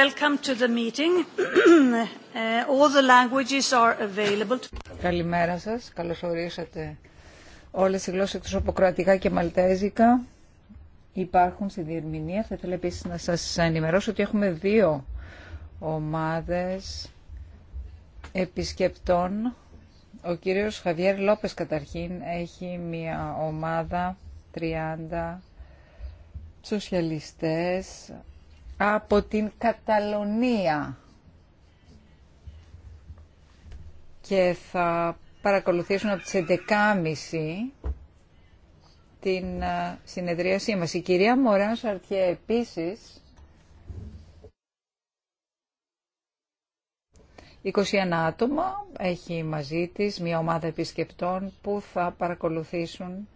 Welcome to the meeting. All the languages are available. Καλημέρα σας. Καλώς ορίσατε. Όλες οι γλώσσες εκτός από κροατικά και μαλτέζικα υπάρχουν στη διερμηνία. Θα ήθελα επίσης να σας ενημερώσω ότι έχουμε δύο ομάδες επισκεπτών. Ο κύριος Χαβιέρ Λόπες καταρχήν έχει μια ομάδα 30 σοσιαλιστές από την Καταλωνία και θα παρακολουθήσουν από τις 11.30 την ε, συνεδρίασή μας. Η κυρία Μωράν Σαρτιέ επίσης 21 άτομα έχει μαζί της μια ομάδα επισκεπτών που θα παρακολουθήσουν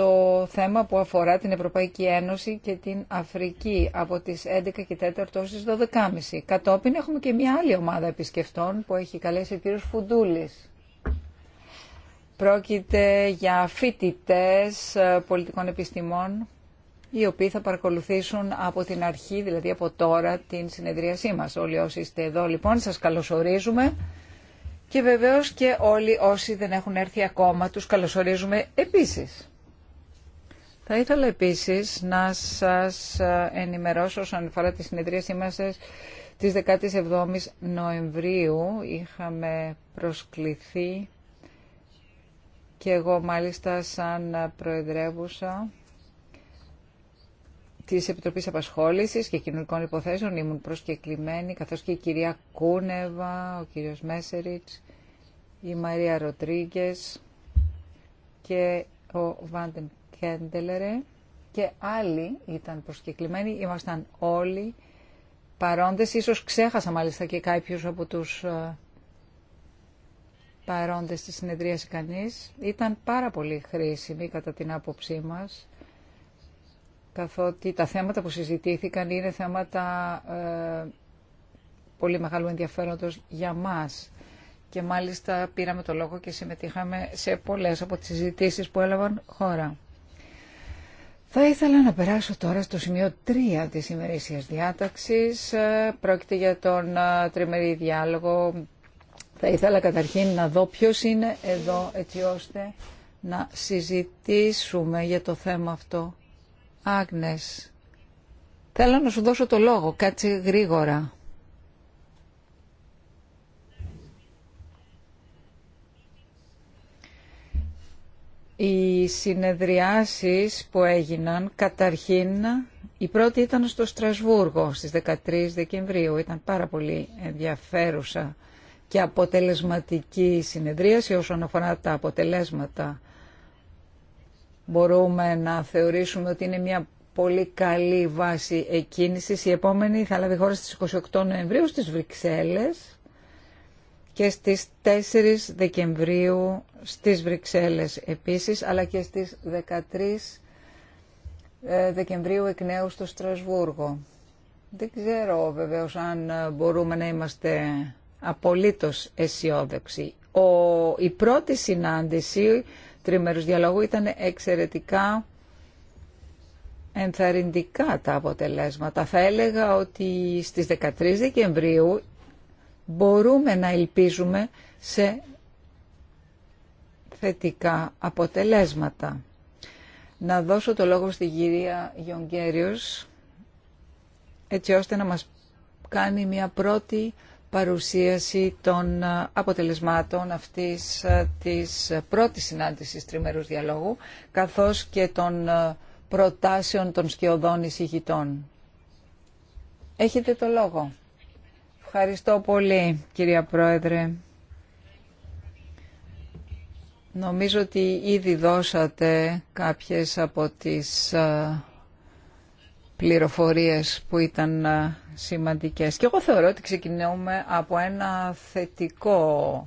το θέμα που αφορά την Ευρωπαϊκή Ένωση και την Αφρική από τις 11 και 4 ως τις 12.30. Κατόπιν έχουμε και μια άλλη ομάδα επισκεφτών που έχει καλέσει ο κύριος Φουντούλης. Πρόκειται για φοιτητέ ε, πολιτικών επιστημών οι οποίοι θα παρακολουθήσουν από την αρχή, δηλαδή από τώρα, την συνεδρίασή μας. Όλοι όσοι είστε εδώ λοιπόν σας καλωσορίζουμε. Και βεβαίως και όλοι όσοι δεν έχουν έρθει ακόμα τους καλωσορίζουμε επίσης. Θα ήθελα επίσης να σας ενημερώσω όσον αφορά τη συνεδρίες μας της 17ης Νοεμβρίου. Είχαμε προσκληθεί και εγώ μάλιστα σαν προεδρεύουσα της Επιτροπής Απασχόλησης και Κοινωνικών Υποθέσεων ήμουν προσκεκλημένη, καθώς και η κυρία Κούνεβα, ο κύριος Μέσεριτς, η Μαρία Ροτρίγκες και ο Βάντεν Κέντελερε και άλλοι ήταν προσκεκλημένοι, ήμασταν όλοι παρόντες, ίσως ξέχασα μάλιστα και κάποιους από τους ε, παρόντες της συνεδρίας κανείς. Ήταν πάρα πολύ χρήσιμη κατά την άποψή μας, καθότι τα θέματα που συζητήθηκαν είναι θέματα ε, πολύ μεγάλου ενδιαφέροντος για μας. Και μάλιστα πήραμε το λόγο και συμμετείχαμε σε πολλές από τις συζητήσεις που έλαβαν χώρα. Θα ήθελα να περάσω τώρα στο σημείο 3 της ημερήσιας διάταξης. Ε, πρόκειται για τον ε, τριμερή διάλογο. Θα ήθελα καταρχήν να δω ποιος είναι εδώ έτσι ώστε να συζητήσουμε για το θέμα αυτό. Άγνες, θέλω να σου δώσω το λόγο. Κάτσε γρήγορα. Οι συνεδριάσεις που έγιναν καταρχήν η πρώτη ήταν στο Στρασβούργο στις 13 Δεκεμβρίου. Ήταν πάρα πολύ ενδιαφέρουσα και αποτελεσματική συνεδρίαση όσον αφορά τα αποτελέσματα. Μπορούμε να θεωρήσουμε ότι είναι μια πολύ καλή βάση εκκίνησης. Η επόμενη θα λάβει χώρα στις 28 Νοεμβρίου στις Βρυξέλλες και στις 4 Δεκεμβρίου στις Βρυξέλλες επίσης, αλλά και στις 13 ε, Δεκεμβρίου εκ νέου στο Στρασβούργο. Δεν ξέρω βέβαια, αν ε, μπορούμε να είμαστε απολύτως αισιόδοξοι. Ο, η πρώτη συνάντηση τριμερούς διαλόγου ήταν εξαιρετικά ενθαρρυντικά τα αποτελέσματα. Θα έλεγα ότι στις 13 Δεκεμβρίου μπορούμε να ελπίζουμε σε θετικά αποτελέσματα. Να δώσω το λόγο στην γυρία Γιονγκέριος, έτσι ώστε να μας κάνει μια πρώτη παρουσίαση των αποτελεσμάτων αυτής ε, της πρώτης συνάντησης τριμερούς διαλόγου, καθώς και των ε, προτάσεων των σκιωδών εισηγητών. Έχετε το λόγο. Ευχαριστώ πολύ, κυρία Πρόεδρε. Νομίζω ότι ήδη δώσατε κάποιες από τις ε, πληροφορίες που ήταν ε, σημαντικές. Και εγώ θεωρώ ότι ξεκινούμε από ένα θετικό,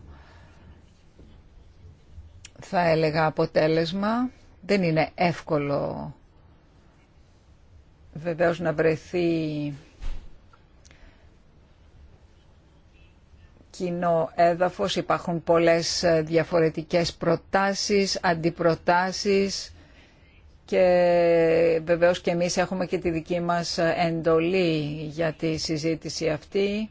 θα έλεγα, αποτέλεσμα. Δεν είναι εύκολο βεβαίως να βρεθεί κοινό έδαφος, υπάρχουν πολλές ε, διαφορετικές προτάσεις, αντιπροτάσεις και βεβαίως και εμείς έχουμε και τη δική μας ε, εντολή για τη συζήτηση αυτή.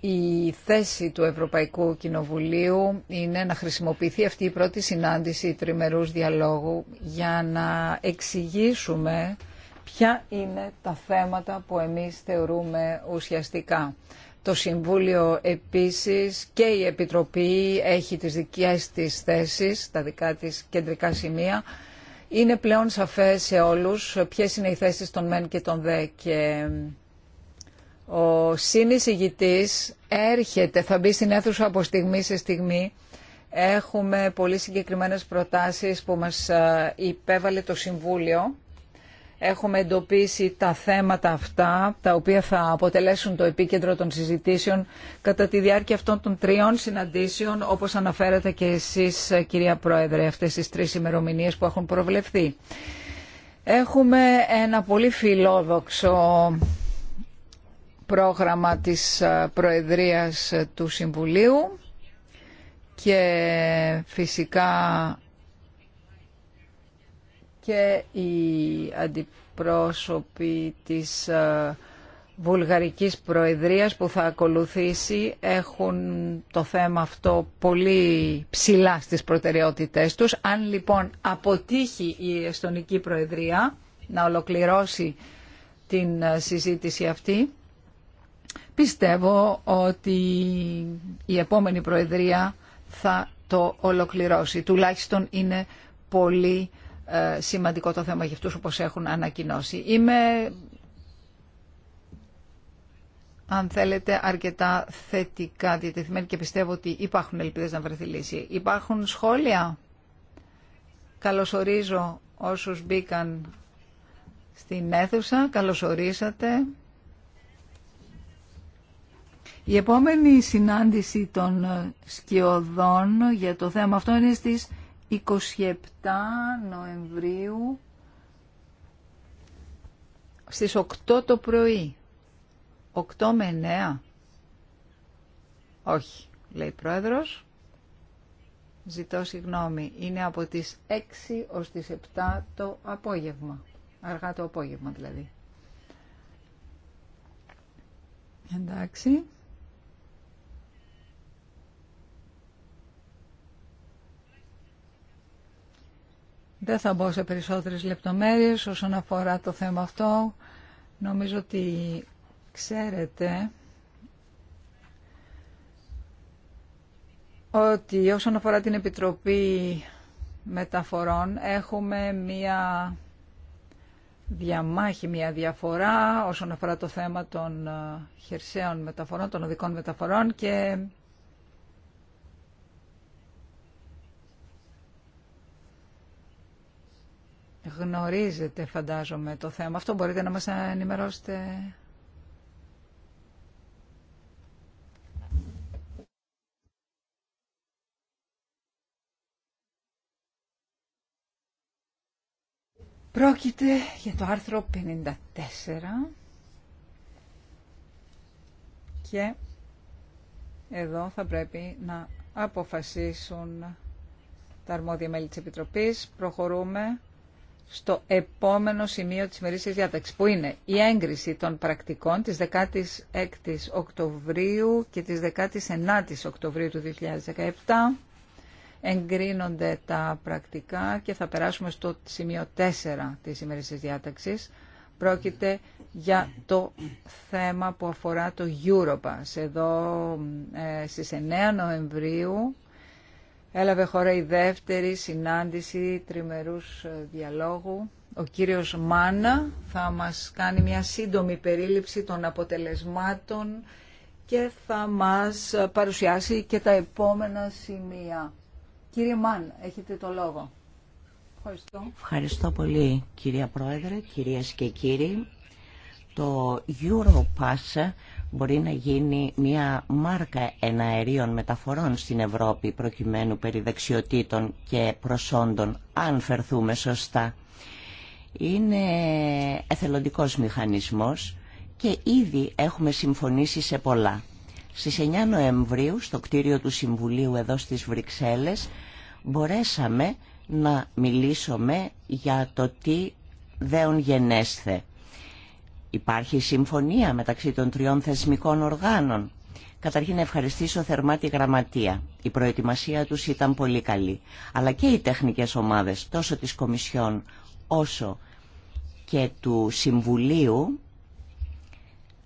Η θέση του Ευρωπαϊκού Κοινοβουλίου είναι να χρησιμοποιηθεί αυτή η πρώτη συνάντηση τριμερούς διαλόγου για να εξηγήσουμε ποια είναι τα θέματα που εμείς θεωρούμε ουσιαστικά. Το Συμβούλιο επίσης και η Επιτροπή έχει τις δικές της θέσεις, τα δικά της κεντρικά σημεία. Είναι πλέον σαφές σε όλους ποιες είναι οι θέσεις των ΜΕΝ και των ΔΕ και ο συνεισηγητής έρχεται, θα μπει στην αίθουσα από στιγμή σε στιγμή. Έχουμε πολύ συγκεκριμένες προτάσεις που μας ε, υπέβαλε το Συμβούλιο Έχουμε εντοπίσει τα θέματα αυτά, τα οποία θα αποτελέσουν το επίκεντρο των συζητήσεων κατά τη διάρκεια αυτών των τριών συναντήσεων, όπως αναφέρατε και εσείς, κυρία Πρόεδρε, αυτές τις τρεις ημερομηνίε που έχουν προβλεφθεί. Έχουμε ένα πολύ φιλόδοξο πρόγραμμα της Προεδρίας του Συμβουλίου και φυσικά και οι αντιπρόσωποι της ε, Βουλγαρικής Προεδρίας που θα ακολουθήσει έχουν το θέμα αυτό πολύ ψηλά στις προτεραιότητές τους. Αν λοιπόν αποτύχει η Εστονική Προεδρία να ολοκληρώσει την ε, συζήτηση αυτή, πιστεύω ότι η επόμενη Προεδρία θα το ολοκληρώσει. Τουλάχιστον είναι πολύ ε, σημαντικό το θέμα για αυτούς όπως έχουν ανακοινώσει. Είμαι, αν θέλετε, αρκετά θετικά διατεθειμένη και πιστεύω ότι υπάρχουν ελπίδες να βρεθεί λύση. Υπάρχουν σχόλια. Καλωσορίζω όσους μπήκαν στην αίθουσα. Καλωσορίσατε. Η επόμενη συνάντηση των σκιωδών για το θέμα αυτό είναι στις 27 Νοεμβρίου στις 8 το πρωί. 8 με 9. Όχι, λέει Πρόεδρος. Ζητώ συγγνώμη. Είναι από τις 6 ως τις 7 το απόγευμα. Αργά το απόγευμα δηλαδή. Εντάξει. Δεν θα μπω σε περισσότερες λεπτομέρειες όσον αφορά το θέμα αυτό. Νομίζω ότι ξέρετε ότι όσον αφορά την Επιτροπή Μεταφορών έχουμε μία διαμάχη, μία διαφορά όσον αφορά το θέμα των ε, χερσαίων μεταφορών, των οδικών μεταφορών και Γνωρίζετε φαντάζομαι το θέμα. Αυτό μπορείτε να μας ενημερώσετε. Πρόκειται για το άρθρο 54 και εδώ θα πρέπει να αποφασίσουν τα αρμόδια μέλη της Επιτροπής. Προχωρούμε στο επόμενο σημείο της ημερήσιας διάταξης, που είναι η έγκριση των πρακτικών της 16ης Οκτωβρίου και της 19ης Οκτωβρίου του 2017. Εγκρίνονται τα πρακτικά και θα περάσουμε στο σημείο 4 της ημερήσιας διάταξης. Πρόκειται για το θέμα που αφορά το Europass. Εδώ ε, στις 9 Νοεμβρίου Έλαβε χώρα η δεύτερη συνάντηση τριμερούς ε, διαλόγου. Ο κύριος Μάνα θα μας κάνει μια σύντομη περίληψη των αποτελεσμάτων και θα μας παρουσιάσει και τα επόμενα σημεία. Κύριε Μάν, έχετε το λόγο. Ευχαριστώ. Ευχαριστώ πολύ κυρία Πρόεδρε, κυρίες και κύριοι το Europass μπορεί να γίνει μια μάρκα εναερίων μεταφορών στην Ευρώπη προκειμένου περί δεξιοτήτων και προσόντων, αν φερθούμε σωστά. Είναι εθελοντικός μηχανισμός και ήδη έχουμε συμφωνήσει σε πολλά. Στις 9 Νοεμβρίου, στο κτίριο του Συμβουλίου εδώ στις Βρυξέλλες, μπορέσαμε να μιλήσουμε για το τι δέον γενέσθε Υπάρχει συμφωνία μεταξύ των τριών θεσμικών οργάνων. Καταρχήν ευχαριστήσω θερμά τη γραμματεία. Η προετοιμασία τους ήταν πολύ καλή. Αλλά και οι τεχνικές ομάδες, τόσο της Κομισιόν όσο και του Συμβουλίου,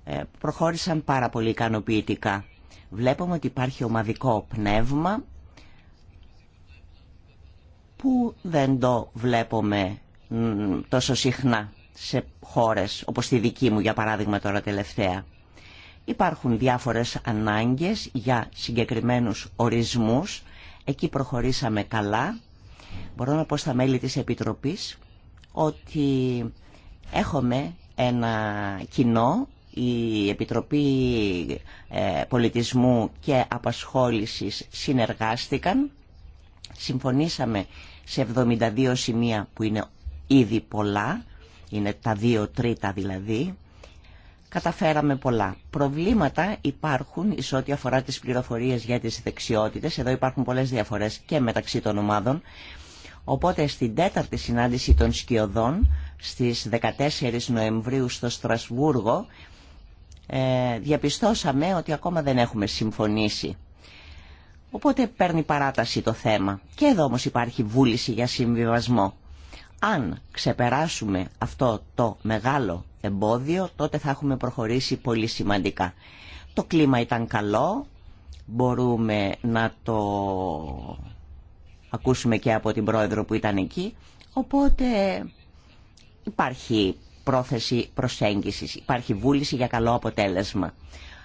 ε, προχώρησαν πάρα πολύ ικανοποιητικά. Βλέπουμε ότι υπάρχει ομαδικό πνεύμα που δεν το βλέπουμε τόσο συχνά σε χώρες όπως τη δική μου για παράδειγμα τώρα τελευταία. Υπάρχουν διάφορες ανάγκες για συγκεκριμένους ορισμούς. Εκεί προχωρήσαμε καλά. Μπορώ να πω στα μέλη της Επιτροπής ότι έχουμε ένα κοινό, η Επιτροπή ε, Πολιτισμού και Απασχόλησης συνεργάστηκαν. Συμφωνήσαμε σε 72 σημεία που είναι ήδη πολλά είναι τα δύο τρίτα δηλαδή. Καταφέραμε πολλά. Προβλήματα υπάρχουν σε ό,τι αφορά τις πληροφορίες για τις δεξιότητες. Εδώ υπάρχουν πολλές διαφορές και μεταξύ των ομάδων. Οπότε στην τέταρτη συνάντηση των Σκιωδών στις 14 Νοεμβρίου στο Στρασβούργο ε, διαπιστώσαμε ότι ακόμα δεν έχουμε συμφωνήσει. Οπότε παίρνει παράταση το θέμα. Και εδώ όμως υπάρχει βούληση για συμβιβασμό. Αν ξεπεράσουμε αυτό το μεγάλο εμπόδιο, τότε θα έχουμε προχωρήσει πολύ σημαντικά. Το κλίμα ήταν καλό, μπορούμε να το ακούσουμε και από την πρόεδρο που ήταν εκεί, οπότε υπάρχει πρόθεση προσέγγισης, υπάρχει βούληση για καλό αποτέλεσμα.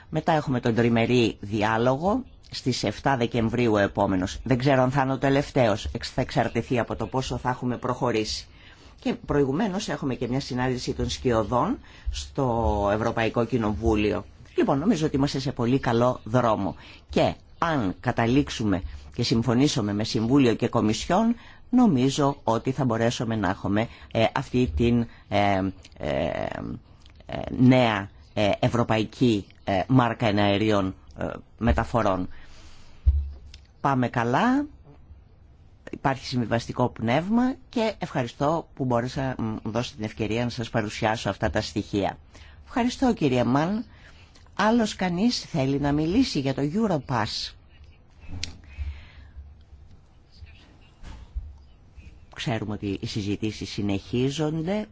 Μετά έχουμε τον τριμερή διάλογο στις 7 Δεκεμβρίου ο επόμενος. Δεν ξέρω αν θα είναι ο τελευταίος, θα εξαρτηθεί από το πόσο θα έχουμε προχωρήσει. Και προηγουμένως έχουμε και μια συνάντηση των σκιωδών στο Ευρωπαϊκό Κοινοβούλιο. Λοιπόν, νομίζω ότι είμαστε σε πολύ καλό δρόμο. Και αν καταλήξουμε και συμφωνήσουμε με Συμβούλιο και Κομισιόν, νομίζω ότι θα μπορέσουμε να έχουμε ε, αυτή την ε, ε, νέα ευρωπαϊκή μάρκα εναερίων μεταφορών. Πάμε καλά, υπάρχει συμβιβαστικό πνεύμα και ευχαριστώ που μπόρεσα να δώσω την ευκαιρία να σας παρουσιάσω αυτά τα στοιχεία. Ευχαριστώ κύριε Μαν. Άλλος κανείς θέλει να μιλήσει για το Europass. Ξέρουμε ότι οι συζητήσεις συνεχίζονται.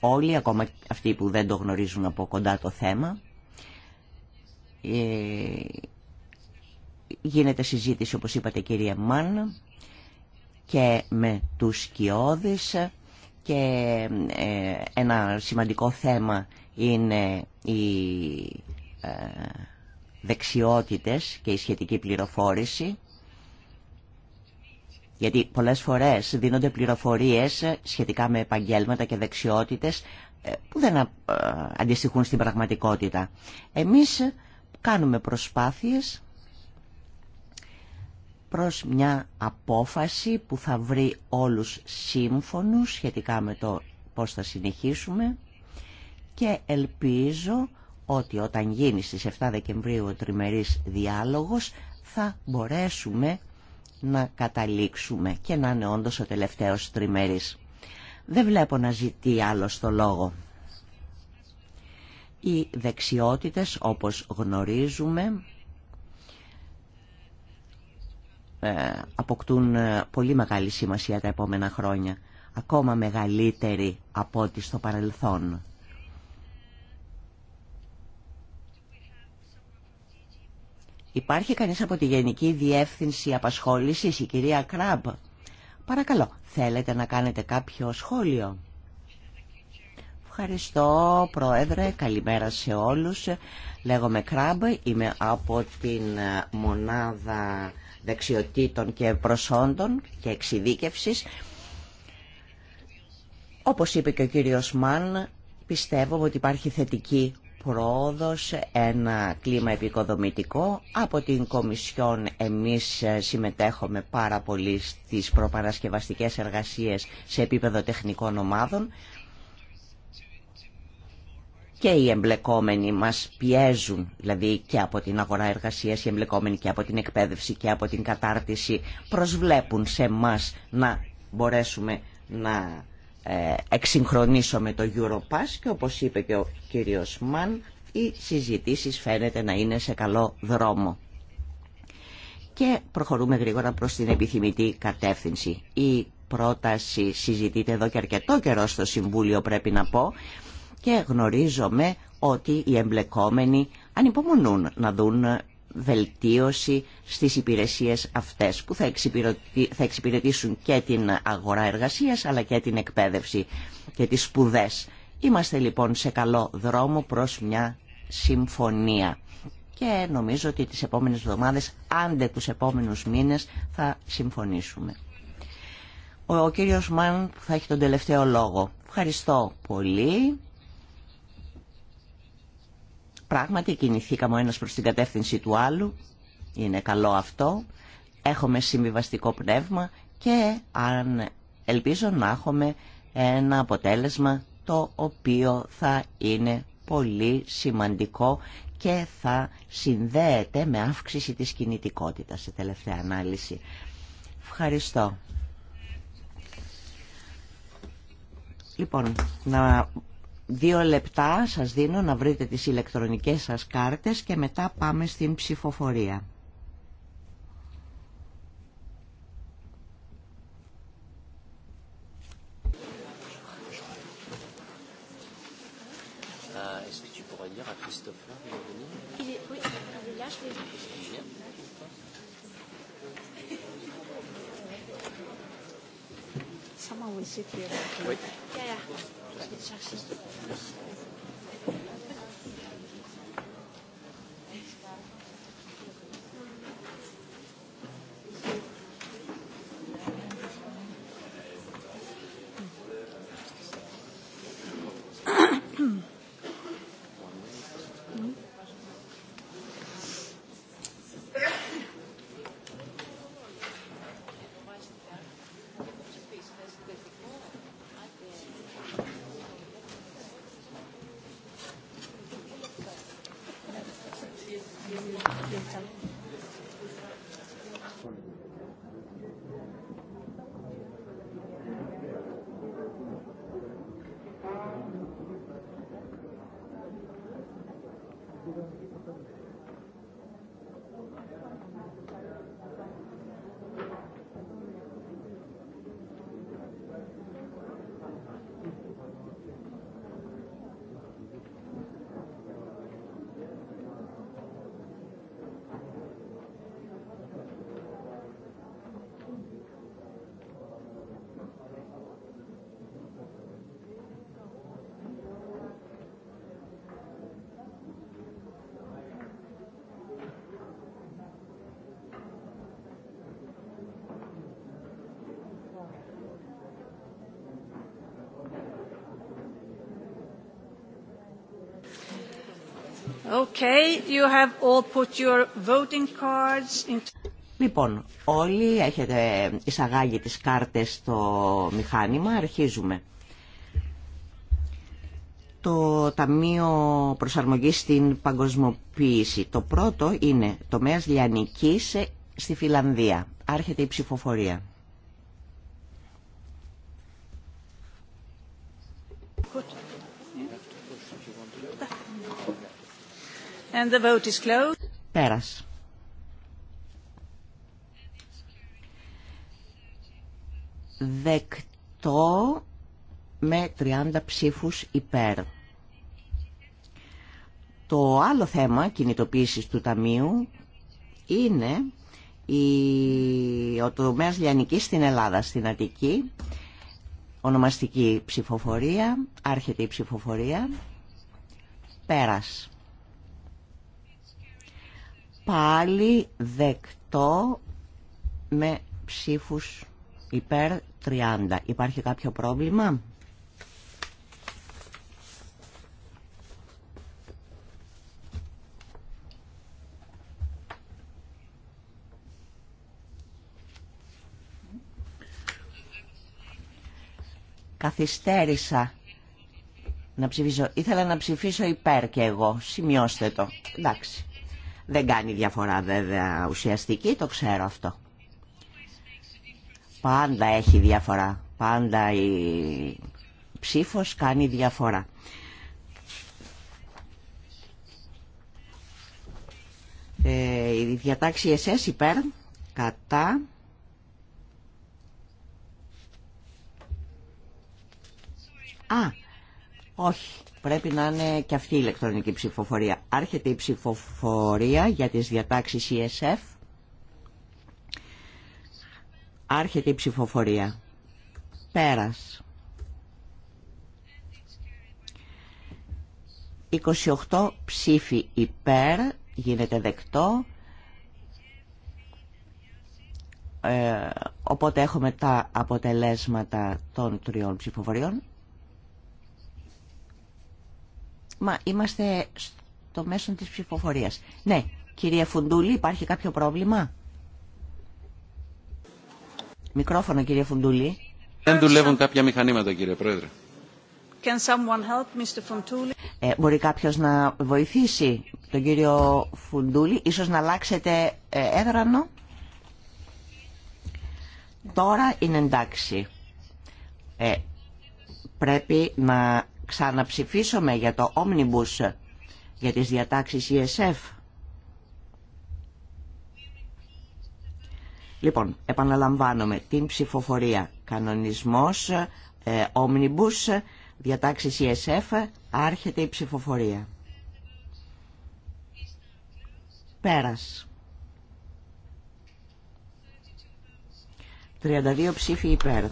Όλοι, ακόμα αυτοί που δεν το γνωρίζουν από κοντά το θέμα. Ε, γίνεται συζήτηση όπως είπατε κυρία Μάν και με τους κοιόδης και ε, ένα σημαντικό θέμα είναι οι ε, δεξιότητες και η σχετική πληροφόρηση γιατί πολλές φορές δίνονται πληροφορίες σχετικά με επαγγέλματα και δεξιότητες που δεν αντιστοιχούν στην πραγματικότητα. Εμείς κάνουμε προσπάθειες προς μια απόφαση που θα βρει όλους σύμφωνους σχετικά με το πώς θα συνεχίσουμε και ελπίζω ότι όταν γίνει στις 7 Δεκεμβρίου ο τριμερής διάλογος θα μπορέσουμε να καταλήξουμε και να είναι όντως ο τελευταίος τριμερής. Δεν βλέπω να ζητεί άλλο το λόγο. Οι δεξιότητες όπως γνωρίζουμε ε, αποκτούν ε, πολύ μεγάλη σημασία τα επόμενα χρόνια. Ακόμα μεγαλύτερη από ό,τι στο παρελθόν. Υπάρχει κανείς από τη Γενική Διεύθυνση Απασχόλησης, η κυρία Κραμπ. Παρακαλώ, θέλετε να κάνετε κάποιο σχόλιο. Ευχαριστώ Πρόεδρε, καλημέρα σε όλους. Λέγομαι Κράμπ, είμαι από την ε, μονάδα δεξιοτήτων και προσόντων και εξειδίκευσης. Όπως είπε και ο κύριος Μαν, πιστεύω ότι υπάρχει θετική πρόοδος, ένα κλίμα επικοδομητικό. Από την Κομισιόν εμείς ε, συμμετέχουμε πάρα πολύ στις προπαρασκευαστικές εργασίες σε επίπεδο τεχνικών ομάδων και οι εμπλεκόμενοι μας πιέζουν, δηλαδή και από την αγορά εργασίας, οι εμπλεκόμενοι και από την εκπαίδευση και από την κατάρτιση, προσβλέπουν σε εμά να μπορέσουμε να ε, εξυγχρονίσουμε το Europass και όπως είπε και ο κύριος Μαν, οι συζητήσεις φαίνεται να είναι σε καλό δρόμο. Και προχωρούμε γρήγορα προς την επιθυμητή κατεύθυνση. Η πρόταση συζητείται εδώ και αρκετό καιρό στο Συμβούλιο πρέπει να πω και γνωρίζομαι ότι οι εμπλεκόμενοι ανυπομονούν να δουν βελτίωση στις υπηρεσίες αυτές που θα, εξυπηρετήσουν και την αγορά εργασίας αλλά και την εκπαίδευση και τις σπουδές. Είμαστε λοιπόν σε καλό δρόμο προς μια συμφωνία και νομίζω ότι τις επόμενες εβδομάδες, άντε τους επόμενους μήνες, θα συμφωνήσουμε. Ο κύριος Μαν θα έχει τον τελευταίο λόγο. Ευχαριστώ πολύ Πράγματι κινηθήκαμε ο ένας προς την κατεύθυνση του άλλου, είναι καλό αυτό, έχουμε συμβιβαστικό πνεύμα και αν ελπίζω να έχουμε ένα αποτέλεσμα το οποίο θα είναι πολύ σημαντικό και θα συνδέεται με αύξηση της κινητικότητας σε τελευταία ανάλυση. Ευχαριστώ. Λοιπόν, να Δύο λεπτά σας δίνω να βρείτε τις ηλεκτρονικές σας κάρτες και μετά πάμε στην ψηφοφορία. Thank you. Λοιπόν, όλοι έχετε εισαγάγει τις κάρτες στο μηχάνημα, αρχίζουμε. Το Ταμείο Προσαρμογής στην Παγκοσμοποίηση. Το πρώτο είναι τομέας Λιανικής ε, στη Φιλανδία. Άρχεται η ψηφοφορία. And Πέρας. Δεκτό με 30 ψήφους υπέρ. Το άλλο θέμα κινητοποίησης του Ταμείου είναι η... ο τομέας Λιανικής στην Ελλάδα, στην Αττική. Ονομαστική ψηφοφορία, άρχεται η ψηφοφορία, πέρας πάλι δεκτό με ψήφους υπέρ 30. Υπάρχει κάποιο πρόβλημα? Καθυστέρησα να ψηφίσω. Ήθελα να ψηφίσω υπέρ και εγώ. Σημειώστε το. Εντάξει. Δεν κάνει διαφορά βέβαια ουσιαστική, το ξέρω αυτό. Πάντα έχει διαφορά. Πάντα η ψήφος κάνει διαφορά. Ε, η διατάξη εσές υπέρ, κατά... Α, όχι πρέπει να είναι και αυτή η ηλεκτρονική ψηφοφορία. Άρχεται η ψηφοφορία για τις διατάξεις ESF. Άρχεται η ψηφοφορία. Πέρας. 28 ψήφοι υπέρ, γίνεται δεκτό. Ε, οπότε έχουμε τα αποτελέσματα των τριών ψηφοφοριών. Μα είμαστε στο μέσο της ψηφοφορίας. Ναι, κυρία Φουντούλη, υπάρχει κάποιο πρόβλημα. Μικρόφωνο, κύριε Φουντούλη. Δεν δουλεύουν κάποια μηχανήματα, κύριε Πρόεδρε. Can someone help, Mr. Ε, μπορεί κάποιος να βοηθήσει τον κύριο Φουντούλη, ίσως να αλλάξετε ε, έδρανο. Τώρα είναι εντάξει. Ε, πρέπει να ξαναψηφίσουμε για το Omnibus, για τις διατάξεις ESF. Λοιπόν, επαναλαμβάνομαι την ψηφοφορία. Κανονισμός, ε, Omnibus, διατάξεις ESF, άρχεται η ψηφοφορία. Πέρας. 32 ψήφοι υπέρ.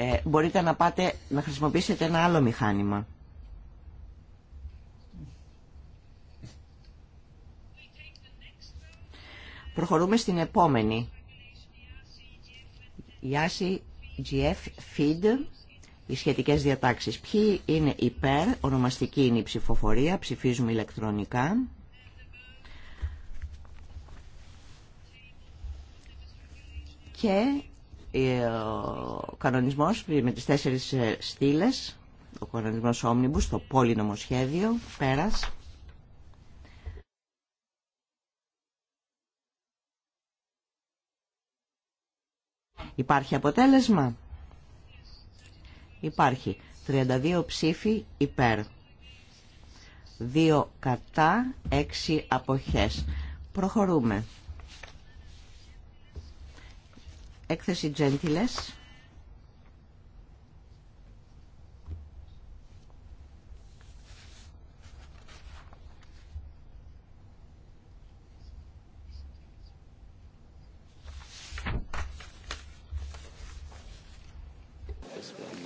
ε, μπορείτε να πάτε να χρησιμοποιήσετε ένα άλλο μηχάνημα. Προχωρούμε στην επόμενη. Γιάση GF Feed, οι σχετικές διατάξεις. Ποιοι είναι υπέρ, ονομαστική είναι η ψηφοφορία, ψηφίζουμε ηλεκτρονικά. Και ε, ο κανονισμός με τις τέσσερις ε, στήλες, ο κανονισμός όμνιμπους το σχέδιο, πέρας. Υπάρχει αποτέλεσμα. Υπάρχει 32 ψήφοι υπέρ. 2 κατά, 6 αποχές. Προχωρούμε. έκθεση Gentiles.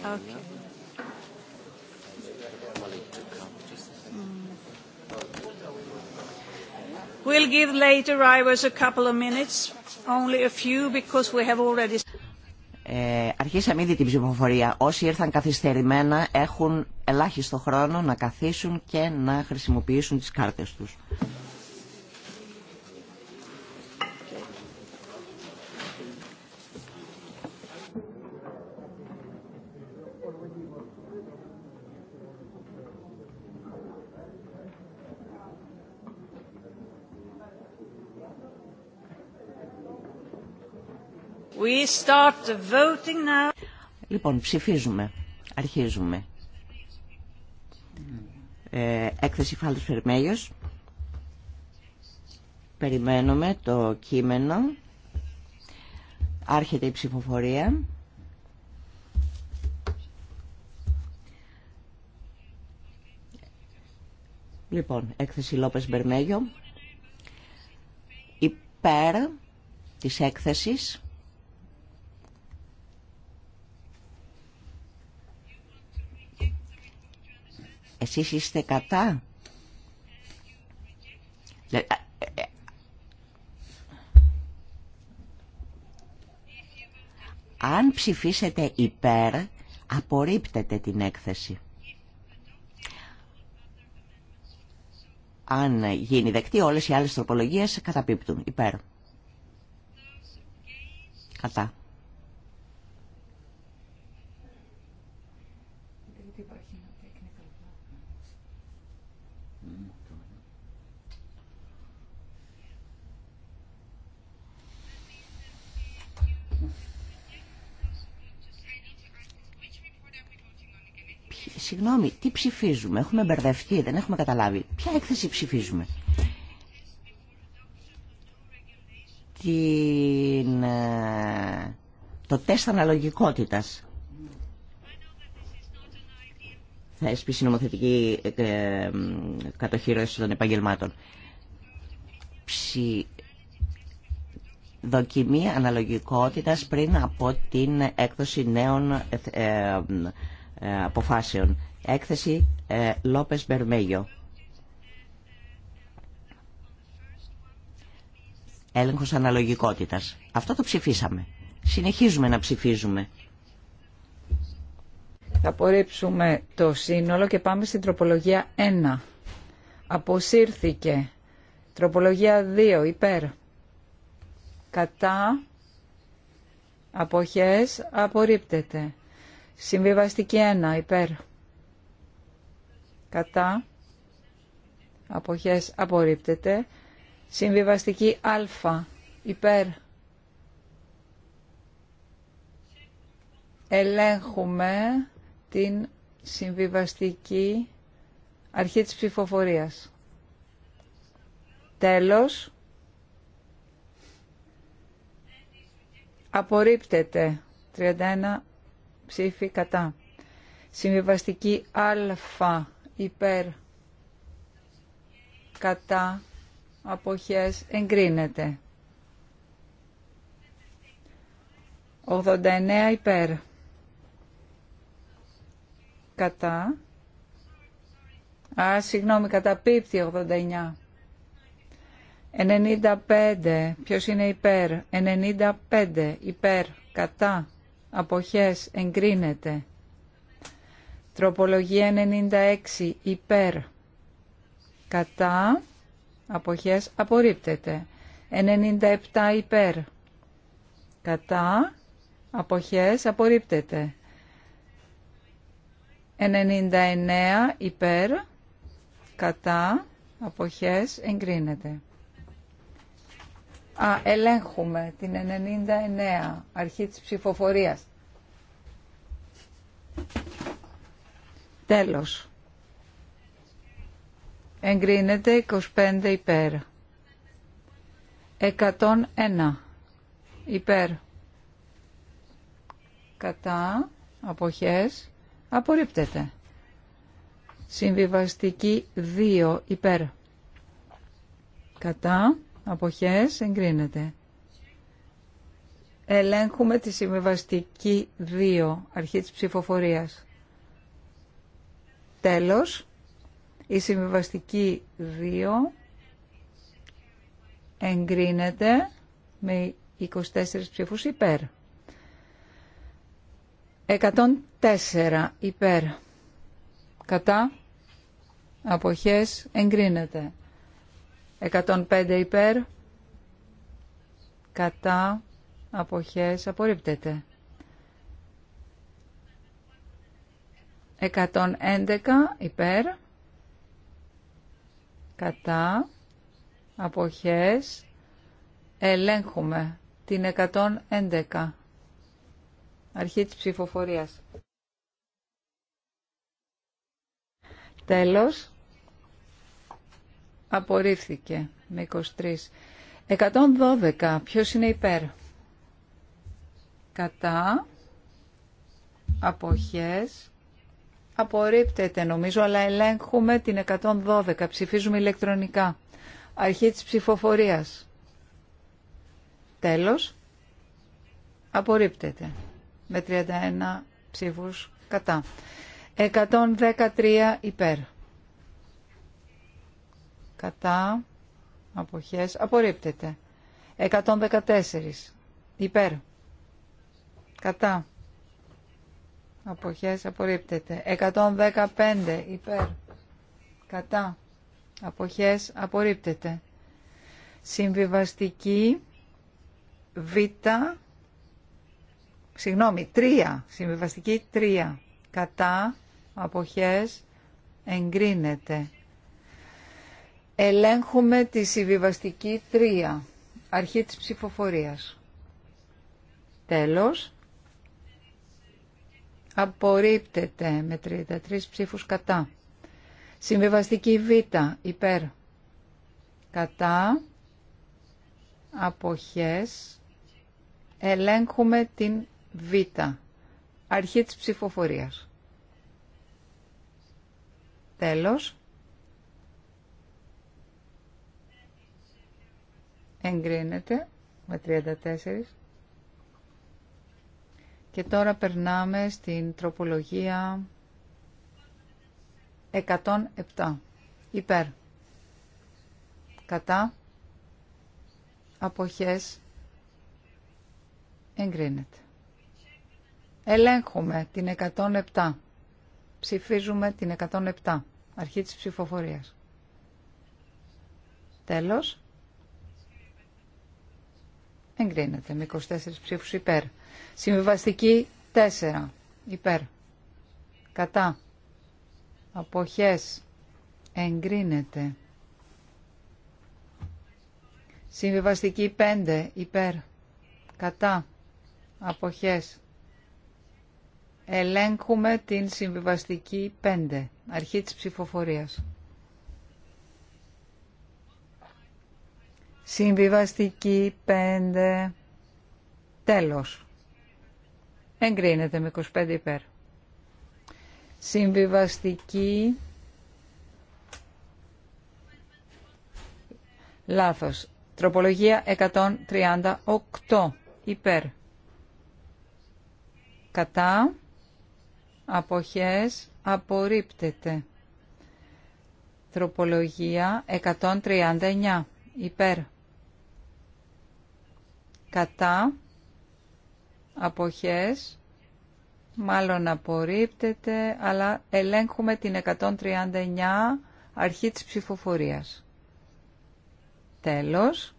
Okay. We'll give late arrivals a couple of minutes. Ε, αρχίσαμε ήδη την ψηφοφορία. Όσοι ήρθαν καθυστερημένα έχουν ελάχιστο χρόνο να καθίσουν και να χρησιμοποιήσουν τις κάρτες τους. Λοιπόν, ψηφίζουμε. Αρχίζουμε. Ε, έκθεση Φάλτος Φερμέγιος. Περιμένουμε το κείμενο. Άρχεται η ψηφοφορία. Λοιπόν, έκθεση Λόπες Μπερμέγιο. Υπέρ της έκθεσης Εσείς είστε κατά. Ε, ε, αν ψηφίσετε υπέρ, απορρίπτετε την έκθεση. Αν γίνει δεκτή, όλες οι άλλες τροπολογίες καταπίπτουν. Υπέρ. Κατά. συγγνώμη, τι ψηφίζουμε, έχουμε μπερδευτεί, δεν έχουμε καταλάβει. Ποια έκθεση ψηφίζουμε. Την, ε, το τεστ αναλογικότητας. η νομοθετική ε, ε κατοχήρωση των επαγγελμάτων. Ψη, δοκιμή αναλογικότητας πριν από την έκδοση νέων ε, ε, αποφάσεων. Έκθεση ε, Λόπες Μπερμέγιο. Έλεγχος αναλογικότητας. Αυτό το ψηφίσαμε. Συνεχίζουμε να ψηφίζουμε. Θα απορρίψουμε το σύνολο και πάμε στην τροπολογία 1. Αποσύρθηκε. Τροπολογία 2. Υπέρ. Κατά. Αποχές. Απορρίπτεται. Συμβιβαστική 1 υπέρ κατά αποχές απορρίπτεται. Συμβιβαστική α υπέρ ελέγχουμε την συμβιβαστική αρχή της ψηφοφορίας. Τέλος. Απορρίπτεται. 31 ψήφι κατά. Συμβιβαστική α υπέρ κατά αποχές εγκρίνεται. 89 υπέρ. Κατά. Α, συγγνώμη, καταπίπτει 89. 95. Ποιος είναι υπέρ. 95. Υπέρ. Κατά αποχές εγκρίνεται. Τροπολογία 96 υπέρ κατά αποχές απορρίπτεται. 97 υπέρ κατά αποχές απορρίπτεται. 99 υπέρ κατά αποχές εγκρίνεται. Α, ελέγχουμε την 99, αρχή της ψηφοφορίας. Τέλος. Εγκρίνεται 25 υπέρ. 101 υπέρ. Κατά, αποχές, απορρίπτεται. Συμβιβαστική 2 υπέρ. Κατά, αποχές εγκρίνεται. Ελέγχουμε τη συμβιβαστική 2, αρχή της ψηφοφορίας. Τέλος, η συμβιβαστική 2 εγκρίνεται με 24 ψήφους υπέρ. 104 υπέρ. Κατά. Αποχές εγκρίνεται. 105 υπέρ, κατά, αποχές, απορρίπτεται. 111 υπέρ, κατά, αποχές, ελέγχουμε την 111, αρχή της ψηφοφορίας. Τέλος. Απορρίφθηκε με 23. 112. Ποιος είναι υπέρ. Κατά. Αποχές. Απορρίπτεται νομίζω, αλλά ελέγχουμε την 112. Ψηφίζουμε ηλεκτρονικά. Αρχή της ψηφοφορίας. Τέλος. Απορρίπτεται. Με 31 ψήφους κατά. 113 υπέρ κατά, αποχές, απορρίπτεται. 114 υπέρ, κατά, αποχές, απορρίπτεται. 115 υπέρ, κατά, αποχές, απορρίπτεται. Συμβιβαστική β, συγγνώμη, 3, συμβιβαστική 3, κατά, αποχές, εγκρίνεται. Ελέγχουμε τη συμβιβαστική 3, αρχή της ψηφοφορίας. Τέλος. Απορρίπτεται με 33 ψήφους κατά. Συμβιβαστική Β, υπέρ. Κατά. Αποχές. Ελέγχουμε την Β, αρχή της ψηφοφορίας. Τέλος. εγκρίνεται με 34. Και τώρα περνάμε στην τροπολογία 107. Υπέρ. Κατά. Αποχές. Εγκρίνεται. Ελέγχουμε την 107. Ψηφίζουμε την 107. Αρχή της ψηφοφορίας. Τέλος. Εγκρίνεται με 24 ψήφους υπέρ. Συμβιβαστική 4 υπέρ. Κατά. Αποχές. Εγκρίνεται. Συμβιβαστική 5 υπέρ. Κατά. Αποχές. Ελέγχουμε την συμβιβαστική 5. Αρχή της ψηφοφορίας. Συμβιβαστική 5. Τέλος. Εγκρίνεται με 25 υπέρ. Συμβιβαστική. Λάθος. Τροπολογία 138 υπέρ. Κατά. Αποχές. Απορρίπτεται. Τροπολογία 139 υπέρ κατά αποχές μάλλον απορρίπτεται αλλά ελέγχουμε την 139 αρχή της ψηφοφορίας τέλος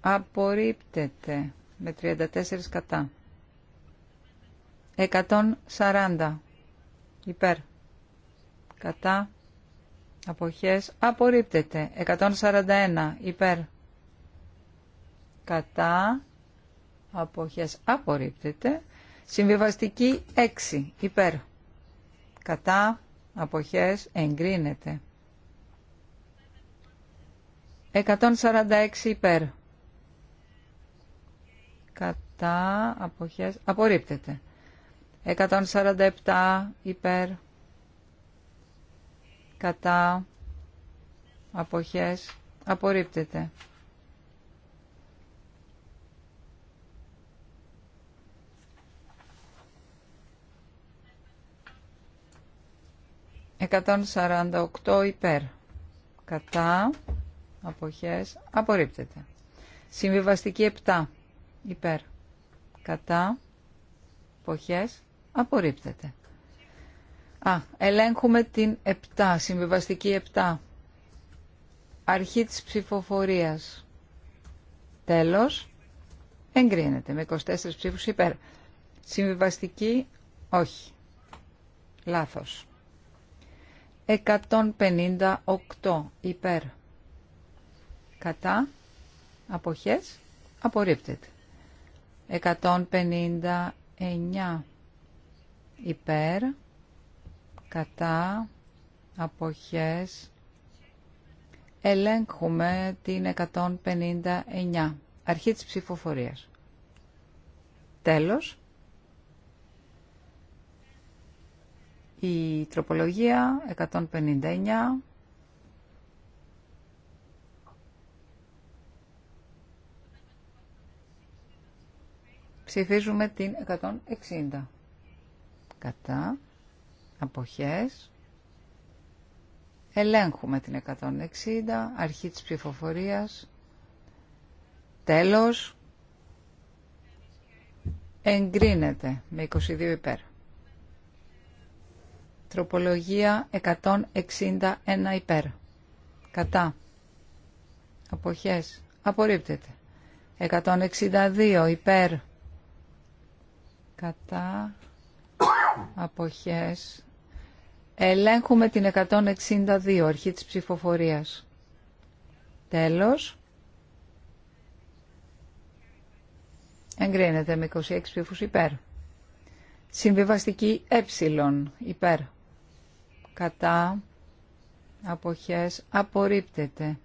απορρίπτεται με 34 κατά 140 υπέρ κατά αποχές απορρίπτεται 141 υπέρ κατά αποχές απορρίπτεται. Συμβιβαστική 6 υπέρ κατά αποχές εγκρίνεται. 146 υπέρ κατά αποχές απορρίπτεται. 147 υπέρ κατά αποχές απορρίπτεται. 148 υπέρ. Κατά. Αποχές. Απορρίπτεται. Συμβιβαστική 7 υπέρ. Κατά. Αποχές. Απορρίπτεται. Α, ελέγχουμε την 7, συμβιβαστική 7. Αρχή της ψηφοφορίας. Τέλος. Εγκρίνεται με 24 ψήφους υπέρ. Συμβιβαστική, όχι. Λάθος. 158 υπέρ κατά αποχές απορρίπτεται. 159 υπέρ κατά αποχές ελέγχουμε την 159 αρχή της ψηφοφορίας. Τέλος. Η τροπολογία 159 ψηφίζουμε την 160. Κατά, αποχές, ελέγχουμε την 160, αρχή της ψηφοφορίας, τέλος, εγκρίνεται με 22 υπέρ. Τροπολογία 161 υπέρ. Κατά. Αποχές. Απορρίπτεται. 162 υπέρ. Κατά. Αποχές. Ελέγχουμε την 162 αρχή της ψηφοφορίας. Τέλος. Εγκρίνεται με 26 ψήφους υπέρ. Συμβιβαστική ε υπέρ κατά αποχές απορρίπτεται.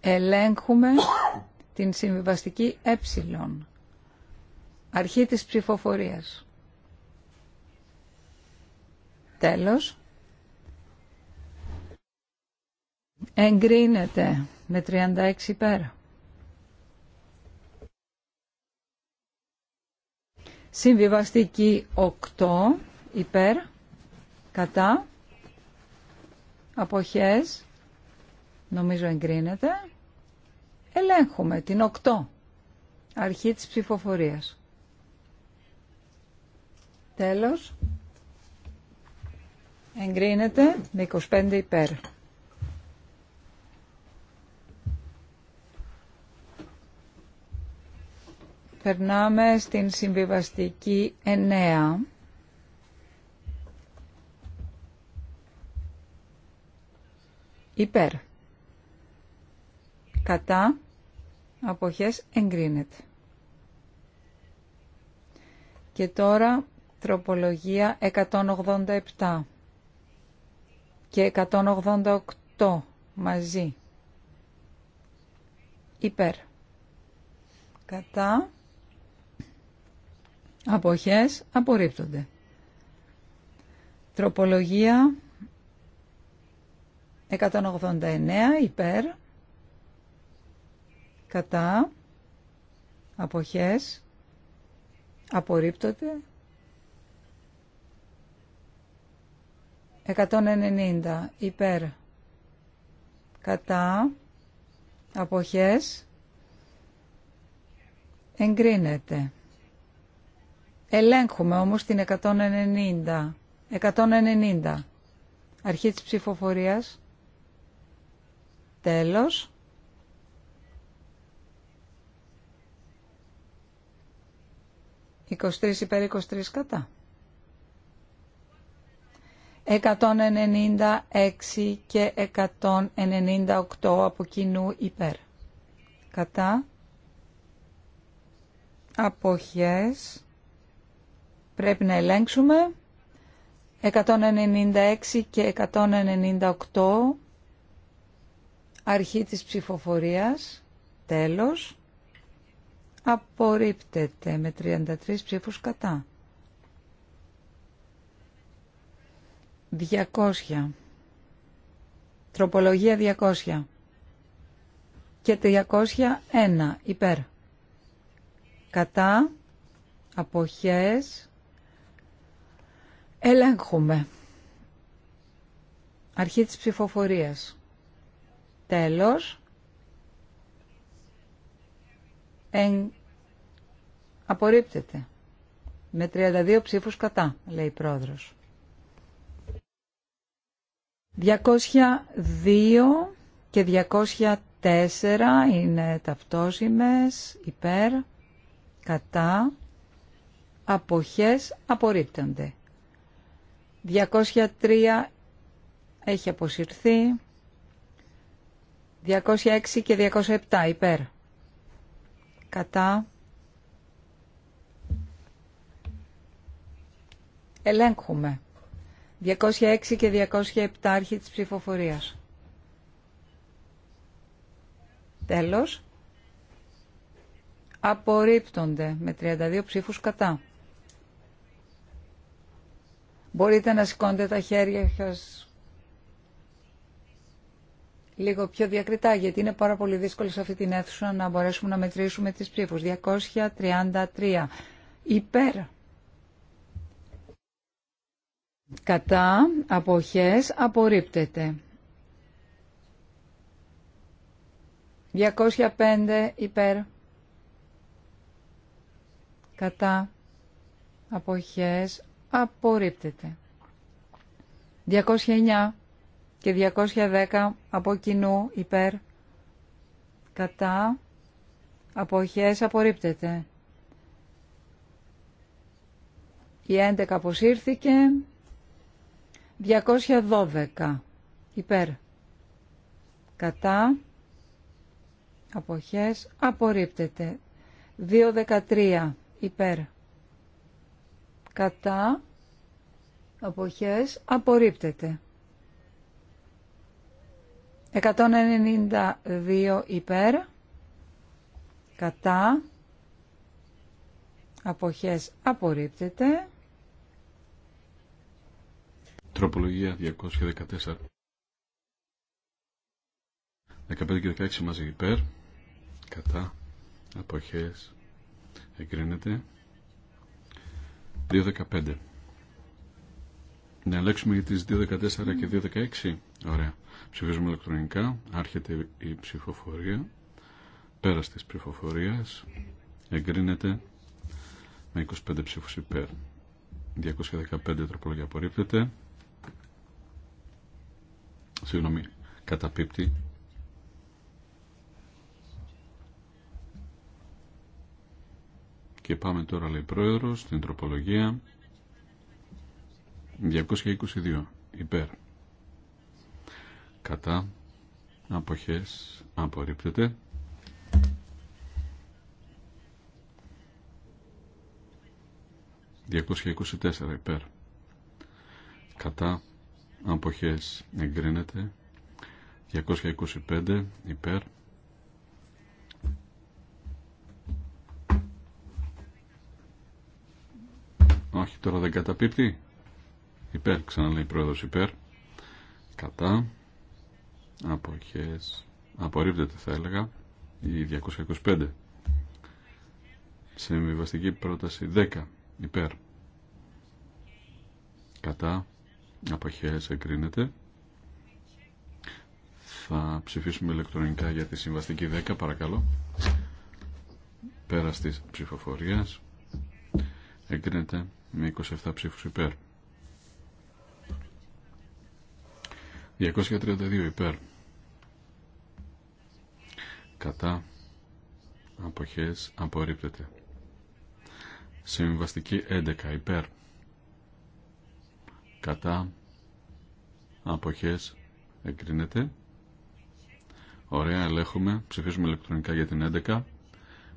Ελέγχουμε την συμβιβαστική ε, αρχή της ψηφοφορίας. Τέλος. Εγκρίνεται με 36 πέρα. Συμβιβαστική 8 υπέρ, κατά, αποχές, νομίζω εγκρίνεται, ελέγχουμε την 8, αρχή της ψηφοφορίας. Τέλος, εγκρίνεται με 25 υπέρ. Περνάμε στην συμβιβαστική εννέα. Υπέρ. Κατά. Αποχές εγκρίνεται. Και τώρα τροπολογία 187 και 188 μαζί. Υπέρ. Κατά. Αποχές απορρίπτονται. Τροπολογία 189 υπέρ κατά αποχές απορρίπτονται 190 υπέρ κατά αποχές εγκρίνεται ελέγχουμε όμως την 190 190 αρχή της ψηφοφορίας Τέλος. 23 υπέρ 23 κατά. 196 και 198 από κοινού υπέρ. Κατά. Αποχές. Πρέπει να ελέγξουμε. 196 και 198 Αρχή της ψηφοφορίας. Τέλος. Απορρίπτεται με 33 ψήφους κατά. 200. Τροπολογία 200. Και 301 υπέρ. Κατά. Αποχές. Ελέγχουμε. Αρχή της ψηφοφορίας. Τέλος, εν... απορρίπτεται. Με 32 ψήφους κατά, λέει η πρόεδρος. 202 και 204 είναι ταυτόσημες υπέρ, κατά, αποχές απορρίπτονται. 203 έχει αποσυρθεί. 206 και 207 υπέρ. Κατά. Ελέγχουμε. 206 και 207 αρχή της ψηφοφορίας. Τέλος. Απορρίπτονται με 32 ψήφους κατά. Μπορείτε να σηκώνετε τα χέρια σας λίγο πιο διακριτά, γιατί είναι πάρα πολύ δύσκολο σε αυτή την αίθουσα να μπορέσουμε να μετρήσουμε τις ψήφους. 233 υπέρ. Κατά αποχές απορρίπτεται. 205 υπέρ. Κατά αποχές απορρίπτεται. 209 και 210 από κοινού υπέρ κατά αποχές απορρίπτεται. Η 11 αποσύρθηκε. 212 υπέρ κατά αποχές απορρίπτεται. 213 υπέρ κατά αποχές απορρίπτεται. 192 υπέρ, κατά, αποχές απορρίπτεται. Τροπολογία 214. 15 και 16 μαζί υπέρ, κατά, αποχές, εγκρίνεται. 2.15. Να ελέγξουμε για τις 2.14 και 2.16. Ωραία. Ψηφίζουμε ηλεκτρονικά. Άρχεται η ψηφοφορία. Πέρα τη ψηφοφορία. Εγκρίνεται με 25 ψήφους υπέρ. 215 τροπολογία απορρίπτεται. Συγγνώμη, καταπίπτει. Και πάμε τώρα, λέει πρόεδρο στην τροπολογία 222 υπέρ κατά αποχές απορρίπτεται ...224 υπέρ... ...κατά... ...αποχές εγκρίνεται... ...225 υπέρ... ...όχι τώρα δεν καταπίπτει... ...υπέρ ξαναλέει η πρόεδρος υπέρ... ...κατά αποχές απορρίπτεται θα έλεγα η 225 συμβιβαστική πρόταση 10 υπέρ κατά αποχές εγκρίνεται θα ψηφίσουμε ηλεκτρονικά για τη συμβαστική 10 παρακαλώ πέρα στις ψηφοφορίας εγκρίνεται με 27 ψήφους υπέρ 232 υπέρ κατά αποχές απορρίπτεται. Συμβαστική 11 υπέρ κατά αποχές εγκρίνεται. Ωραία, ελέγχουμε. Ψηφίζουμε ηλεκτρονικά για την 11.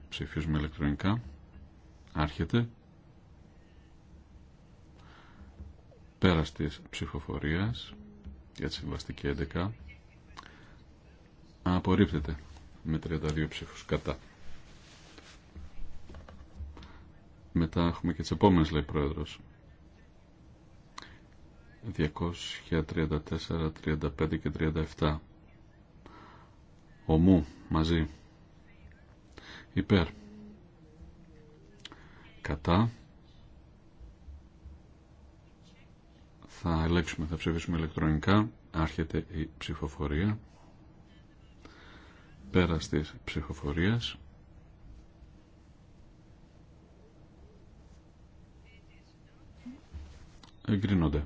Ψηφίζουμε ηλεκτρονικά. Άρχεται. Πέρας της ψηφοφορίας για τη συμβαστική 11. Απορρίπτεται με 32 ψήφους κατά. Μετά έχουμε και τις επόμενες, λέει πρόεδρος. 234, 35 και 37. Ομού, μαζί. Υπέρ. Κατά. Θα ελέγξουμε, θα ψηφίσουμε ηλεκτρονικά. Άρχεται η ψηφοφορία. Πέρα της Εγκρίνονται.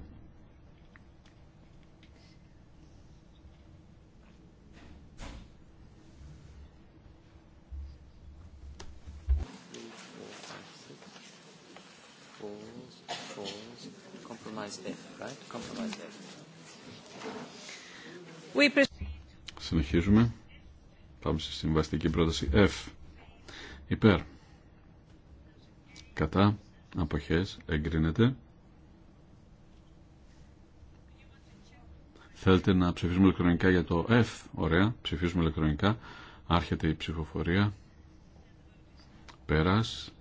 Συνεχίζουμε. Πάμε στη συμβαστική πρόταση F. Υπέρ. Κατά. Αποχές. Εγκρίνεται. Θέλετε να ψηφίσουμε ηλεκτρονικά για το F. Ωραία. Ψηφίσουμε ηλεκτρονικά. Άρχεται η ψηφοφορία. Πέρας.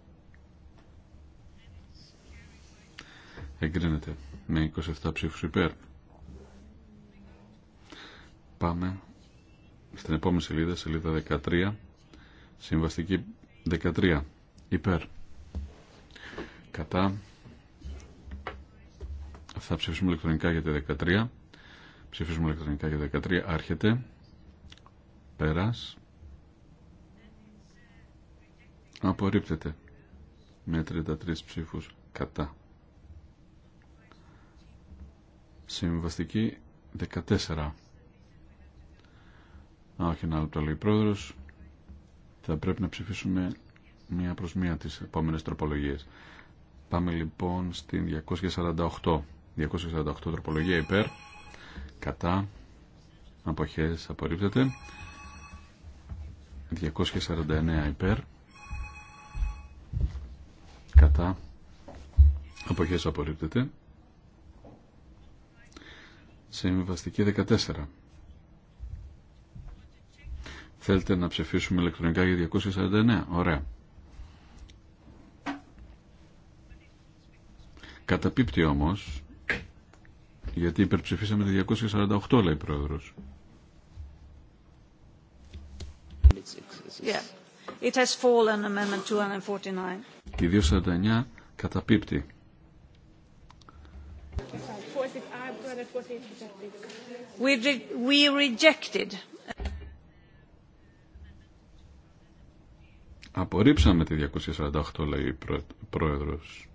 Εγκρίνεται με 27 ψήφους υπέρ. Πάμε στην επόμενη σελίδα, σελίδα 13, συμβαστική 13, υπέρ. Κατά. Θα ψηφίσουμε ηλεκτρονικά για τη 13. Ψηφίσουμε ηλεκτρονικά για τη 13. Άρχεται. Πέρας. Απορρίπτεται. Με 33 ψήφους κατά. Συμβαστική 14. Όχι, ένα το λέει πρόεδρο. Θα πρέπει να ψηφίσουμε μία προς μία τις επόμενες τροπολογίες. Πάμε λοιπόν στην 248. 248 τροπολογία υπέρ. Κατά. Αποχές απορρίπτεται. 249 υπέρ. Κατά. Αποχές απορρίπτεται. Συμβαστική 14 Θέλετε να ψηφίσουμε ηλεκτρονικά για 249. Ωραία. Καταπίπτει όμως, γιατί υπερψηφίσαμε τη 248, λέει η Πρόεδρος. Yeah. It has fallen, amendment 249. Η 249 καταπίπτει. We, we rejected Απορρίψαμε τη 248 λέει ο πρόεδρος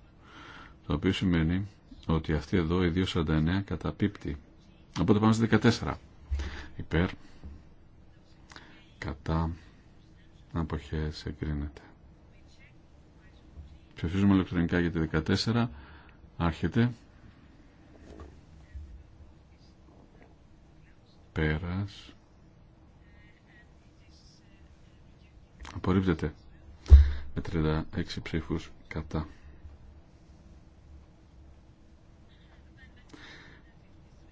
το οποίο σημαίνει ότι αυτή εδώ η 249 καταπίπτει. Οπότε πάμε στη 14. Υπέρ κατά αποχές εγκρίνεται. Ψηφίζουμε ηλεκτρονικά για τη 14. Άρχεται. Πέρας. Απορρίπτεται με 36 ψήφους κατά.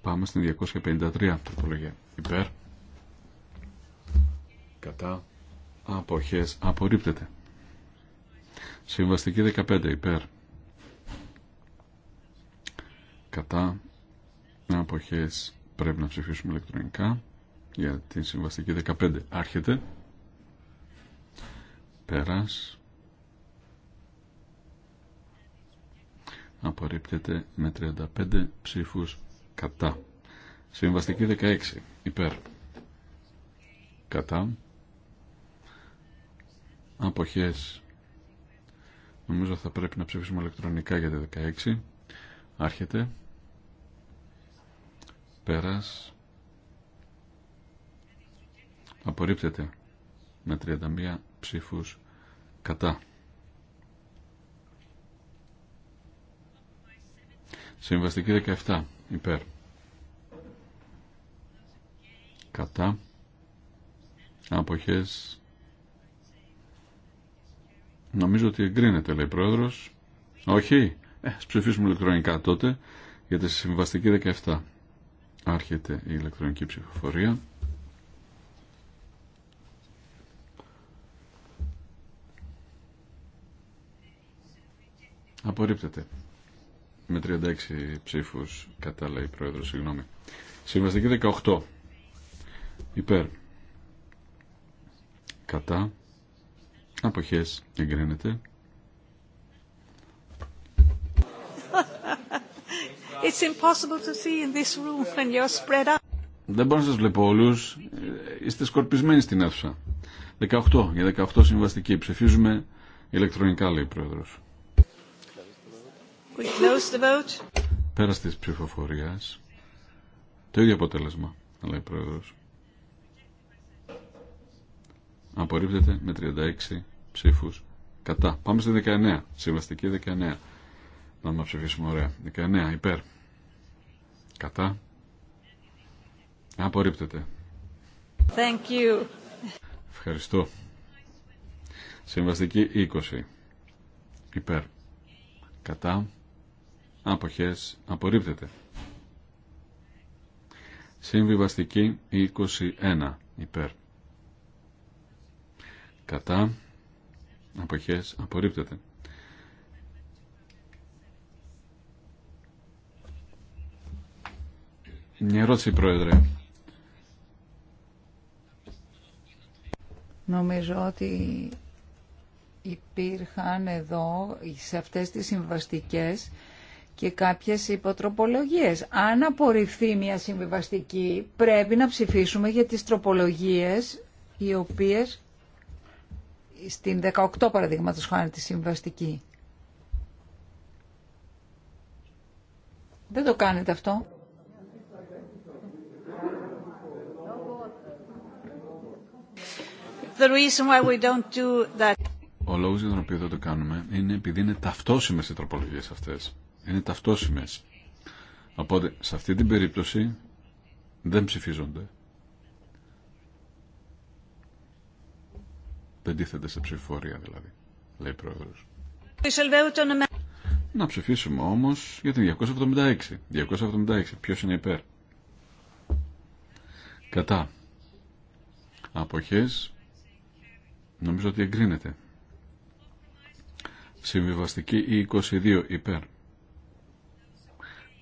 Πάμε στην 253 τροπολογία. Υπέρ. Κατά. Αποχές. Απορρίπτεται. Συμβαστική 15. Υπέρ. Κατά. Αποχές. Πρέπει να ψηφίσουμε ηλεκτρονικά για την συμβαστική 15. Άρχεται. Πέρας. απορρίπτεται με 35 ψήφους κατά. Συμβαστική 16 υπέρ κατά αποχές νομίζω θα πρέπει να ψηφίσουμε ηλεκτρονικά για τη 16 άρχεται πέρας απορρίπτεται με 31 ψήφους κατά Συμβαστική 17 υπέρ. Κατά. Αποχές. Νομίζω ότι εγκρίνεται, λέει πρόεδρος. Όχι. Ε, ας ψηφίσουμε ηλεκτρονικά τότε για τη συμβαστική 17. Άρχεται η ηλεκτρονική ψηφοφορία. Απορρίπτεται με 36 ψήφου. κατά λέει πρόεδρο, συγγνώμη. Συμβαστική 18. Υπέρ. Κατά. αποχέ. εγκρίνεται. It's impossible to see in this room when you're spread out. Δεν μπορώ να σα βλέπω όλου. Είστε σκορπισμένοι στην αίθουσα. 18. Για 18 συμβαστική. Ψηφίζουμε ηλεκτρονικά λέει η πρόεδρος. We τη ψηφοφορία. Το ίδιο αποτέλεσμα, λέει ο πρόεδρο. Απορρίπτεται με 36 ψήφου. κατά. Πάμε στη 19. Συμβαστική 19. Να μα ψηφίσουμε ωραία. 19. Υπέρ. Κατά. Απορρίπτεται. Thank you. Ευχαριστώ. Συμβαστική 20. Υπέρ. Κατά αποχές απορρίπτεται. Συμβιβαστική 21 υπέρ. Κατά αποχές απορρίπτεται. Μια ερώτηση, Πρόεδρε. Νομίζω ότι υπήρχαν εδώ σε αυτές τις συμβαστικές και κάποιες υποτροπολογίες. Αν απορριφθεί μια συμβιβαστική, πρέπει να ψηφίσουμε για τις τροπολογίες οι οποίες στην 18 παραδείγματος χάνει τη συμβαστική. Δεν το κάνετε αυτό. The reason why we don't do that. Ο λόγος για τον οποίο δεν το κάνουμε είναι επειδή είναι ταυτόσιμες οι τροπολογίες αυτές είναι ταυτόσιμες. Οπότε σε αυτή την περίπτωση δεν ψηφίζονται. Δεν τίθεται σε ψηφορία δηλαδή, λέει πρόεδρος. Να ψηφίσουμε όμως για την 276. 276. Ποιος είναι υπέρ. Κατά. Αποχές. Νομίζω ότι εγκρίνεται. Συμβιβαστική η 22 υπέρ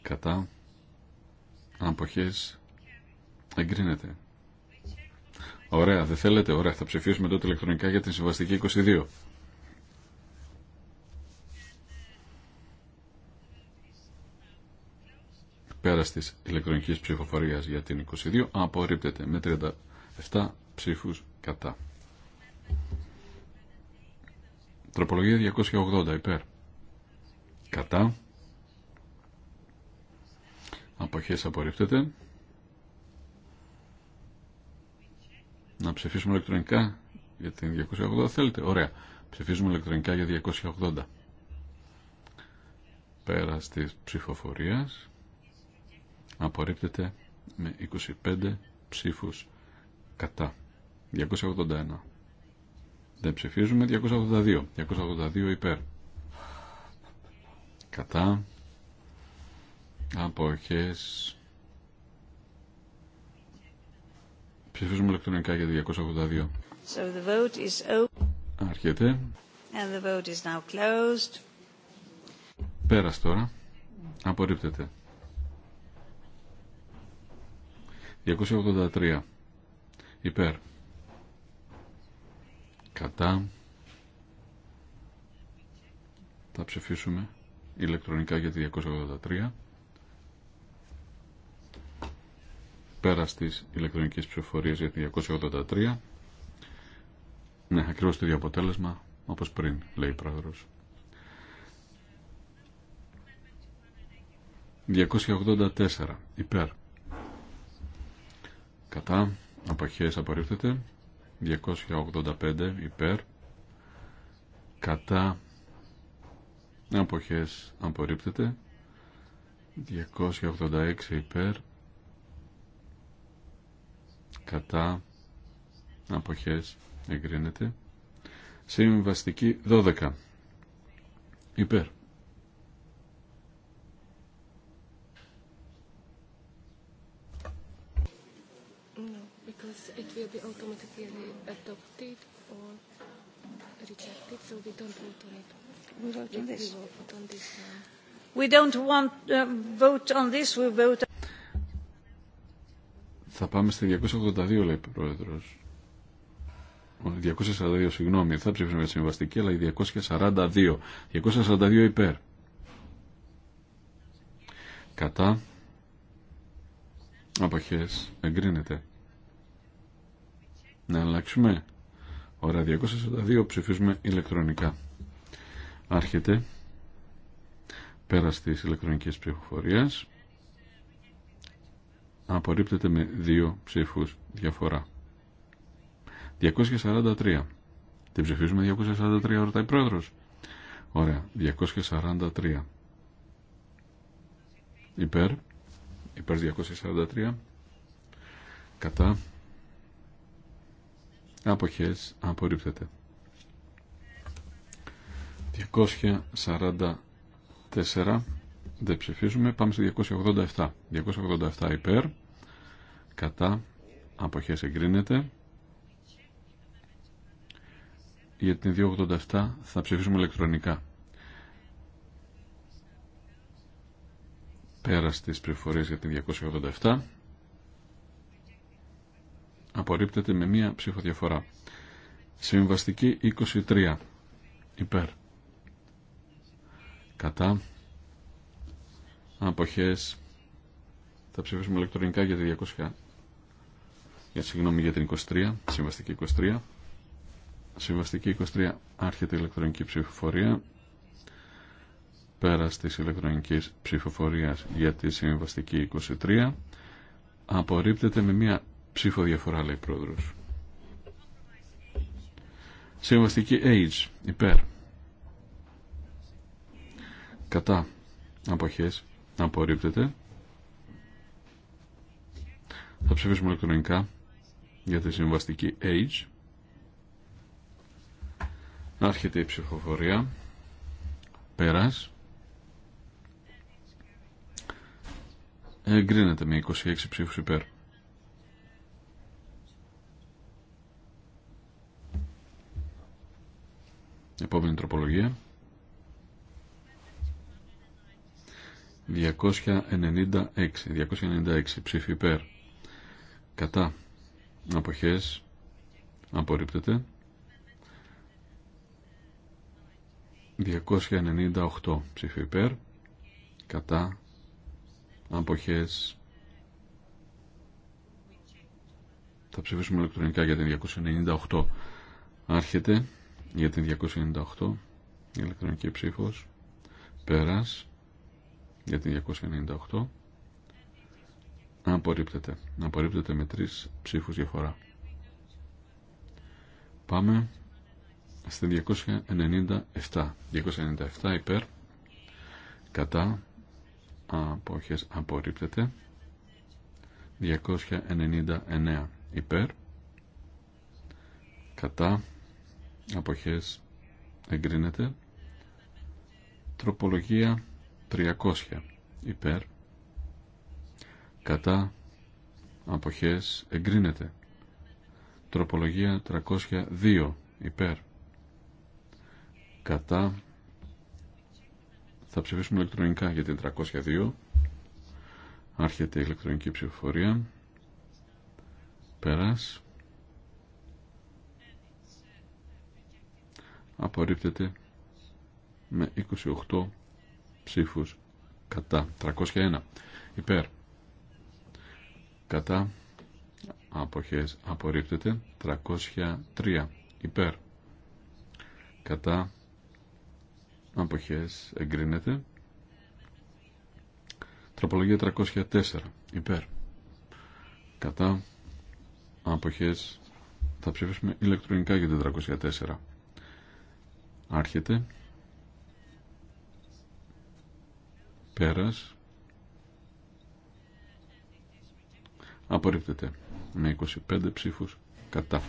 κατά αποχές εγκρίνεται. Ωραία, δεν θέλετε, ωραία, θα ψηφίσουμε τότε ηλεκτρονικά για την συμβαστική 22. Πέρα τη ηλεκτρονική ψηφοφορία για την 22 απορρίπτεται με 37 ψήφου κατά. Τροπολογία 280 υπέρ. Κατά. Αποχές απορρίπτεται. Να ψηφίσουμε ηλεκτρονικά για την 280 θέλετε. Ωραία. Ψηφίζουμε ηλεκτρονικά για 280. Πέρα τη ψηφοφορία απορρίπτεται με 25 ψήφους κατά. 281. Δεν ψηφίζουμε 282. 282 υπέρ. Κατά. Αποχές. Ψηφίζουμε ηλεκτρονικά για 282. So the vote And the vote is now closed. Πέρας τώρα. Απορρίπτεται. 283. Υπέρ. Κατά. Θα ψηφίσουμε ηλεκτρονικά για 283. πέρα τη ηλεκτρονική για τη 283. Ναι, ακριβώ το ίδιο αποτέλεσμα όπως πριν, λέει η πρόεδρος. 284 υπέρ. Κατά αποχές απορρίπτεται. 285 υπέρ. Κατά αποχές απορρίπτεται. 286 υπέρ κατά αποχές εγκρίνεται συμβαστική 12 υπέρ it will don't θα πάμε στη 282 λέει ο Πρόεδρος. 242, συγγνώμη, θα ψηφίσουμε για τη συμβαστική, αλλά η 242. 242 υπέρ. Κατά. Αποχέ. Εγκρίνεται. Να αλλάξουμε. Ωραία, 242 ψηφίζουμε ηλεκτρονικά. Άρχεται. Πέρα τη ηλεκτρονική ψηφοφορία απορρίπτεται με δύο ψήφους διαφορά. 243. Την ψηφίζουμε 243, ρωτάει πρόεδρος. Ωραία, 243. Υπέρ, υπέρ 243. Κατά. Αποχές, απορρίπτεται. 244 δεν ψηφίζουμε. Πάμε στο 287. 287 υπέρ. Κατά. Αποχές εγκρίνεται. Για την 287 θα ψηφίσουμε ηλεκτρονικά. Πέρα στις ψηφοφορίες για την 287 απορρίπτεται με μία ψηφοδιαφορά. Συμβαστική 23 υπέρ. Κατά αποχές θα ψηφίσουμε ηλεκτρονικά για τη 200 για συγγνώμη για την 23 συμβαστική 23 συμβαστική 23 άρχεται η ηλεκτρονική ψηφοφορία Πέρα της ηλεκτρονικής ψηφοφορίας για τη συμβαστική 23 απορρίπτεται με μία ψήφο διαφορά λέει πρόεδρος συμβαστική age υπέρ κατά αποχές απορρίπτεται. Θα ψηφίσουμε ηλεκτρονικά για τη συμβαστική Age. Άρχεται η ψηφοφορία. Πέρας. Εγκρίνεται με 26 ψήφους υπέρ. Επόμενη τροπολογία. 296. 296 ψήφι υπέρ. Κατά. Αποχές. Απορρίπτεται. 298 ψήφι υπέρ. Κατά. Αποχές. Θα ψηφίσουμε ηλεκτρονικά για την 298. Άρχεται για την 298. Η ηλεκτρονική ψήφος. Πέρας για την 298 απορρίπτεται. Απορρίπτεται με τρεις ψήφους διαφορά. Πάμε στη 297. 297 υπέρ κατά αποχές απορρίπτεται. 299 υπέρ κατά αποχές εγκρίνεται. Τροπολογία 300 υπέρ κατά αποχές εγκρίνεται τροπολογία 302 υπέρ κατά θα ψηφίσουμε ηλεκτρονικά για την 302 άρχεται η ηλεκτρονική ψηφοφορία πέρας απορρίπτεται με 28 Ψήφου κατά 301 υπέρ κατά αποχέ, απορρίπτεται 303 υπέρ κατά αποχέ, εγκρίνεται τροπολογία 304 υπέρ κατά Αποχέ. θα ψηφίσουμε ηλεκτρονικά για την 304 άρχεται Πέρας. Απορρίπτεται με 25 ψήφους κατά.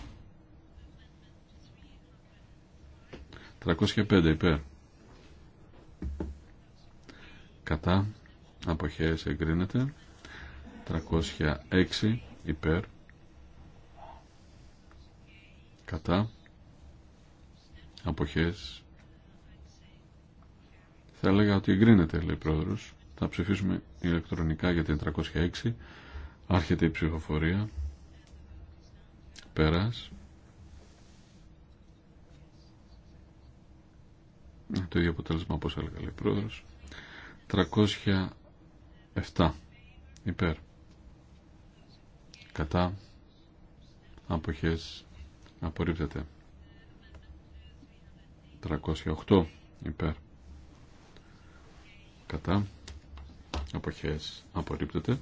305 υπέρ. Κατά. Αποχές εγκρίνεται. 306 υπέρ. Κατά. Αποχές θα έλεγα ότι εγκρίνεται, λέει πρόεδρος. Θα ψηφίσουμε ηλεκτρονικά για την 306. Άρχεται η ψηφοφορία. Πέρας. Ε, το ίδιο αποτέλεσμα όπω έλεγα, λέει πρόεδρος. 307. Υπέρ. Κατά. αποχέ, Απορρίπτεται. 308. Υπέρ κατά αποχές απορρίπτεται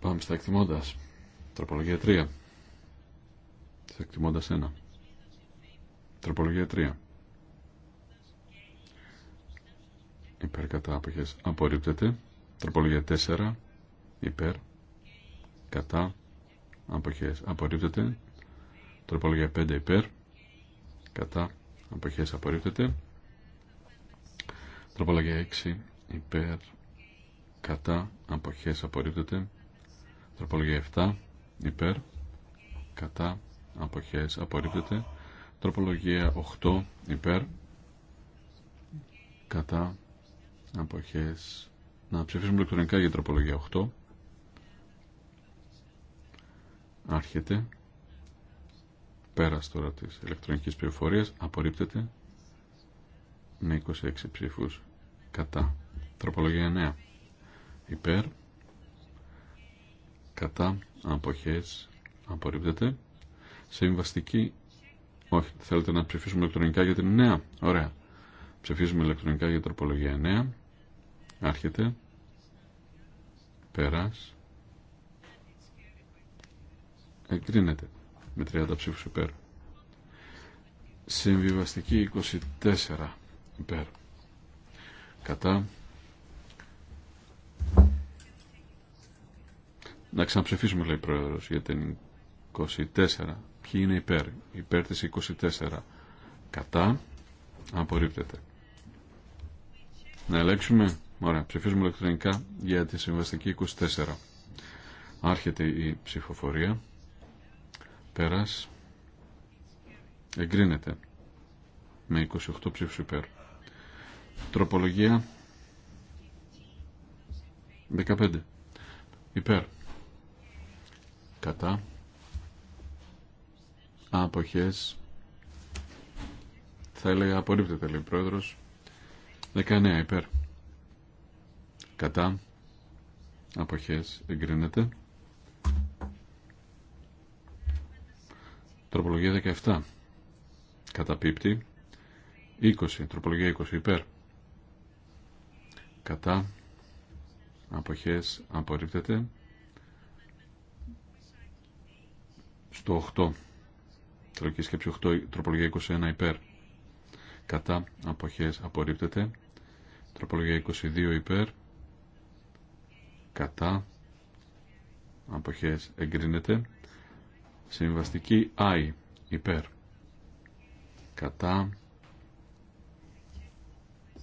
πάμε στα εκτιμώντας τροπολογία 3 στα εκτιμώντας 1 τροπολογία 3 υπέρ κατά αποχές απορρίπτεται τροπολογία 4 υπέρ κατά αποχές απορρίπτεται τροπολογία 5 υπέρ κατά αποχές απορρίπτεται τροπολογία 6 υπέρ κατά αποχές απορρίπτεται τροπολογία 7 υπέρ κατά αποχές απορρίπτεται τροπολογία 8 υπέρ κατά αποχές να ψηφίσουμε ηλεκτρονικά για τροπολογία 8 άρχεται Πέρας τώρα της ηλεκτρονικής πληροφορίας απορρίπτεται με 26 ψήφους κατά. Τροπολογία 9. Υπέρ. Κατά. Αποχές. Απορρίπτεται. Συμβαστική. Όχι. Θέλετε να ψηφίσουμε ηλεκτρονικά για την 9. Ωραία. Ψηφίζουμε ηλεκτρονικά για τροπολογία 9. Άρχεται. Πέρας. Εγκρίνεται με 30 ψήφους υπέρ. Συμβιβαστική 24 υπέρ. Κατά. Να ξαναψηφίσουμε λέει Πρόεδρο για την 24. Ποιοι είναι υπέρ. Υπέρ της 24. Κατά. Απορρίπτεται. Να ελέγξουμε. Ωραία. Ψηφίζουμε ηλεκτρονικά για τη συμβαστική 24. Άρχεται η ψηφοφορία. Πέρας. Εγκρίνεται. Με 28 ψήφους υπέρ. Τροπολογία. 15. Υπέρ. Κατά. Αποχές. Θα έλεγα απορρίπτεται λέει ο πρόεδρος. 19. Υπέρ. Κατά. Αποχές. Εγκρίνεται. Τροπολογία 17. Καταπίπτει. 20. Τροπολογία 20. Υπέρ. Κατά. Αποχές. Απορρίπτεται. Στο 8. Τροπολογία σκέψη 8. Τροπολογία 21. Υπέρ. Κατά. Αποχές. Απορρίπτεται. Τροπολογία 22. Υπέρ. Κατά. Αποχές. Εγκρίνεται. Συμβαστική Άι υπέρ. Κατά.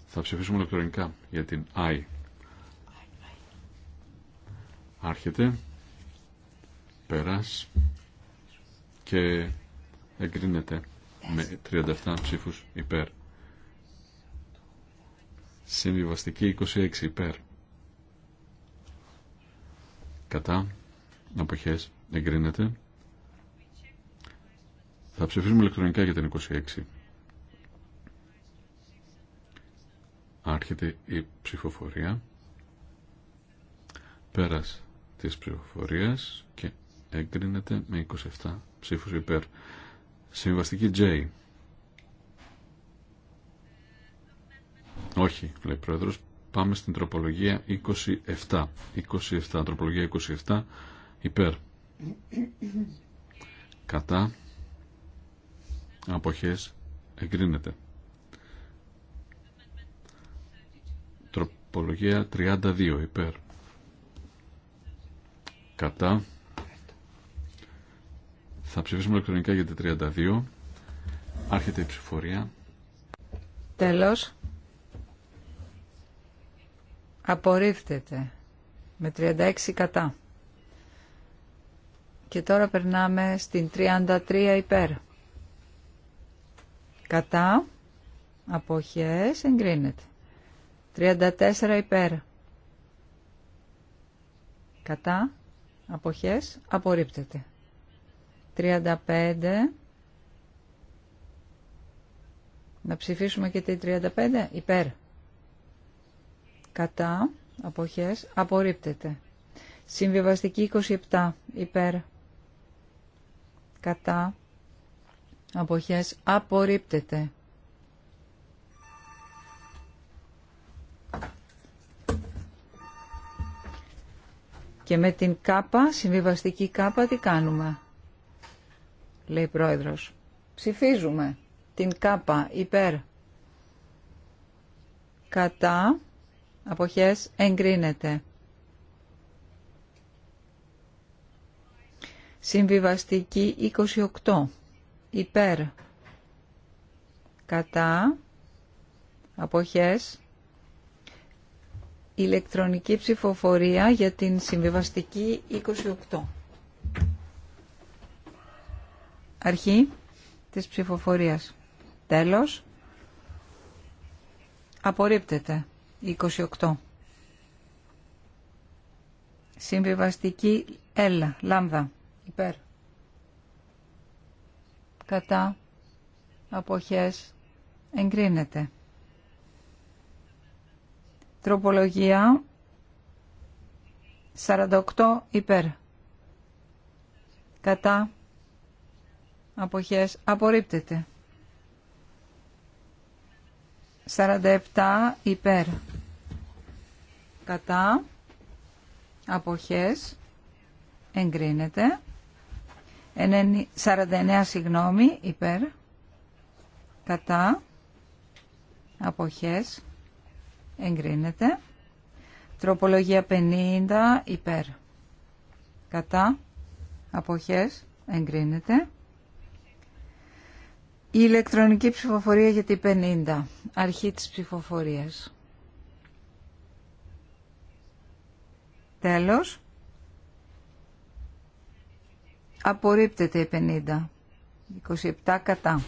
Θα ψηφίσουμε ηλεκτρονικά για την Άι Άρχεται. Πέρας. Και εγκρίνεται με 37 ψήφους υπέρ. Συμβιβαστική 26 υπέρ. Κατά. Αποχές. Εγκρίνεται. Θα ψηφίσουμε ηλεκτρονικά για την 26. Άρχεται η ψηφοφορία. Πέρας της ψηφοφορίας και εγκρίνεται με 27 ψήφους υπέρ. Συμβαστική J. Όχι, λέει πρόεδρος. Πάμε στην τροπολογία 27. 27, τροπολογία 27 υπέρ. Κατά αποχές εγκρίνεται. Τροπολογία 32 υπέρ. Κατά. Θα ψηφίσουμε ηλεκτρονικά για τα 32. Άρχεται η ψηφορία. Τέλος. Απορρίφτεται. Με 36 κατά. Και τώρα περνάμε στην 33 υπέρ. Κατά. Αποχές εγκρίνεται. 34 υπέρ. Κατά. Αποχές απορρίπτεται. 35. Να ψηφίσουμε και τη 35 υπέρ. Κατά. Αποχές απορρίπτεται. Συμβιβαστική 27 υπέρ. Κατά αποχές απορρίπτεται. Και με την κάπα, συμβιβαστική κάπα, τι κάνουμε, λέει η πρόεδρος. Ψηφίζουμε την κάπα υπέρ κατά αποχές εγκρίνεται. Συμβιβαστική 28 υπέρ κατά αποχές ηλεκτρονική ψηφοφορία για την συμβιβαστική 28. Αρχή της ψηφοφορίας. Τέλος. Απορρίπτεται. 28. Συμβιβαστική έλα, λάμδα, υπέρ κατά αποχές εγκρίνεται. Τροπολογία 48 υπέρ κατά αποχές απορρίπτεται. 47 υπέρ κατά αποχές εγκρίνεται. 49 συγγνώμη υπέρ κατά αποχές εγκρίνεται τροπολογία 50 υπέρ κατά αποχές εγκρίνεται η ηλεκτρονική ψηφοφορία για τη 50 αρχή της ψηφοφορίας τέλος Απορρίπτεται η 50. 27 κατά.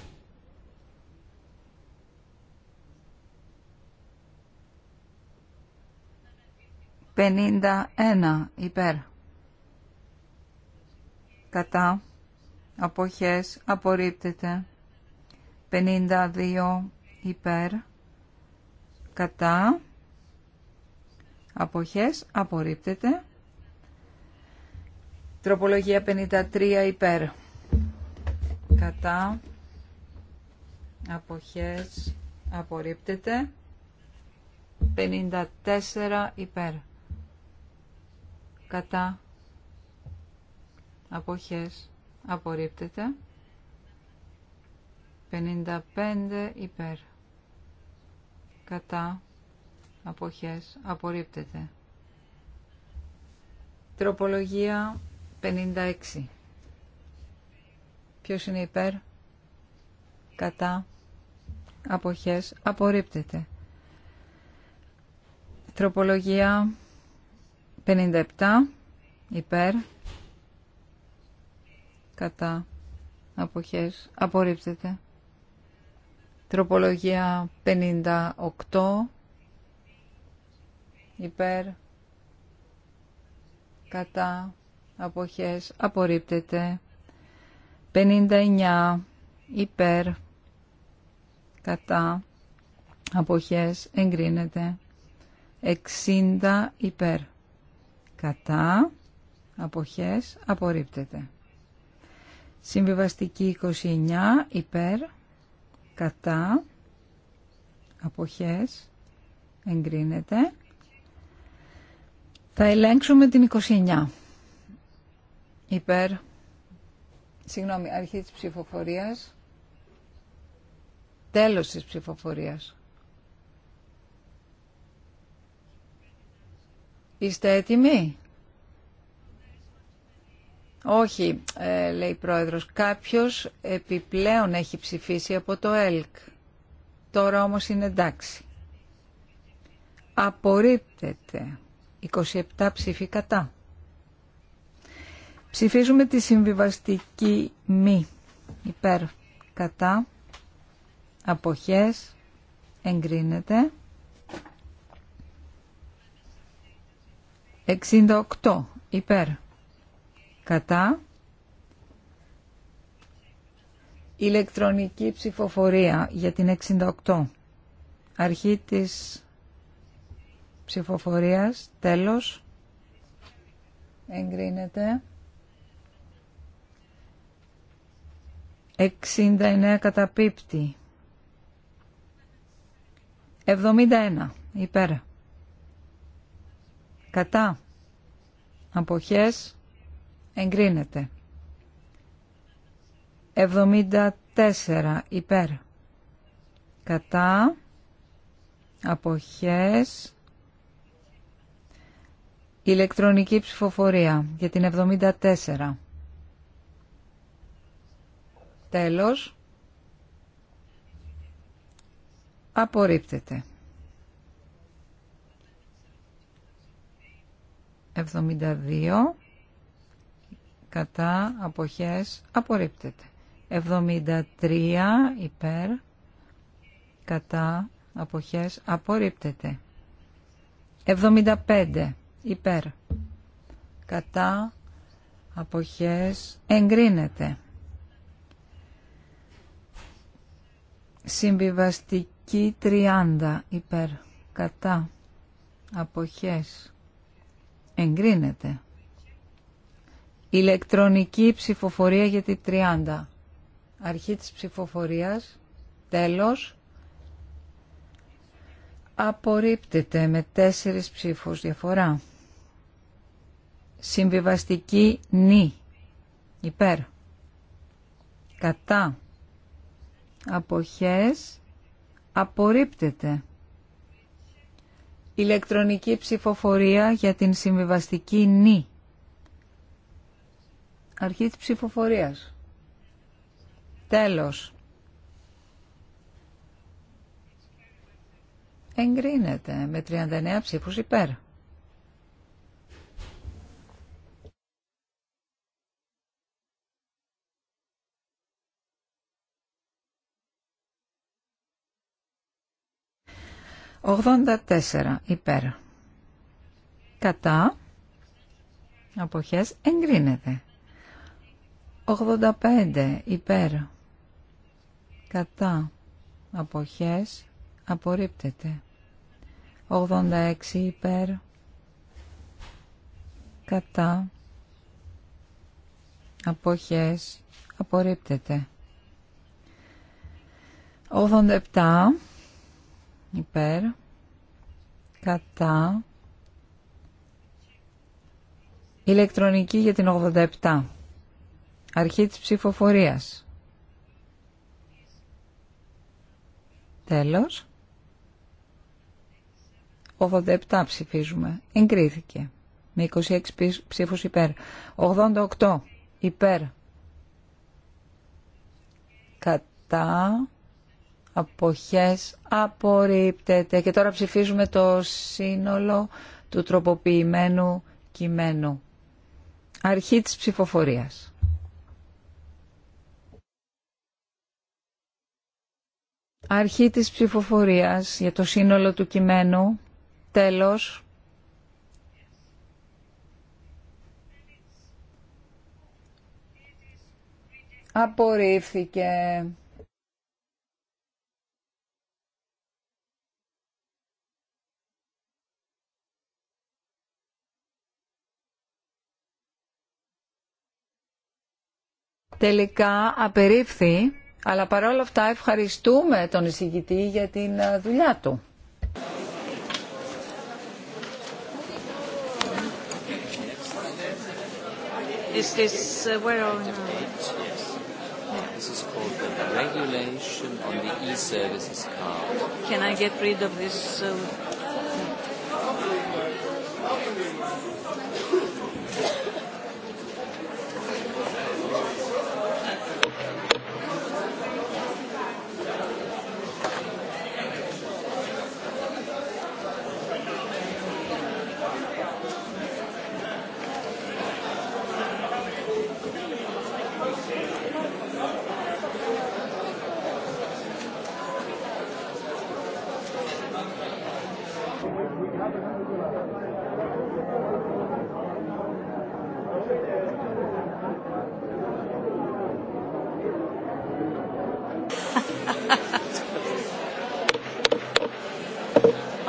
51 υπέρ. Κατά. Αποχές. Απορρίπτεται. 52 υπέρ. Κατά. Αποχές. Απορρίπτεται. Τροπολογία 53 υπέρ. Κατά. Αποχές. Απορρίπτεται. 54 υπέρ. Κατά. Αποχές. Απορρίπτεται. 55 υπέρ. Κατά. Αποχές. Απορρίπτεται. Τροπολογία 56. Ποιος είναι υπέρ, κατά, αποχές, απορρίπτεται. Τροπολογία 57, υπέρ, κατά, αποχές, απορρίπτεται. Τροπολογία 58, υπέρ, κατά, αποχές απορρίπτεται 59 υπέρ κατά αποχές εγκρίνεται 60 υπέρ κατά αποχές απορρίπτεται Συμβιβαστική 29 υπέρ κατά αποχές εγκρίνεται θα ελέγξουμε την 29 Υπέρ. Συγγνώμη, αρχή της ψηφοφορίας. Τέλος της ψηφοφορίας. Είστε έτοιμοι? Όχι, ε, λέει η πρόεδρος. Κάποιος επιπλέον έχει ψηφίσει από το ΕΛΚ. Τώρα όμως είναι εντάξει. Απορρίπτεται. 27 ψήφοι κατά. Ψηφίζουμε τη συμβιβαστική μη υπέρ κατά αποχές εγκρίνεται 68 υπέρ κατά ηλεκτρονική ψηφοφορία για την 68 αρχή της ψηφοφορίας τέλος εγκρίνεται 69 καταπίπτει. 71 Υπέρα. Κατά. Αποχές εγκρίνεται. 74 υπέρ. Κατά. Αποχές. Ηλεκτρονική ψηφοφορία για την 74. Τέλος. Απορρίπτεται. 72 κατά αποχές απορρίπτεται. 73 υπέρ κατά αποχές απορρίπτεται. 75 υπέρ κατά αποχές εγκρίνεται. Συμβιβαστική 30 υπέρ κατά αποχές εγκρίνεται. Ηλεκτρονική ψηφοφορία για τη 30. Αρχή της ψηφοφορίας, τέλος, απορρίπτεται με τέσσερις ψήφους διαφορά. Συμβιβαστική νη, υπέρ, κατά, αποχές απορρίπτεται. Ηλεκτρονική ψηφοφορία για την συμβιβαστική νη. Αρχή της ψηφοφορίας. Τέλος. Εγκρίνεται με 39 ψήφους υπέρ. 84 υπέρ. Κατά. Αποχές εγκρίνεται. 85 υπέρ. Κατά. Αποχές απορρίπτεται. 86 υπέρ. Κατά. Αποχές απορρίπτεται. 87 υπέρ, κατά, ηλεκτρονική για την 87, αρχή της ψηφοφορίας. Τέλος. 87 ψηφίζουμε. Εγκρίθηκε. Με 26 ψήφους υπέρ. 88 υπέρ. Κατά αποχές απορρίπτεται. Και τώρα ψηφίζουμε το σύνολο του τροποποιημένου κειμένου. Αρχή της ψηφοφορίας. Αρχή της ψηφοφορίας για το σύνολο του κειμένου. Τέλος. Απορρίφθηκε. τελικά απερίφθη, αλλά παρόλα αυτά ευχαριστούμε τον εισηγητή για την ε, δουλειά του. Is this uh, where now? This is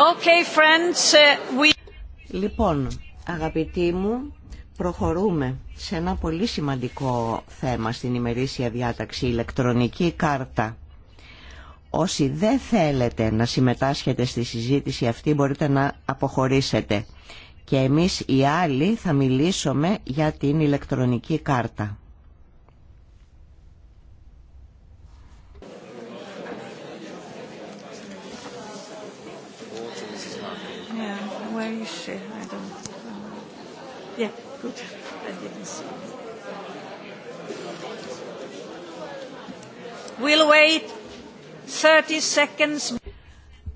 Uh, λοιπόν, αγαπητοί μου, προχωρούμε σε ένα πολύ σημαντικό θέμα στην ημερήσια διάταξη, ηλεκτρονική κάρτα. Όσοι δεν θέλετε να συμμετάσχετε στη συζήτηση αυτή μπορείτε να αποχωρήσετε. Και εμείς οι άλλοι θα μιλήσουμε για την ηλεκτρονική κάρτα.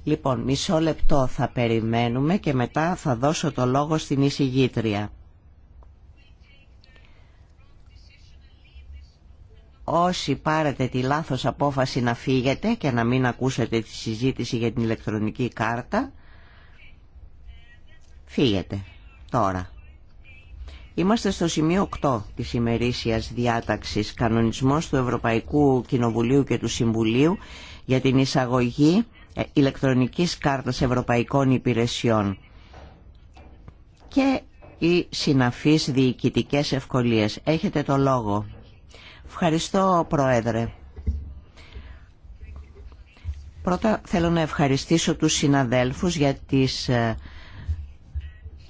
Λοιπόν, μισό λεπτό θα περιμένουμε και μετά θα δώσω το λόγο στην εισηγήτρια. Όσοι πάρετε τη λάθος απόφαση να φύγετε και να μην ακούσετε τη συζήτηση για την ηλεκτρονική κάρτα, φύγετε τώρα. Είμαστε στο σημείο 8 της ημερήσιας διάταξης κανονισμός του Ευρωπαϊκού Κοινοβουλίου και του Συμβουλίου για την εισαγωγή ε, ηλεκτρονικής κάρτας ευρωπαϊκών υπηρεσιών και οι συναφείς διοικητικές ευκολίες. Έχετε το λόγο. Ευχαριστώ, Πρόεδρε. Πρώτα θέλω να ευχαριστήσω τους συναδέλφους για τις ε,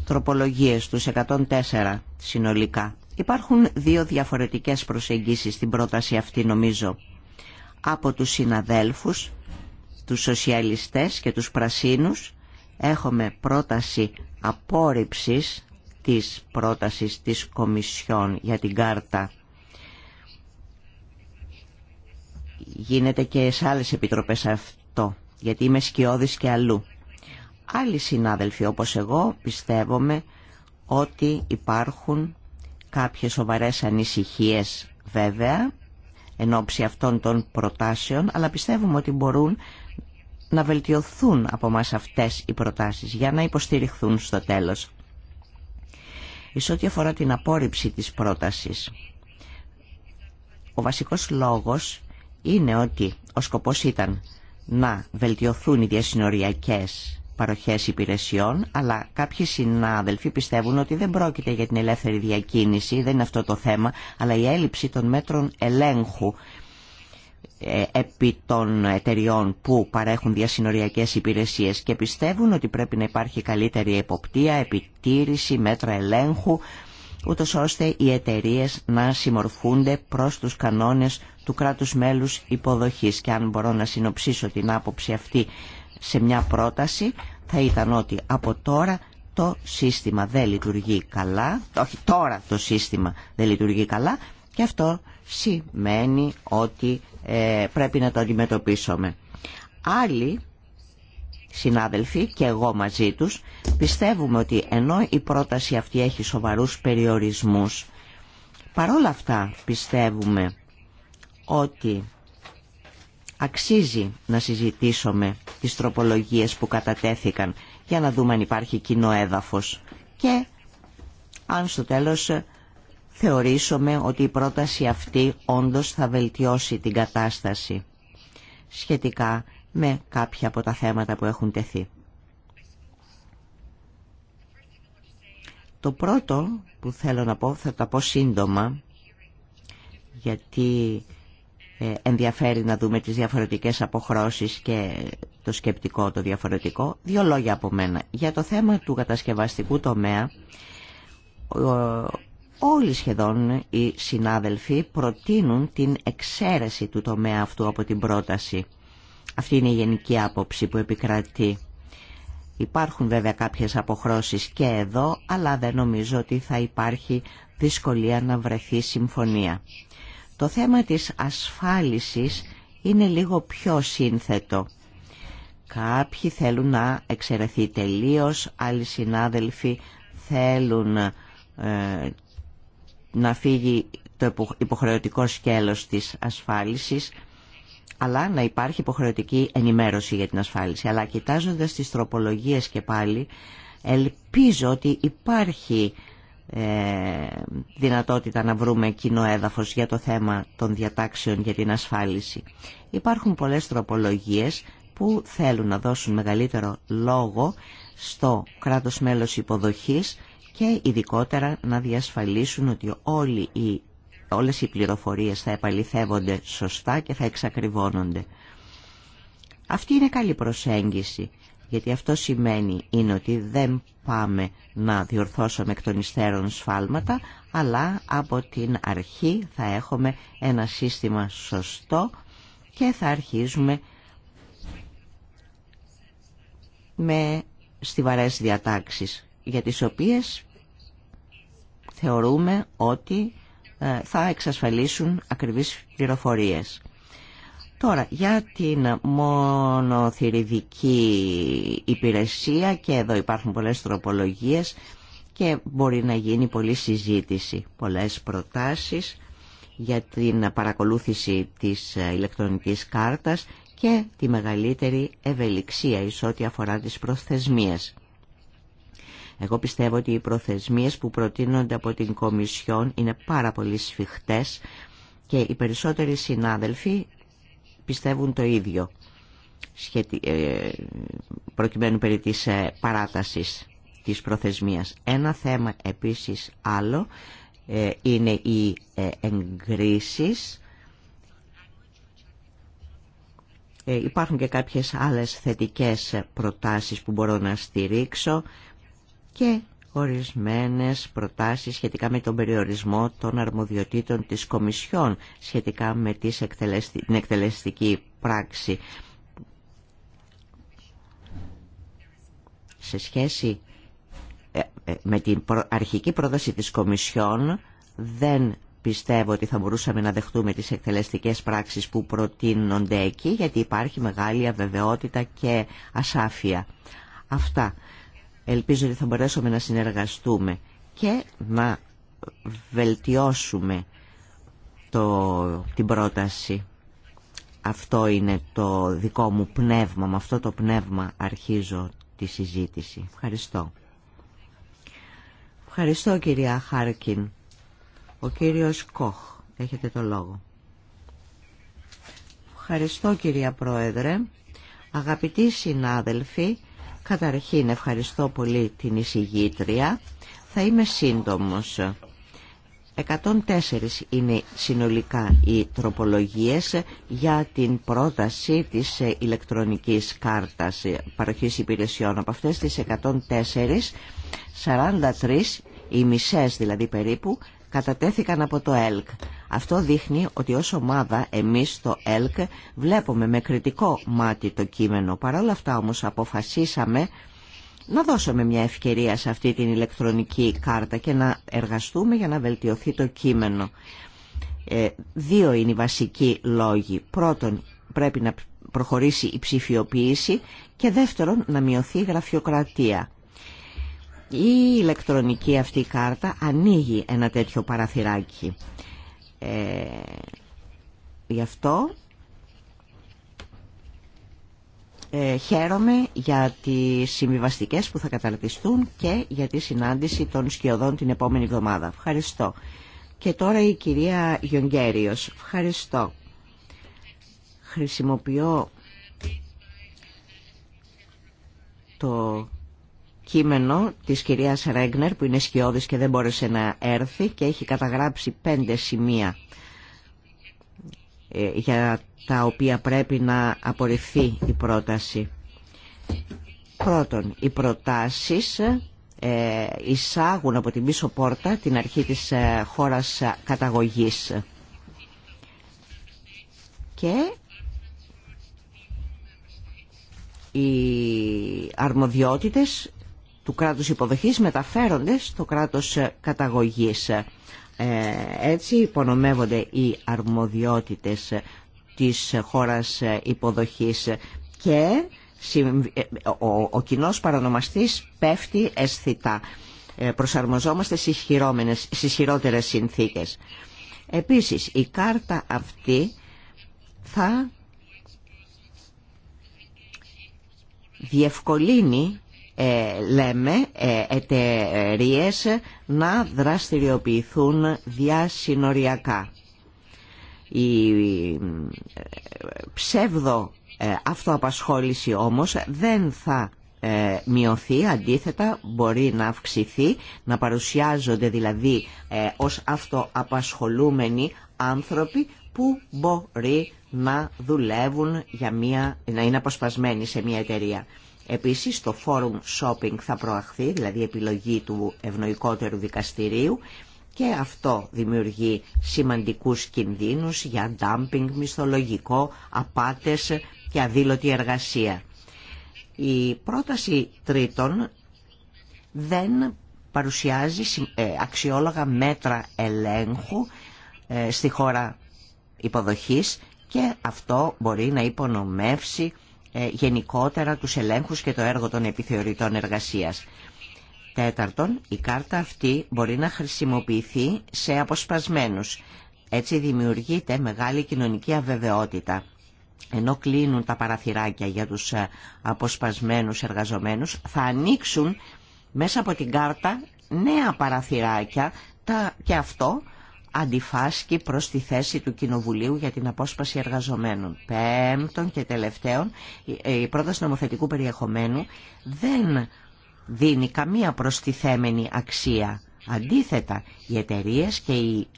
τροπολογίες, τους 104 συνολικά. Υπάρχουν δύο διαφορετικές προσεγγίσεις στην πρόταση αυτή νομίζω. Από τους συναδέλφους, τους σοσιαλιστές και τους πρασίνους έχουμε πρόταση απόρριψης της πρότασης της Κομισιόν για την κάρτα. Γίνεται και σε άλλες επιτροπές αυτό, γιατί είμαι σκιώδης και αλλού. Άλλοι συνάδελφοι όπως εγώ πιστεύουμε ότι υπάρχουν κάποιες σοβαρές ανησυχίες βέβαια εν ώψη αυτών των προτάσεων, αλλά πιστεύουμε ότι μπορούν να βελτιωθούν από μας αυτές οι προτάσεις για να υποστηριχθούν στο τέλος. Εις ό,τι αφορά την απόρριψη της πρότασης, ο βασικός λόγος είναι ότι ο σκοπός ήταν να βελτιωθούν οι διασυνοριακές παροχές υπηρεσιών, αλλά κάποιοι συνάδελφοι πιστεύουν ότι δεν πρόκειται για την ελεύθερη διακίνηση, δεν είναι αυτό το θέμα, αλλά η έλλειψη των μέτρων ελέγχου ε, επί των εταιριών που παρέχουν διασυνοριακές υπηρεσίες και πιστεύουν ότι πρέπει να υπάρχει καλύτερη εποπτεία, επιτήρηση, μέτρα ελέγχου, ούτω ώστε οι εταιρείε να συμμορφούνται προς τους κανόνες του κράτους μέλους υποδοχής. Και αν μπορώ να συνοψίσω την άποψη αυτή σε μια πρόταση θα ήταν ότι από τώρα το σύστημα δεν λειτουργεί καλά, όχι τώρα το σύστημα δεν λειτουργεί καλά και αυτό σημαίνει ότι ε, πρέπει να το αντιμετωπίσουμε. Άλλοι συνάδελφοι και εγώ μαζί τους πιστεύουμε ότι ενώ η πρόταση αυτή έχει σοβαρούς περιορισμούς παρόλα αυτά πιστεύουμε ότι Αξίζει να συζητήσουμε τις τροπολογίες που κατατέθηκαν για να δούμε αν υπάρχει κοινό έδαφος και αν στο τέλος θεωρήσουμε ότι η πρόταση αυτή όντως θα βελτιώσει την κατάσταση σχετικά με κάποια από τα θέματα που έχουν τεθεί. Το πρώτο που θέλω να πω, θα τα πω σύντομα, γιατί ε, ενδιαφέρει να δούμε τις διαφορετικές αποχρώσεις και το σκεπτικό το διαφορετικό. Δύο λόγια από μένα. Για το θέμα του κατασκευαστικού τομέα, όλοι σχεδόν οι συνάδελφοι προτείνουν την εξαίρεση του τομέα αυτού από την πρόταση. Αυτή είναι η γενική άποψη που επικρατεί. Υπάρχουν βέβαια κάποιες αποχρώσεις και εδώ, αλλά δεν νομίζω ότι θα υπάρχει δυσκολία να βρεθεί συμφωνία. Το θέμα της ασφάλισης είναι λίγο πιο σύνθετο. Κάποιοι θέλουν να εξαιρεθεί τελείως, άλλοι συνάδελφοι θέλουν ε, να φύγει το υποχρεωτικό σκέλος της ασφάλισης, αλλά να υπάρχει υποχρεωτική ενημέρωση για την ασφάλιση. Αλλά κοιτάζοντας τις τροπολογίες και πάλι, ελπίζω ότι υπάρχει ε, δυνατότητα να βρούμε κοινό έδαφος για το θέμα των διατάξεων για την ασφάλιση. Υπάρχουν πολλές τροπολογίες που θέλουν να δώσουν μεγαλύτερο λόγο στο κράτος μέλος υποδοχής και ειδικότερα να διασφαλίσουν ότι όλοι οι, όλες οι πληροφορίες θα επαληθεύονται σωστά και θα εξακριβώνονται. Αυτή είναι καλή προσέγγιση γιατί αυτό σημαίνει είναι ότι δεν πάμε να διορθώσουμε εκ των υστέρων σφάλματα, αλλά από την αρχή θα έχουμε ένα σύστημα σωστό και θα αρχίζουμε με στιβαρές διατάξεις, για τις οποίες θεωρούμε ότι ε, θα εξασφαλίσουν ακριβείς πληροφορίες. Τώρα, για την μονοθυριδική υπηρεσία και εδώ υπάρχουν πολλές τροπολογίες και μπορεί να γίνει πολλή συζήτηση, πολλές προτάσεις για την παρακολούθηση της ηλεκτρονικής κάρτας και τη μεγαλύτερη ευελιξία εις ό,τι αφορά τις προθεσμίες. Εγώ πιστεύω ότι οι προθεσμίες που προτείνονται από την Κομισιόν είναι πάρα πολύ σφιχτές και οι περισσότεροι συνάδελφοι πιστεύουν το ίδιο σχετι... Ε, προκειμένου περί της ε, παράτασης της προθεσμίας. Ένα θέμα επίσης άλλο ε, είναι οι εγκρίσεις. Υπάρχουν και κάποιες άλλες θετικές προτάσεις που μπορώ να στηρίξω και ορισμένες προτάσεις σχετικά με τον περιορισμό των αρμοδιοτήτων της Κομισιόν σχετικά με την εκτελεστική πράξη. Σε σχέση ε, ε, με την αρχική πρόταση της Κομισιόν δεν πιστεύω ότι θα μπορούσαμε να δεχτούμε τις εκτελεστικές πράξεις που προτείνονται εκεί γιατί υπάρχει μεγάλη αβεβαιότητα και ασάφεια. Αυτά. Ελπίζω ότι θα μπορέσουμε να συνεργαστούμε και να βελτιώσουμε το, την πρόταση. Αυτό είναι το δικό μου πνεύμα. Με αυτό το πνεύμα αρχίζω τη συζήτηση. Ευχαριστώ. Ευχαριστώ κυρία Χάρκιν. Ο κύριος Κοχ. Έχετε το λόγο. Ευχαριστώ κυρία Πρόεδρε. Αγαπητοί συνάδελφοι, Καταρχήν ευχαριστώ πολύ την εισηγήτρια. Θα είμαι σύντομος. 104 είναι συνολικά οι τροπολογίες για την πρόταση της ηλεκτρονικής κάρτας παροχής υπηρεσιών. Από αυτές τις 104, 43, οι μισές δηλαδή περίπου, κατατέθηκαν από το ΕΛΚ. Αυτό δείχνει ότι ως ομάδα εμείς το ΕΛΚ βλέπουμε με κριτικό μάτι το κείμενο. Παρ' όλα αυτά όμως αποφασίσαμε να δώσουμε μια ευκαιρία σε αυτή την ηλεκτρονική κάρτα και να εργαστούμε για να βελτιωθεί το κείμενο. Ε, δύο είναι οι βασικοί λόγοι. Πρώτον, πρέπει να προχωρήσει η ψηφιοποίηση και δεύτερον, να μειωθεί η γραφειοκρατία. Η ηλεκτρονική αυτή κάρτα ανοίγει ένα τέτοιο παραθυράκι. Ε, γι' αυτό ε, χαίρομαι για τις συμβιβαστικές που θα καταρτιστούν και για τη συνάντηση των σκιωδών την επόμενη εβδομάδα. Ευχαριστώ. Και τώρα η κυρία Γιονγκέριος. Ευχαριστώ. Χρησιμοποιώ το κείμενο της κυρίας Ρέγνερ που είναι σκιώδης και δεν μπόρεσε να έρθει και έχει καταγράψει πέντε σημεία ε, για τα οποία πρέπει να απορριφθεί η πρόταση. Πρώτον, οι προτάσεις ε, εισάγουν από την πίσω πόρτα την αρχή της ε, χώρας καταγωγής και οι αρμοδιότητες του κράτους υποδοχής μεταφέρονται στο κράτος ε, καταγωγής. Ε, έτσι υπονομεύονται οι αρμοδιότητες ε, της χώρας υποδοχής και ο κοινός παρανομαστής πέφτει αισθητά. Προσαρμοζόμαστε στις χειρότερες συνθήκες. Επίσης, η κάρτα αυτή θα διευκολύνει ε, λέμε ε, εταιρείε να δραστηριοποιηθούν διασυνοριακά. Η ε, ψεύδο αυτοαπασχόληση όμως δεν θα μειωθεί, αντίθετα μπορεί να αυξηθεί, να παρουσιάζονται δηλαδή ως αυτοαπασχολούμενοι άνθρωποι που μπορεί να δουλεύουν για μια, να είναι αποσπασμένοι σε μια εταιρεία. Επίσης το forum shopping θα προαχθεί, δηλαδή επιλογή του ευνοϊκότερου δικαστηρίου και αυτό δημιουργεί σημαντικούς κινδύνους για dumping, μισθολογικό, απάτες και αδήλωτη εργασία. Η πρόταση τρίτων δεν παρουσιάζει ε, αξιόλογα μέτρα ελέγχου ε, στη χώρα υποδοχής και αυτό μπορεί να υπονομεύσει ε, γενικότερα τους ελέγχους και το έργο των επιθεωρητών εργασίας. Τέταρτον, η κάρτα αυτή μπορεί να χρησιμοποιηθεί σε αποσπασμένους. Έτσι δημιουργείται μεγάλη κοινωνική αβεβαιότητα. Ενώ κλείνουν τα παραθυράκια για τους ε, αποσπασμένους εργαζομένους, θα ανοίξουν μέσα από την κάρτα νέα παραθυράκια τα, και αυτό αντιφάσκει προς τη θέση του Κοινοβουλίου για την απόσπαση εργαζομένων. Πέμπτον και τελευταίον, η ε, πρόταση νομοθετικού περιεχομένου δεν δίνει καμία προστιθέμενη αξία. Αντίθετα, οι εταιρείε και οι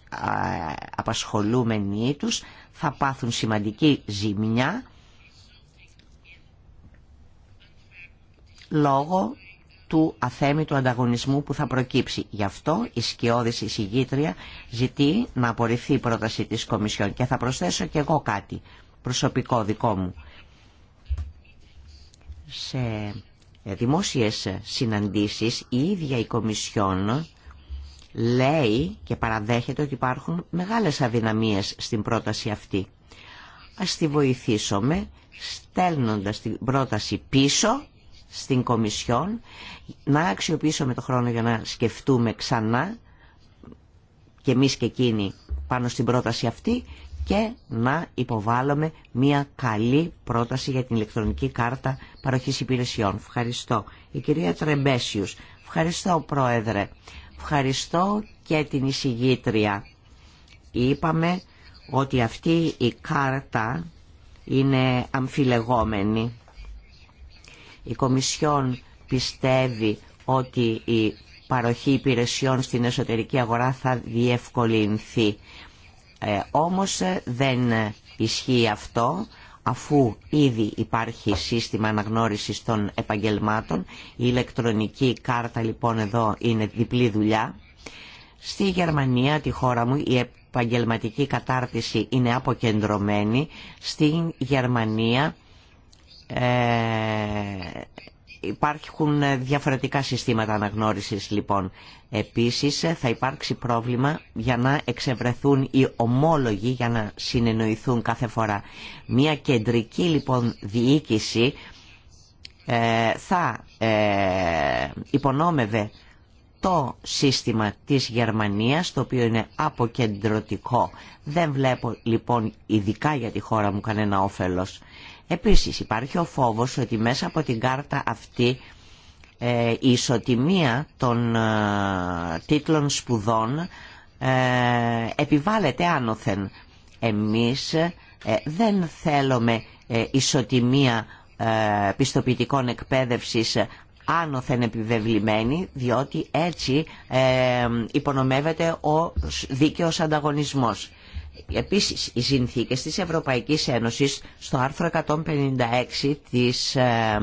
απασχολούμενοι τους θα πάθουν σημαντική ζημιά λόγω του αθέμητου ανταγωνισμού που θα προκύψει. Γι' αυτό η σκιώδης εισηγήτρια ζητεί να απορριφθεί η πρόταση της Κομισιόν και θα προσθέσω και εγώ κάτι προσωπικό δικό μου. Σε δημόσιες συναντήσεις η ίδια η Κομισιόν λέει και παραδέχεται ότι υπάρχουν μεγάλες αδυναμίες στην πρόταση αυτή. Ας τη βοηθήσουμε στέλνοντας την πρόταση πίσω στην Κομισιόν να αξιοποιήσουμε το χρόνο για να σκεφτούμε ξανά και εμείς και εκείνοι πάνω στην πρόταση αυτή και να υποβάλλουμε μια καλή πρόταση για την ηλεκτρονική κάρτα παροχής υπηρεσιών. Ευχαριστώ. Η κυρία Τρεμπέσιους. Ευχαριστώ πρόεδρε. Ευχαριστώ και την εισηγήτρια. Είπαμε ότι αυτή η κάρτα είναι αμφιλεγόμενη η Κομισιόν πιστεύει ότι η παροχή υπηρεσιών στην εσωτερική αγορά θα διευκολυνθεί. Ε, όμως ε, δεν ισχύει αυτό αφού ήδη υπάρχει σύστημα αναγνώρισης των επαγγελμάτων. Η ηλεκτρονική κάρτα λοιπόν εδώ είναι διπλή δουλειά. Στη Γερμανία, τη χώρα μου, η επαγγελματική κατάρτιση είναι αποκεντρωμένη. στην Γερμανία ε, υπάρχουν διαφορετικά συστήματα αναγνώρισης λοιπόν. Επίσης θα υπάρξει πρόβλημα για να εξευρεθούν οι ομόλογοι για να συνεννοηθούν κάθε φορά. Μια κεντρική λοιπόν διοίκηση ε, θα ε, υπονόμευε το σύστημα της Γερμανίας, το οποίο είναι αποκεντρωτικό. Δεν βλέπω λοιπόν ειδικά για τη χώρα μου κανένα όφελος. Επίσης υπάρχει ο φόβος ότι μέσα από την κάρτα αυτή ε, η ισοτιμία των ε, τίτλων σπουδών ε, επιβάλλεται άνωθεν. Εμείς δεν θέλουμε ισοτιμία πιστοποιητικών εκπαίδευσης άνωθεν επιβεβλημένη, διότι έτσι υπονομεύεται ο δίκαιος ανταγωνισμός. Επίσης, οι συνθήκες της Ευρωπαϊκής Ένωσης στο άρθρο 156 της ε,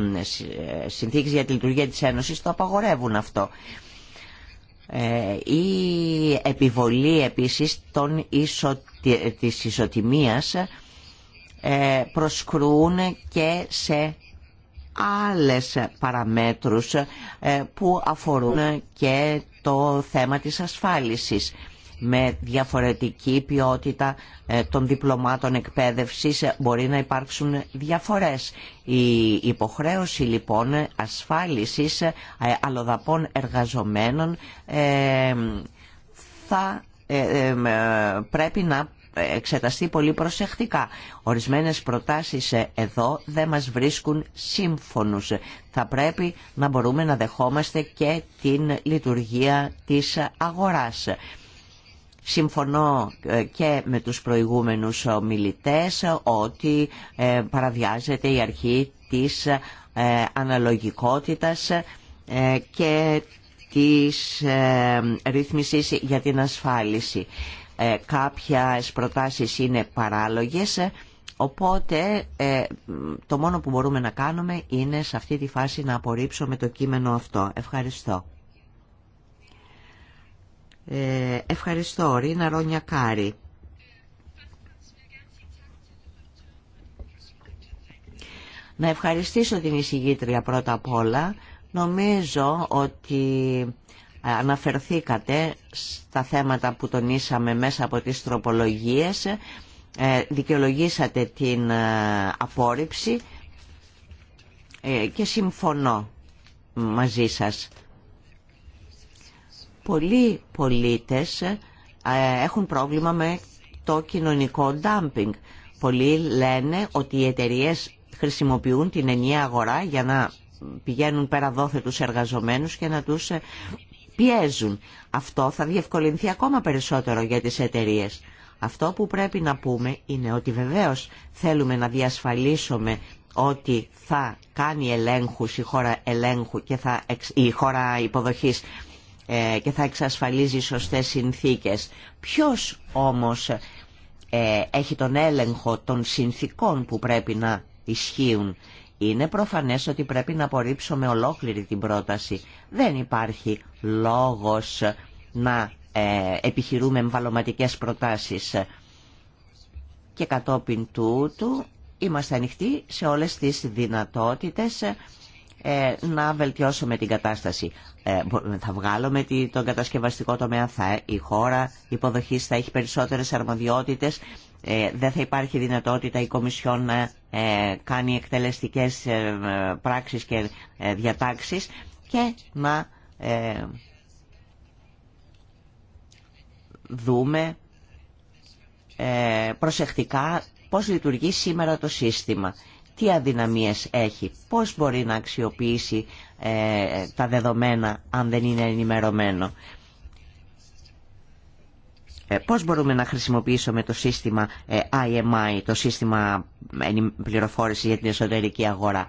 ε, Συνθήκης για τη Λειτουργία της Ένωσης το απαγορεύουν αυτό. Ε, η επιβολή επίσης των ισοτιμία της ισοτιμίας προσκρούν και σε άλλες παραμέτρους που αφορούν και το θέμα της ασφάλισης με διαφορετική ποιότητα ε, των διπλωμάτων εκπαίδευσης ε, μπορεί να υπάρξουν διαφορές. Η υποχρέωση λοιπόν ασφάλισης ε, αλλοδαπών εργαζομένων θα πρέπει να εξεταστεί πολύ προσεκτικά. Ορισμένες προτάσεις εδώ δεν μας βρίσκουν σύμφωνους. Θα πρέπει να μπορούμε να δεχόμαστε και την λειτουργία της αγοράς. Συμφωνώ ε, και με τους προηγούμενους ομιλητές ότι ε, παραβιάζεται η αρχή της ε, αναλογικότητας και της ρύθμισης για την ασφάλιση. Κάποια προτάσεις είναι παράλογες, οπότε το μόνο που μπορούμε να κάνουμε είναι σε αυτή τη φάση να απορρίψουμε το κείμενο αυτό. Ευχαριστώ. Ε, ευχαριστώ, Ρίνα Ρόνια Κάρη. Να ευχαριστήσω την εισηγήτρια πρώτα απ' όλα. Νομίζω ότι αναφερθήκατε στα θέματα που τονίσαμε μέσα από τις τροπολογίες, ε, δικαιολογήσατε την ε, απόρριψη ε, και συμφωνώ μαζί σας. Πολλοί πολίτες ε, έχουν πρόβλημα με το κοινωνικό ντάμπινγκ. Πολλοί λένε ότι οι εταιρείε χρησιμοποιούν την ενιαία αγορά για να πηγαίνουν πέρα δόθε τους εργαζομένους και να τους ε, πιέζουν. Αυτό θα διευκολυνθεί ακόμα περισσότερο για τις εταιρείε. Αυτό που πρέπει να πούμε είναι ότι βεβαίως θέλουμε να διασφαλίσουμε ότι θα κάνει ελέγχους η χώρα ελέγχου και θα, η χώρα υποδοχής ε, και θα εξασφαλίζει σωστές συνθήκες. Ποιος όμως ε, έχει τον έλεγχο των συνθήκων που πρέπει να ισχύουν. Είναι προφανές ότι πρέπει να απορρίψουμε ολόκληρη την πρόταση. Δεν υπάρχει λόγος να ε, επιχειρούμε εμβαλωματικές προτάσεις. Και κατόπιν τούτου είμαστε ανοιχτοί σε όλες τις δυνατότητες ε, να βελτιώσουμε την κατάσταση. Ε, θα βγάλουμε τον κατασκευαστικό τομέα, θα, η χώρα υποδοχής θα έχει περισσότερες αρμοδιότητες, ε, δεν θα υπάρχει δυνατότητα η Κομισιόν να κάνει εκτελεστικές πράξεις και διατάξεις και να δούμε προσεκτικά πώς λειτουργεί σήμερα το σύστημα τι αδυναμίες έχει, πώς μπορεί να αξιοποιήσει ε, τα δεδομένα αν δεν είναι ενημερωμένο. Ε, πώς μπορούμε να χρησιμοποιήσουμε το σύστημα IMI, ε, το σύστημα πληροφόρηση για την εσωτερική αγορά.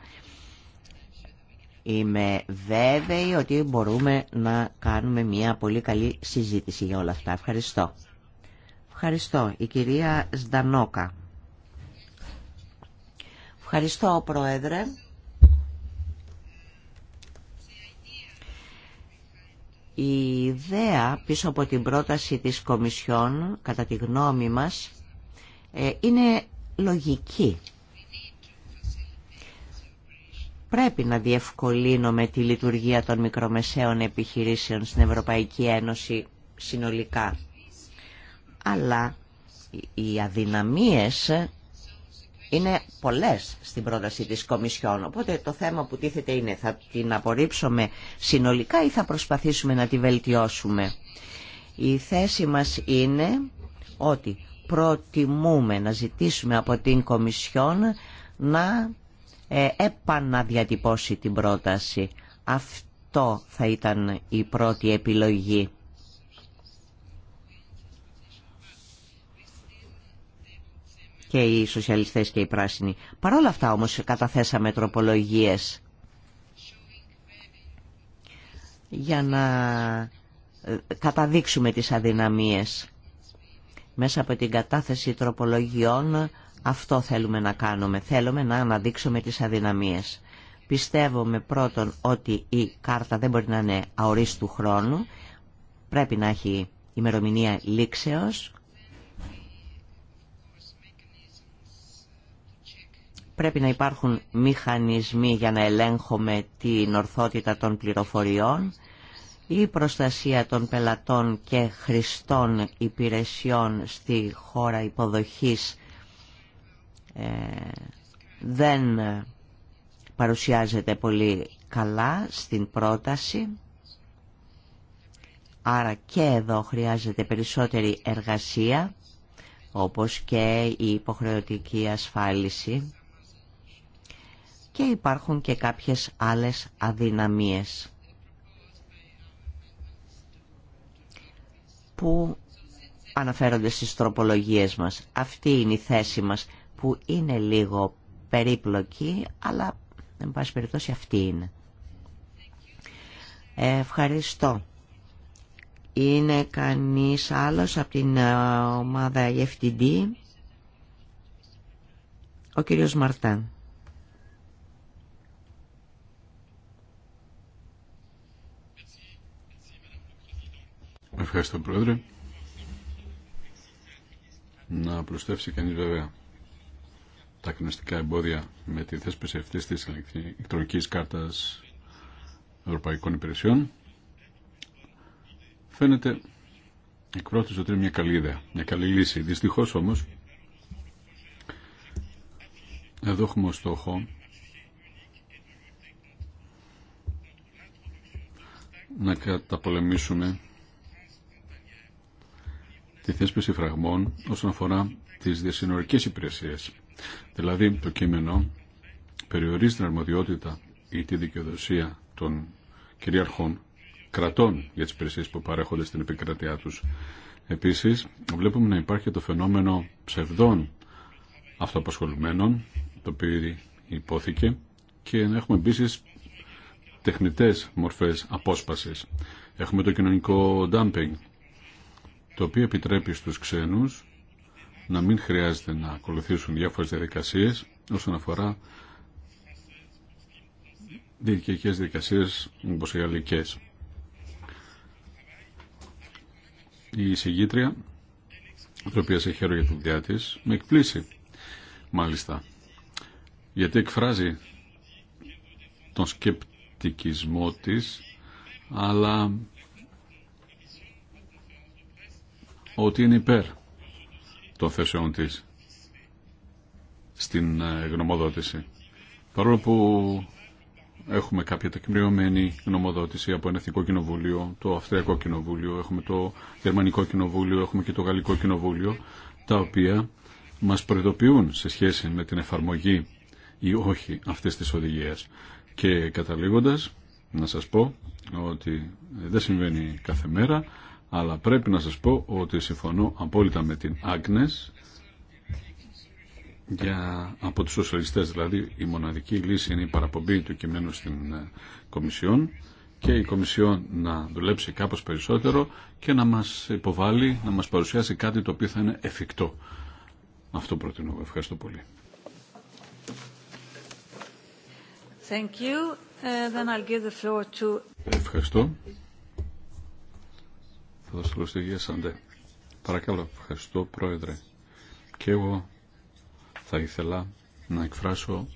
Είμαι βέβαιη ότι μπορούμε να κάνουμε μια πολύ καλή συζήτηση για όλα αυτά. Ευχαριστώ. Ευχαριστώ. Η κυρία Στανόκα. Ευχαριστώ, Πρόεδρε. Η ιδέα πίσω από την πρόταση της Κομισιόν, κατά τη γνώμη μας, ε, είναι λογική. Πρέπει να διευκολύνουμε τη λειτουργία των μικρομεσαίων επιχειρήσεων στην Ευρωπαϊκή Ένωση συνολικά. Αλλά οι αδυναμίες είναι πολλές στην πρόταση της Κομισιόν. Οπότε το θέμα που τίθεται είναι θα την απορρίψουμε συνολικά ή θα προσπαθήσουμε να τη βελτιώσουμε. Η θέση μας είναι ότι προτιμούμε να ζητήσουμε από την Κομισιόν να ε, επαναδιατυπώσει την πρόταση. Αυτό θα ήταν η πρώτη επιλογή. και οι σοσιαλιστές και οι πράσινοι. Παρ' όλα αυτά όμως καταθέσαμε τροπολογίες για να ε, καταδείξουμε τις αδυναμίες. Μέσα από την κατάθεση τροπολογιών αυτό θέλουμε να κάνουμε. Θέλουμε να αναδείξουμε τις αδυναμίες. Πιστεύουμε πρώτον ότι η κάρτα δεν μπορεί να είναι αορίστου χρόνου. Πρέπει να έχει ημερομηνία λήξεως Πρέπει να υπάρχουν μηχανισμοί για να ελέγχουμε την ορθότητα των πληροφοριών, η προστασία των πελατών και χρηστών υπηρεσιών στη χώρα υποδοχής ε, δεν παρουσιάζεται πολύ καλά στην πρόταση. Άρα και εδώ χρειάζεται περισσότερη εργασία, όπως και η υποχρεωτική ασφάλιση και υπάρχουν και κάποιες άλλες αδυναμίες που αναφέρονται στις τροπολογίες μας. Αυτή είναι η θέση μας που είναι λίγο περίπλοκη, αλλά εν πάση περιπτώσει αυτή είναι. Ευχαριστώ. Είναι κανείς άλλος από την ε, ομάδα FTD. Ο κύριος Μαρτάν. Ευχαριστώ Πρόεδρε. Να προσθέσει κανείς βέβαια τα κοινωνιστικά εμπόδια με τη θέσπιση αυτής της ηλεκτρονικής κάρτας ευρωπαϊκών υπηρεσιών φαίνεται εκ πρώτης ότι είναι μια καλή ιδέα, μια καλή λύση. Δυστυχώς όμως εδώ έχουμε ως στόχο να καταπολεμήσουμε τη θέσπιση φραγμών όσον αφορά τις διασυνορικές υπηρεσίες. Δηλαδή, το κείμενο περιορίζει την αρμοδιότητα ή τη δικαιοδοσία των κυρίαρχων κρατών για τις υπηρεσίες που παρέχονται στην επικρατεία τους. Επίσης, βλέπουμε να υπάρχει το φαινόμενο ψευδών αυτοαπασχολουμένων, το οποίο υπόθηκε, και να έχουμε επίση τεχνητές μορφές απόσπασης. Έχουμε το κοινωνικό dumping, το οποίο επιτρέπει στους ξένους να μην χρειάζεται να ακολουθήσουν διάφορες διαδικασίες όσον αφορά διοικητικές διαδικασίες όπως οι Η συγγήτρια, η οποία σε χαίρο για τη δουλειά με εκπλήσει μάλιστα, γιατί εκφράζει τον σκεπτικισμό της, αλλά ότι είναι υπέρ των θέσεων της στην ε, γνωμοδότηση. Παρόλο που έχουμε κάποια τεκμηριωμένη γνωμοδότηση από ένα Εθνικό Κοινοβούλιο, το Αυστριακό Κοινοβούλιο, έχουμε το Γερμανικό Κοινοβούλιο, έχουμε και το Γαλλικό Κοινοβούλιο, τα οποία μας προειδοποιούν σε σχέση με την εφαρμογή ή όχι αυτής της οδηγίας. Και καταλήγοντας, να σας πω ότι δεν συμβαίνει κάθε μέρα, αλλά πρέπει να σας πω ότι συμφωνώ απόλυτα με την Άγνες για, από τους σοσιαλιστές δηλαδή η μοναδική λύση είναι η παραπομπή του κειμένου στην ε, Κομισιόν και η Κομισιόν να δουλέψει κάπως περισσότερο και να μας υποβάλει, να μας παρουσιάσει κάτι το οποίο θα είναι εφικτό. Αυτό προτείνω. Ευχαριστώ πολύ. Thank you. Ε, then Ευχαριστώ. Θα δώσω λόγο Σαντέ. Παρακαλώ, ευχαριστώ Πρόεδρε. Και εγώ θα ήθελα να εκφράσω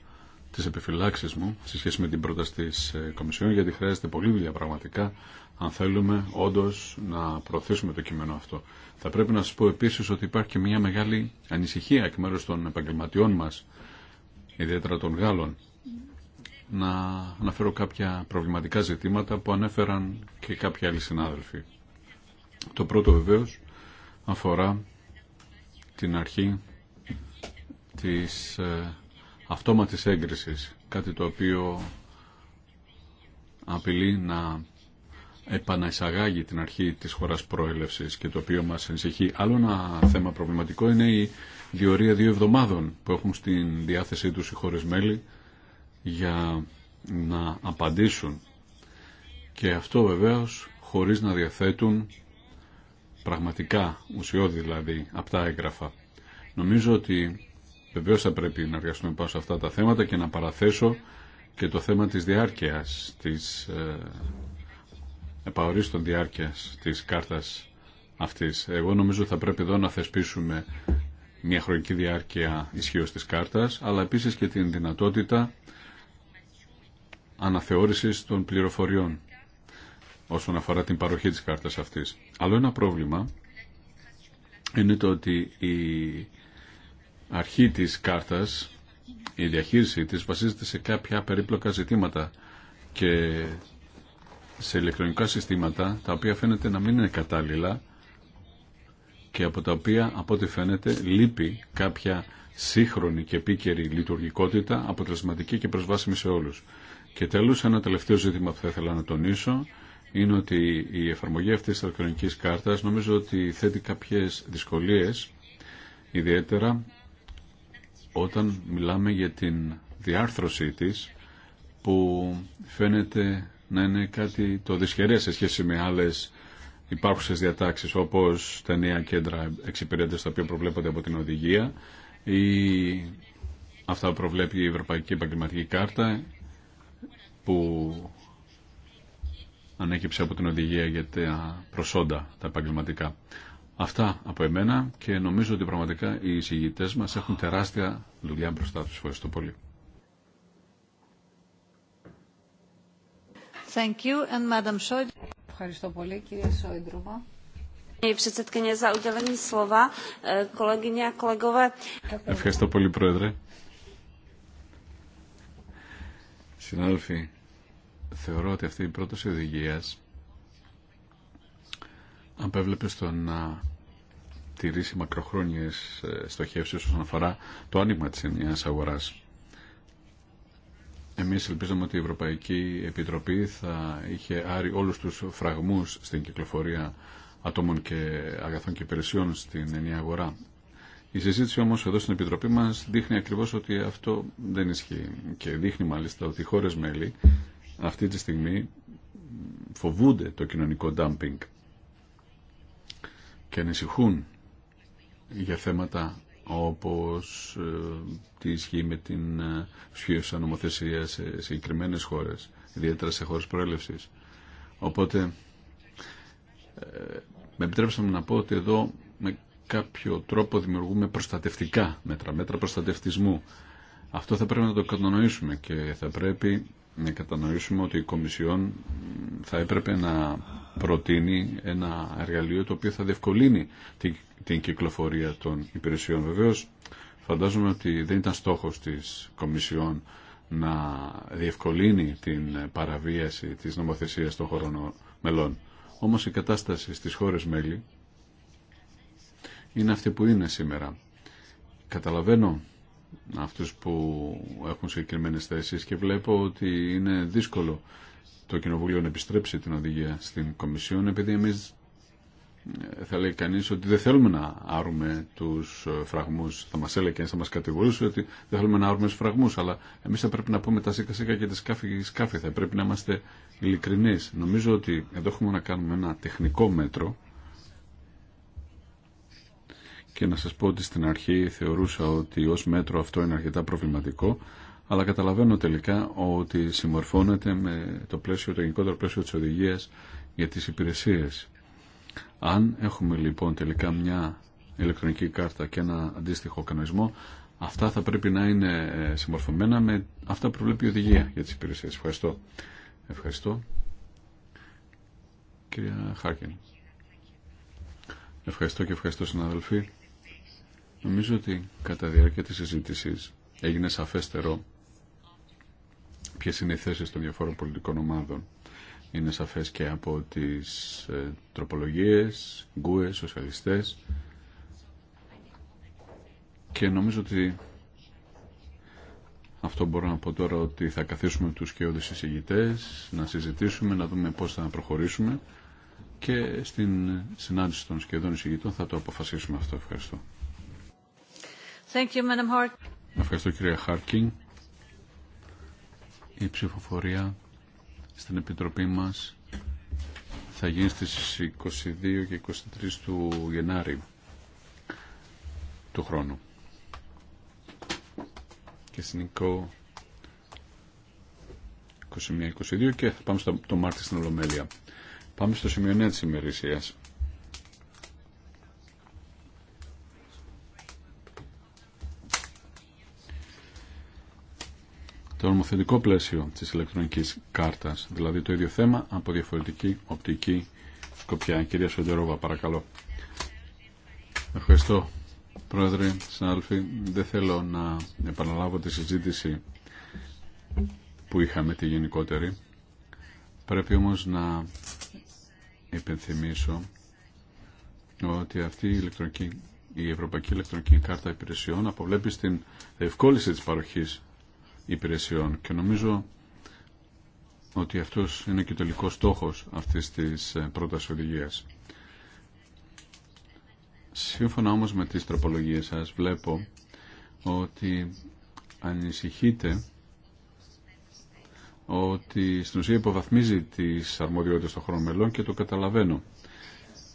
τις επιφυλάξεις μου σε σχέση με την πρόταση της ε, Κομισιόν γιατί χρειάζεται πολύ δουλειά πραγματικά αν θέλουμε όντως να προωθήσουμε το κείμενο αυτό. Θα πρέπει να σας πω επίσης ότι υπάρχει και μια μεγάλη ανησυχία εκ μέρους των επαγγελματιών μας ιδιαίτερα των Γάλλων να αναφέρω κάποια προβληματικά ζητήματα που ανέφεραν και κάποιοι άλλοι συνάδελφοι. Το πρώτο βεβαίως αφορά την αρχή της ε, αυτόματης έγκρισης, κάτι το οποίο απειλεί να επαναεισαγάγει την αρχή της χώρας προέλευσης και το οποίο μας ενσυχεί. Άλλο ένα θέμα προβληματικό είναι η διορία δύο εβδομάδων που έχουν στην διάθεσή τους οι χώρες μέλη για να απαντήσουν. Και αυτό βεβαίως χωρίς να διαθέτουν πραγματικά ουσιώδη δηλαδή αυτά έγγραφα. Νομίζω ότι βεβαίω θα πρέπει να εργαστούμε πάνω σε αυτά τα θέματα και να παραθέσω και το θέμα της διάρκειας, της ε, επαορίστων διάρκειας της κάρτας αυτής. Εγώ νομίζω θα πρέπει εδώ να θεσπίσουμε μια χρονική διάρκεια ισχύω της κάρτας, αλλά επίσης και την δυνατότητα αναθεώρησης των πληροφοριών όσον αφορά την παροχή της κάρτας αυτής. Άλλο ένα πρόβλημα είναι το ότι η αρχή της κάρτας, η διαχείριση της βασίζεται σε κάποια περίπλοκα ζητήματα και σε ηλεκτρονικά συστήματα τα οποία φαίνεται να μην είναι κατάλληλα και από τα οποία από ό,τι φαίνεται λείπει κάποια σύγχρονη και επίκαιρη λειτουργικότητα αποτελεσματική και προσβάσιμη σε όλους. Και τέλος ένα τελευταίο ζήτημα που θα ήθελα να τονίσω είναι ότι η εφαρμογή αυτής της ηλεκτρονικής κάρτας νομίζω ότι θέτει κάποιες δυσκολίες, ιδιαίτερα όταν μιλάμε για την διάρθρωσή της, που φαίνεται να είναι κάτι το δυσχερές σε σχέση με άλλες υπάρχουσες διατάξεις, όπως τα νέα κέντρα εξυπηρέτησης τα οποία προβλέπονται από την οδηγία, ή αυτά που προβλέπει η Ευρωπαϊκή Επαγγελματική Κάρτα, που ανέκυψε από την οδηγία για τα προσόντα, τα επαγγελματικά. Αυτά από εμένα και νομίζω ότι πραγματικά οι εισηγητέ μα έχουν τεράστια δουλειά μπροστά του. Ευχαριστώ πολύ. Ευχαριστώ πολύ, κύριε Σόιντροβα. Eh, Ευχαριστώ πολύ, Πρόεδρε. Συνάδελφοι, θεωρώ ότι αυτή η πρόταση οδηγίας απέβλεπε στο να τηρήσει μακροχρόνιες ε, στοχεύσεις όσον αφορά το άνοιγμα της ενιαίας αγοράς. Εμείς ελπίζαμε ότι η Ευρωπαϊκή Επιτροπή θα είχε άρει όλους τους φραγμούς στην κυκλοφορία ατόμων και αγαθών και υπηρεσιών στην ενιαία αγορά. Η συζήτηση όμως εδώ στην Επιτροπή μας δείχνει ακριβώς ότι αυτό δεν ισχύει και δείχνει μάλιστα ότι οι χώρες μέλη αυτή τη στιγμή φοβούνται το κοινωνικό dumping και ανησυχούν για θέματα όπως ε, τι ισχύει με την ε, σχέση νομοθεσία σε συγκεκριμένε χώρες, ιδιαίτερα σε χώρες προέλευσης. Οπότε, ε, με επιτρέψαμε να πω ότι εδώ με κάποιο τρόπο δημιουργούμε προστατευτικά μέτρα, μέτρα προστατευτισμού. Αυτό θα πρέπει να το κατανοήσουμε και θα πρέπει να κατανοήσουμε ότι η Κομισιόν θα έπρεπε να προτείνει ένα εργαλείο το οποίο θα διευκολύνει την κυκλοφορία των υπηρεσιών. Βεβαίως, φαντάζομαι ότι δεν ήταν στόχος της Κομισιόν να διευκολύνει την παραβίαση της νομοθεσίας των χωρών μελών. Όμως η κατάσταση στις χώρες μέλη είναι αυτή που είναι σήμερα. Καταλαβαίνω αυτούς που έχουν συγκεκριμένε θέσει και βλέπω ότι είναι δύσκολο το Κοινοβούλιο να επιστρέψει την οδηγία στην Κομισιόν επειδή εμείς ε, θα λέει κανείς ότι δεν θέλουμε να άρουμε τους ε, φραγμούς θα μας έλεγε και θα μας κατηγορούσε ότι δεν θέλουμε να άρουμε τους φραγμούς αλλά εμείς θα πρέπει να πούμε τα σίκα σίκα και τα σκάφη σκάφη θα πρέπει να είμαστε ειλικρινείς νομίζω ότι εδώ έχουμε να κάνουμε ένα τεχνικό μέτρο και να σας πω ότι στην αρχή θεωρούσα ότι ως μέτρο αυτό είναι αρκετά προβληματικό αλλά καταλαβαίνω τελικά ότι συμμορφώνεται με το πλαίσιο, το γενικότερο πλαίσιο της οδηγίας για τις υπηρεσίες. Αν έχουμε λοιπόν τελικά μια ηλεκτρονική κάρτα και ένα αντίστοιχο κανονισμό, αυτά θα πρέπει να είναι ε, συμμορφωμένα με αυτά που προβλέπει η οδηγία για τις υπηρεσίες. Ευχαριστώ. Ευχαριστώ. Κυρία Χάκεν. Ευχαριστώ και ευχαριστώ συναδελφοί. Νομίζω ότι κατά διάρκεια της συζήτηση έγινε σαφέστερο ποιες είναι οι θέσεις των διαφόρων πολιτικών ομάδων. Είναι σαφές και από τις ε, τροπολογίες, γκούες, σοσιαλιστές και νομίζω ότι αυτό μπορώ να πω τώρα ότι θα καθίσουμε τους και όλους να συζητήσουμε, να δούμε πώς θα προχωρήσουμε και στην συνάντηση των σχεδόν εισηγητών θα το αποφασίσουμε αυτό. Ευχαριστώ. Ευχαριστώ κυρία Χάρκιν. Η ψηφοφορία στην Επιτροπή μας θα γίνει στις 22 και 23 του Γενάρη του χρόνου. Και στην ΕΚΟ 21-22 και θα πάμε στο, το Μάρτι στην Ολομέλεια. Πάμε στο σημείο 9 της ημερησίας. το νομοθετικό πλαίσιο της ηλεκτρονικής κάρτας, δηλαδή το ίδιο θέμα από διαφορετική οπτική σκοπιά. Κυρία Σοντερόβα, παρακαλώ. Ευχαριστώ, Πρόεδρε, συνάδελφοι. Δεν θέλω να επαναλάβω τη συζήτηση που είχαμε τη γενικότερη. Πρέπει όμως να υπενθυμίσω ότι αυτή η, ηλεκτρονική, η Ευρωπαϊκή Ηλεκτρονική Κάρτα Υπηρεσιών αποβλέπει στην ευκόλυση της παροχής υπηρεσιών και νομίζω ότι αυτός είναι και ο τελικός στόχος αυτής της ε, πρώτας οδηγίας. Σύμφωνα όμως με τις τροπολογίες σας βλέπω ότι ανησυχείτε ότι στην ουσία υποβαθμίζει τις αρμοδιότητες των χρόνων μελών και το καταλαβαίνω.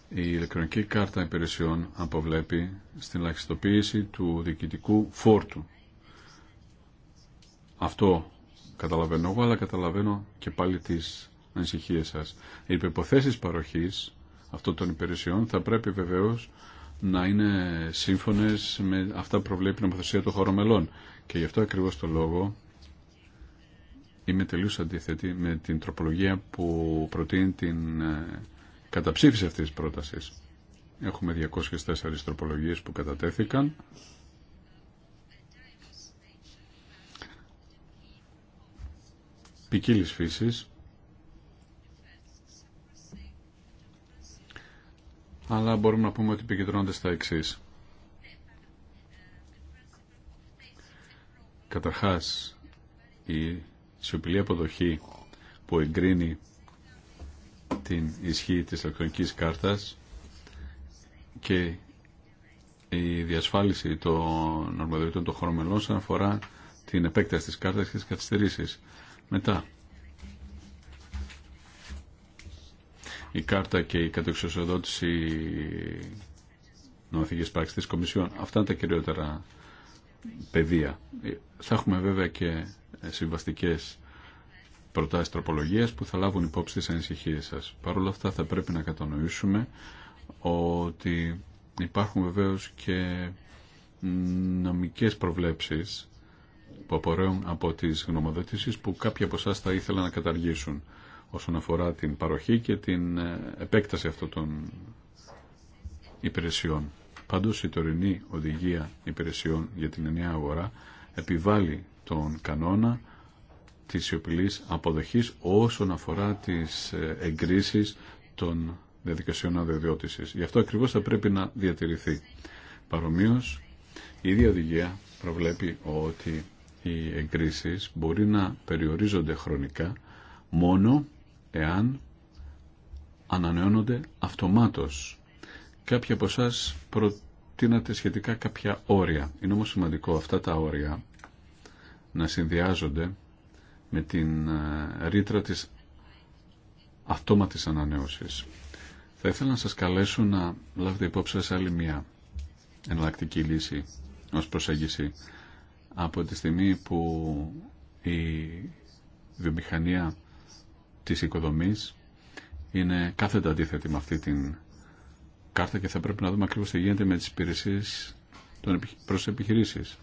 Η ηλεκτρονική κάρτα υπηρεσιών αποβλέπει στην λαχιστοποίηση του διοικητικού φόρτου αυτό καταλαβαίνω εγώ, αλλά καταλαβαίνω και πάλι τις ανησυχίες σας. Οι υποποθέσεις παροχής αυτών των υπηρεσιών θα πρέπει βεβαίω να είναι σύμφωνες με αυτά που προβλέπει η νομοθεσία των χωρών μελών. Και γι' αυτό ακριβώς το λόγο είμαι τελείω αντίθετη με την τροπολογία που προτείνει την ε, καταψήφιση αυτής τη πρόταση. Έχουμε 204 τροπολογίε που κατατέθηκαν ποικίλη φύση. αλλά μπορούμε να πούμε ότι επικεντρώνονται στα εξή. Καταρχά, η σιωπηλή αποδοχή που εγκρίνει την ισχύ της ηλεκτρονικής κάρτας και η διασφάλιση των αρμοδιοτήτων των χωρών μελών αφορά την επέκταση της κάρτας και της καθυστερήσεις. Μετά. Η κάρτα και η κατεξοσοδότηση νομοθετικής πράξης της Κομισιόν. Αυτά είναι τα κυριότερα πεδία. Θα έχουμε βέβαια και συμβαστικές προτάσεις τροπολογίας που θα λάβουν υπόψη τις ανησυχίες σας. Παρ' όλα αυτά θα πρέπει να κατανοήσουμε ότι υπάρχουν βεβαίως και νομικές προβλέψεις που απορρέουν από τις γνωμοδοτήσεις που κάποιοι από εσά θα ήθελαν να καταργήσουν όσον αφορά την παροχή και την ε, επέκταση αυτών των υπηρεσιών. Πάντως η τωρινή οδηγία υπηρεσιών για την ενιαία αγορά επιβάλλει τον κανόνα της σιωπηλή αποδοχής όσον αφορά τις ε, εγκρίσει των διαδικασιών αδειοδότηση. Γι' αυτό ακριβώ θα πρέπει να διατηρηθεί. Παρομοίω, η ίδια οδηγία προβλέπει ότι οι εγκρίσεις μπορεί να περιορίζονται χρονικά μόνο εάν ανανεώνονται αυτομάτως. Κάποιοι από εσά προτείνατε σχετικά κάποια όρια. Είναι όμως σημαντικό αυτά τα όρια να συνδυάζονται με την ε, ρήτρα της αυτόματης ανανέωσης. Θα ήθελα να σας καλέσω να λάβετε υπόψη σας άλλη μια εναλλακτική λύση ως προσέγγιση από τη στιγμή που η βιομηχανία της οικοδομής είναι κάθετα αντίθετη με αυτή την κάρτα και θα πρέπει να δούμε ακριβώς τι γίνεται με τις υπηρεσίε προς επιχειρήσεις.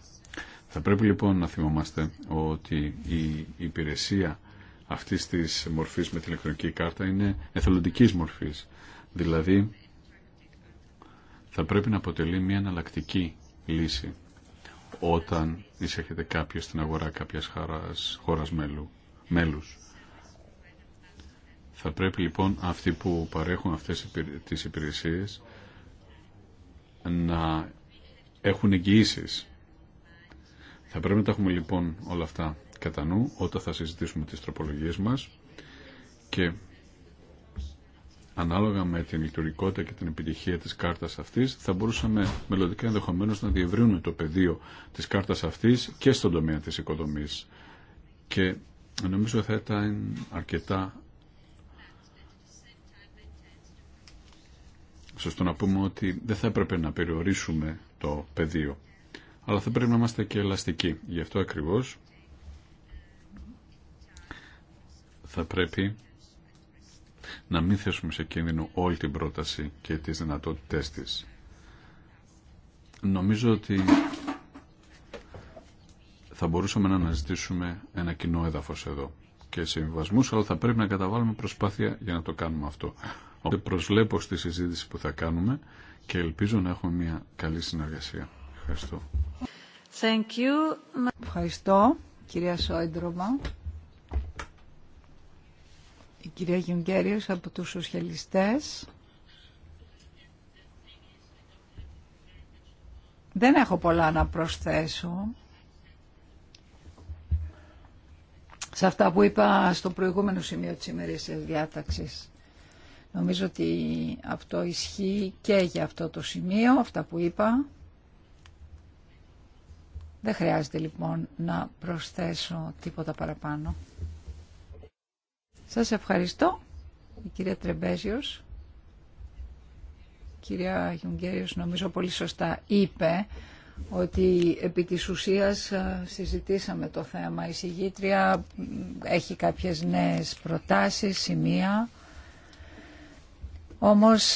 Θα πρέπει λοιπόν να θυμόμαστε ότι η υπηρεσία αυτής της μορφής με την ηλεκτρονική κάρτα είναι εθελοντικής μορφής. Δηλαδή θα πρέπει να αποτελεί μια εναλλακτική λύση όταν εισέρχεται κάποιος στην αγορά κάποιας χαράς, χώρας μέλου, μέλους. Θα πρέπει λοιπόν αυτοί που παρέχουν αυτές τις υπηρεσίες να έχουν εγγυήσει. Θα πρέπει να τα έχουμε λοιπόν όλα αυτά κατά νου όταν θα συζητήσουμε τις τροπολογίες μας και ανάλογα με την λειτουργικότητα και την επιτυχία της κάρτας αυτής θα μπορούσαμε μελλοντικά ενδεχομένως να διευρύνουμε το πεδίο της κάρτας αυτής και στον τομέα της οικοδομής και νομίζω θα ήταν αρκετά σωστό να πούμε ότι δεν θα έπρεπε να περιορίσουμε το πεδίο αλλά θα πρέπει να είμαστε και ελαστικοί γι' αυτό ακριβώς θα πρέπει να μην θέσουμε σε κίνδυνο όλη την πρόταση και τις δυνατότητές της. Νομίζω ότι θα μπορούσαμε να αναζητήσουμε ένα κοινό έδαφος εδώ και συμβασμούς, αλλά θα πρέπει να καταβάλουμε προσπάθεια για να το κάνουμε αυτό. Οπότε προσλέπω στη συζήτηση που θα κάνουμε και ελπίζω να έχουμε μια καλή συνεργασία. Ευχαριστώ. Thank you. Ευχαριστώ, κυρία Σόιντρομα η κυρία Γιουγκέριος από τους σοσιαλιστές. Δεν έχω πολλά να προσθέσω σε αυτά που είπα στο προηγούμενο σημείο της ημερήσιας διάταξης. Νομίζω ότι αυτό ισχύει και για αυτό το σημείο, αυτά που είπα. Δεν χρειάζεται λοιπόν να προσθέσω τίποτα παραπάνω. Σας ευχαριστώ, η κυρία Τρεμπέζιος. Η κυρία Γιουγκέριος νομίζω πολύ σωστά είπε ότι επί της ουσίας συζητήσαμε το θέμα. Η συγγήτρια έχει κάποιες νέες προτάσεις, σημεία. Όμως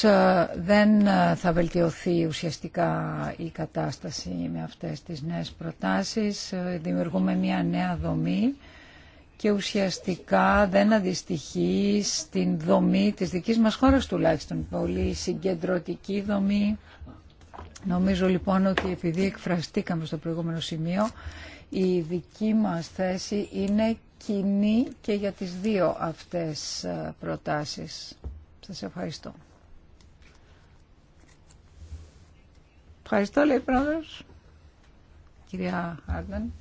δεν θα βελτιωθεί ουσιαστικά η κατάσταση με αυτές τις νέες προτάσεις. Δημιουργούμε μια νέα δομή και ουσιαστικά δεν αντιστοιχεί στην δομή της δικής μας χώρας τουλάχιστον. Πολύ συγκεντρωτική δομή. Νομίζω λοιπόν ότι επειδή εκφραστήκαμε στο προηγούμενο σημείο, η δική μας θέση είναι κοινή και για τις δύο αυτές ε, προτάσεις. Σας ευχαριστώ. Ευχαριστώ λέει πρόεδρος, κυρία Άρντεν.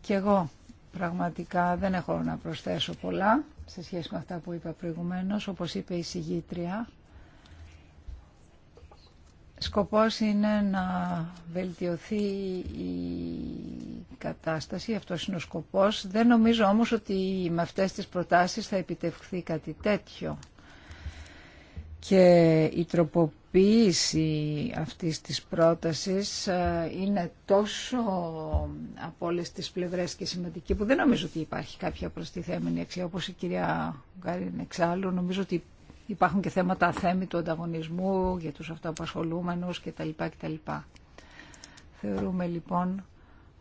Και εγώ Πραγματικά δεν έχω να προσθέσω πολλά σε σχέση με αυτά που είπα προηγουμένως. Όπως είπε η συγγήτρια, σκοπός είναι να βελτιωθεί η κατάσταση. Αυτό είναι ο σκοπός. Δεν νομίζω όμως ότι με αυτές τις προτάσεις θα επιτευχθεί κάτι τέτοιο και η τροποποίηση αυτής της πρότασης ε, είναι τόσο από όλε τις πλευρές και σημαντική που δεν νομίζω ότι υπάρχει κάποια προστιθέμενη αξία όπως η κυρία Γκάριν εξάλλου νομίζω ότι υπάρχουν και θέματα θέμη του ανταγωνισμού για τους αυτοαπασχολούμενους κτλ. κτλ. Θεωρούμε λοιπόν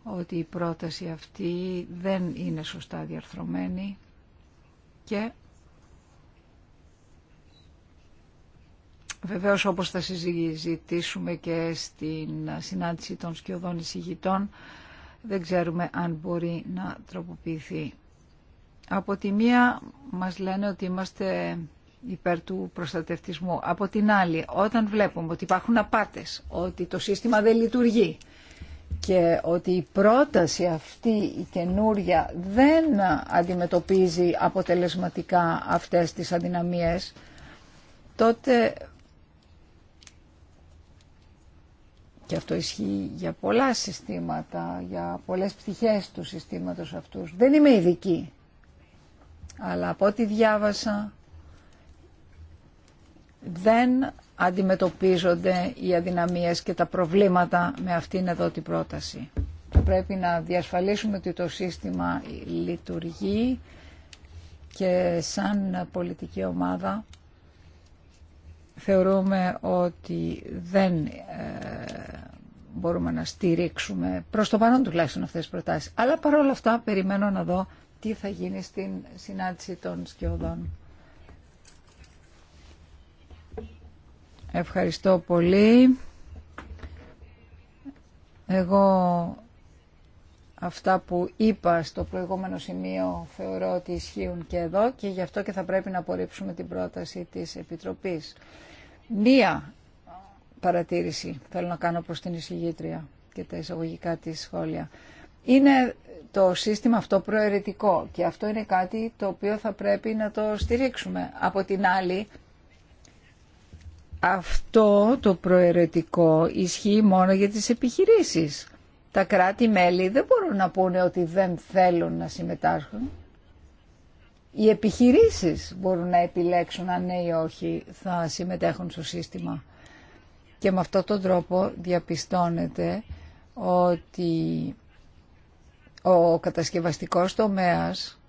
ότι η πρόταση αυτή δεν είναι σωστά διαρθρωμένη και Βεβαίως όπως θα συζητήσουμε και στην συνάντηση των σκιωδών εισηγητών, δεν ξέρουμε αν μπορεί να τροποποιηθεί. Από τη μία μας λένε ότι είμαστε υπέρ του προστατευτισμού. Από την άλλη, όταν βλέπουμε ότι υπάρχουν απάτες, ότι το σύστημα δεν λειτουργεί και ότι η πρόταση αυτή η καινούρια δεν αντιμετωπίζει αποτελεσματικά αυτές τις αδυναμίες, τότε και αυτό ισχύει για πολλά συστήματα, για πολλές πτυχές του συστήματος αυτούς. Δεν είμαι ειδική, αλλά από ό,τι διάβασα δεν αντιμετωπίζονται οι αδυναμίες και τα προβλήματα με αυτήν εδώ την πρόταση. πρέπει να διασφαλίσουμε ότι το σύστημα λειτουργεί και σαν πολιτική ομάδα θεωρούμε ότι δεν ε, μπορούμε να στηρίξουμε προς το παρόν τουλάχιστον αυτές τις προτάσεις. Αλλά παρόλα αυτά περιμένω να δω τι θα γίνει στην συνάντηση των σκιωδών. Ευχαριστώ πολύ. Εγώ αυτά που είπα στο προηγούμενο σημείο θεωρώ ότι ισχύουν και εδώ και γι' αυτό και θα πρέπει να απορρίψουμε την πρόταση της Επιτροπής. Μία παρατήρηση θέλω να κάνω προς την εισηγήτρια και τα εισαγωγικά της σχόλια. Είναι το σύστημα αυτό προαιρετικό και αυτό είναι κάτι το οποίο θα πρέπει να το στηρίξουμε. Από την άλλη, αυτό το προαιρετικό ισχύει μόνο για τις επιχειρήσεις. Τα κράτη-μέλη δεν μπορούν να πούνε ότι δεν θέλουν να συμμετάσχουν οι επιχειρήσεις μπορούν να επιλέξουν αν ναι ή όχι θα συμμετέχουν στο σύστημα. Και με αυτόν τον τρόπο διαπιστώνεται ότι ο κατασκευαστικός τομέας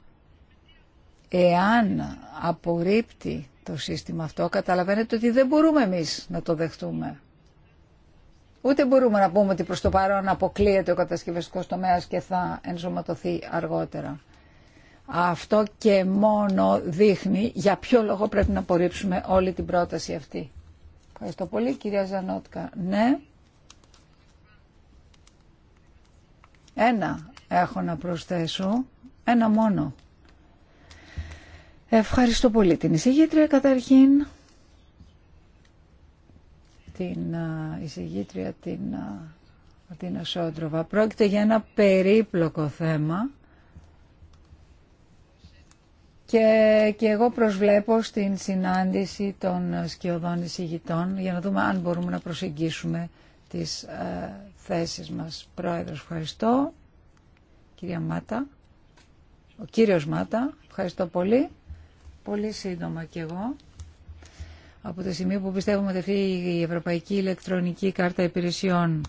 εάν απορρίπτει το σύστημα αυτό καταλαβαίνετε ότι δεν μπορούμε εμείς να το δεχτούμε. Ούτε μπορούμε να πούμε ότι προς το παρόν αποκλείεται ο κατασκευαστικός τομέας και θα ενσωματωθεί αργότερα. Αυτό και μόνο δείχνει για ποιο λόγο πρέπει να απορρίψουμε όλη την πρόταση αυτή. Ευχαριστώ πολύ κυρία Ζανότκα. Ναι. Ένα έχω να προσθέσω. Ένα μόνο. Ευχαριστώ πολύ την εισηγήτρια καταρχήν. Την εισηγήτρια την Ατίνα Σόντροβα. Πρόκειται για ένα περίπλοκο θέμα και, και εγώ προσβλέπω στην συνάντηση των σκιωδών εισηγητών για να δούμε αν μπορούμε να προσεγγίσουμε τις ε, θέσεις μας. Πρόεδρος, ευχαριστώ. Κυρία Μάτα, ο κύριος Μάτα, ευχαριστώ πολύ. Πολύ σύντομα κι εγώ. Από το σημείο που πιστεύουμε ότι αυτή η Ευρωπαϊκή Ηλεκτρονική Κάρτα Υπηρεσιών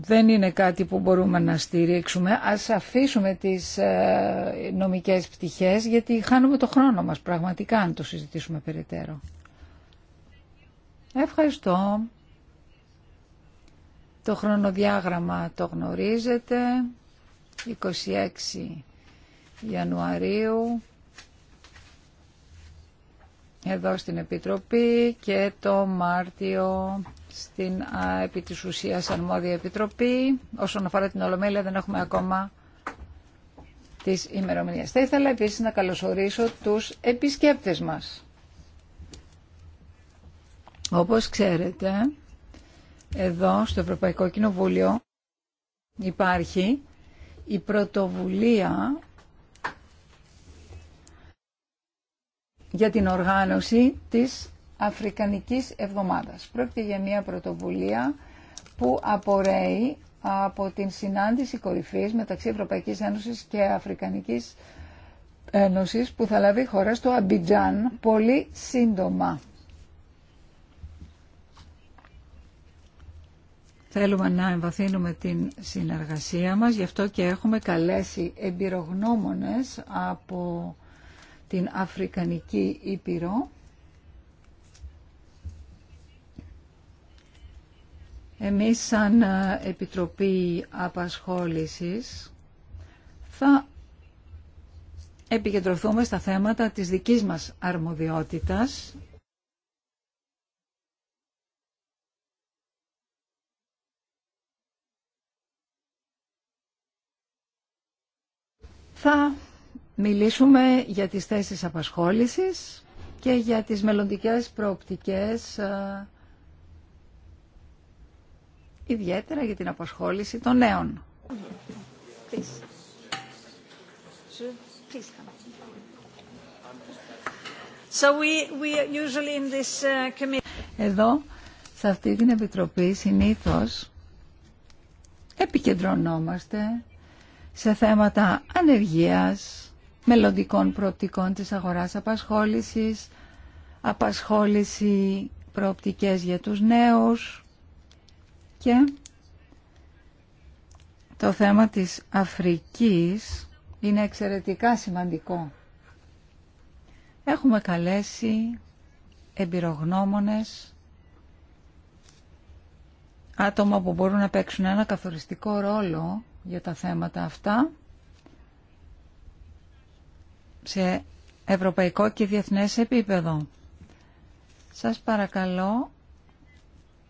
δεν είναι κάτι που μπορούμε να στηρίξουμε. Ας αφήσουμε τις ε, νομικές πτυχές γιατί χάνουμε το χρόνο μας πραγματικά αν το συζητήσουμε περαιτέρω. Ευχαριστώ. Το χρονοδιάγραμμα το γνωρίζετε. 26 Ιανουαρίου εδώ στην Επιτροπή και το Μάρτιο στην επί της ουσίας αρμόδια επιτροπή. Όσον αφορά την Ολομέλεια δεν έχουμε ακόμα τις ημερομηνίες. Θα ήθελα επίσης να καλωσορίσω τους επισκέπτες μας. Όπως ξέρετε, εδώ στο Ευρωπαϊκό Κοινοβούλιο υπάρχει η πρωτοβουλία για την οργάνωση της Αφρικανικής Εβδομάδας. Πρόκειται για μια πρωτοβουλία που απορρέει από την συνάντηση κορυφής μεταξύ Ευρωπαϊκής Ένωσης και Αφρικανικής Ένωσης που θα λάβει χώρα στο Αμπιτζάν πολύ σύντομα. Θέλουμε να εμβαθύνουμε την συνεργασία μας, γι' αυτό και έχουμε καλέσει εμπειρογνώμονες από την Αφρικανική Ήπειρο Εμείς σαν ε, Επιτροπή Απασχόλησης θα επικεντρωθούμε στα θέματα της δικής μας αρμοδιότητας Θα μιλήσουμε για τις θέσεις απασχόλησης και για τις μελλοντικές προοπτικές ε, ιδιαίτερα για την απασχόληση των νέων. Uh, Εδώ, σε αυτή την Επιτροπή, συνήθως επικεντρωνόμαστε σε θέματα ανεργίας, μελλοντικών προοπτικών της αγοράς απασχόλησης, απασχόληση προοπτικές για τους νέους, το θέμα της Αφρικής είναι εξαιρετικά σημαντικό. Έχουμε καλέσει εμπειρογνώμονες, άτομα που μπορούν να παίξουν ένα καθοριστικό ρόλο για τα θέματα αυτά σε ευρωπαϊκό και διεθνές επίπεδο. Σας παρακαλώ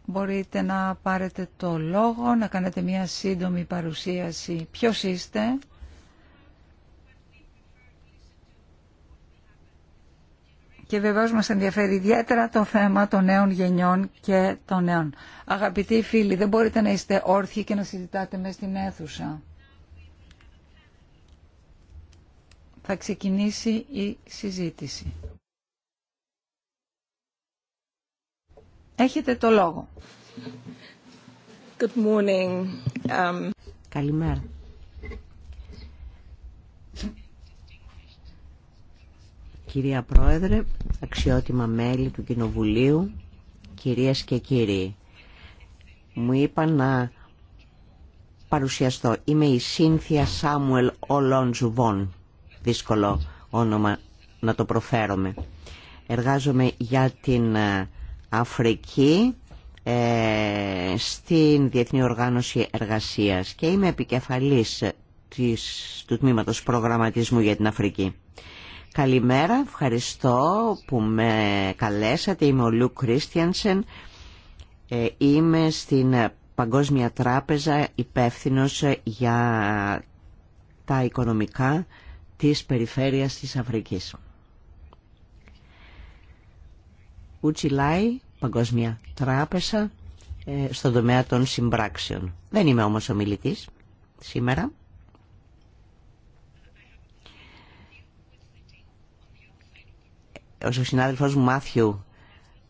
μπορείτε να πάρετε το λόγο, να κάνετε μια σύντομη παρουσίαση ποιος είστε. Και βεβαίως μας ενδιαφέρει ιδιαίτερα το θέμα των νέων γενιών και των νέων. Αγαπητοί φίλοι, δεν μπορείτε να είστε όρθιοι και να συζητάτε μέσα στην αίθουσα. Θα ξεκινήσει η συζήτηση. Έχετε το λόγο. Good morning. Um... Καλημέρα. Κυρία Πρόεδρε, αξιότιμα μέλη του Κοινοβουλίου, κυρίες και κύριοι, μου είπα να παρουσιαστώ. Είμαι η Σύνθια Σάμουελ Ολόντζουβον. δύσκολο όνομα να το προφέρομαι. Εργάζομαι για την ε, Αφρική ε, στην Διεθνή Οργάνωση Εργασίας και είμαι επικεφαλής της, του Τμήματος Προγραμματισμού για την Αφρική. Καλημέρα, ευχαριστώ που με καλέσατε. Είμαι ο Λου Κρίστιανσεν. Ε, είμαι στην Παγκόσμια Τράπεζα υπεύθυνος για τα οικονομικά της περιφέρειας της Αφρικής. Κουτσιλάη, Παγκόσμια Τράπεζα, ε, στον τομέα των συμπράξεων. Δεν είμαι όμως ομιλητής σήμερα. Ο συνάδελφος μου Μάθιου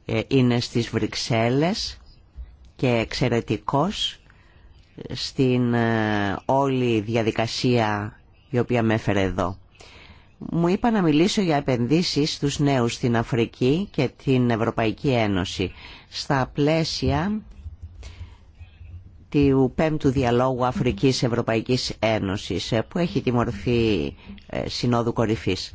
ε, είναι στις Βρυξέλλες και εξαιρετικός στην ε, όλη διαδικασία η οποία με έφερε εδώ μου είπα να μιλήσω για επενδύσεις στους νέους στην Αφρική και την Ευρωπαϊκή Ένωση στα πλαίσια του πέμπτου διαλόγου Αφρικής Ευρωπαϊκής Ένωσης ε, που έχει τη μορφή ε, συνόδου κορυφής.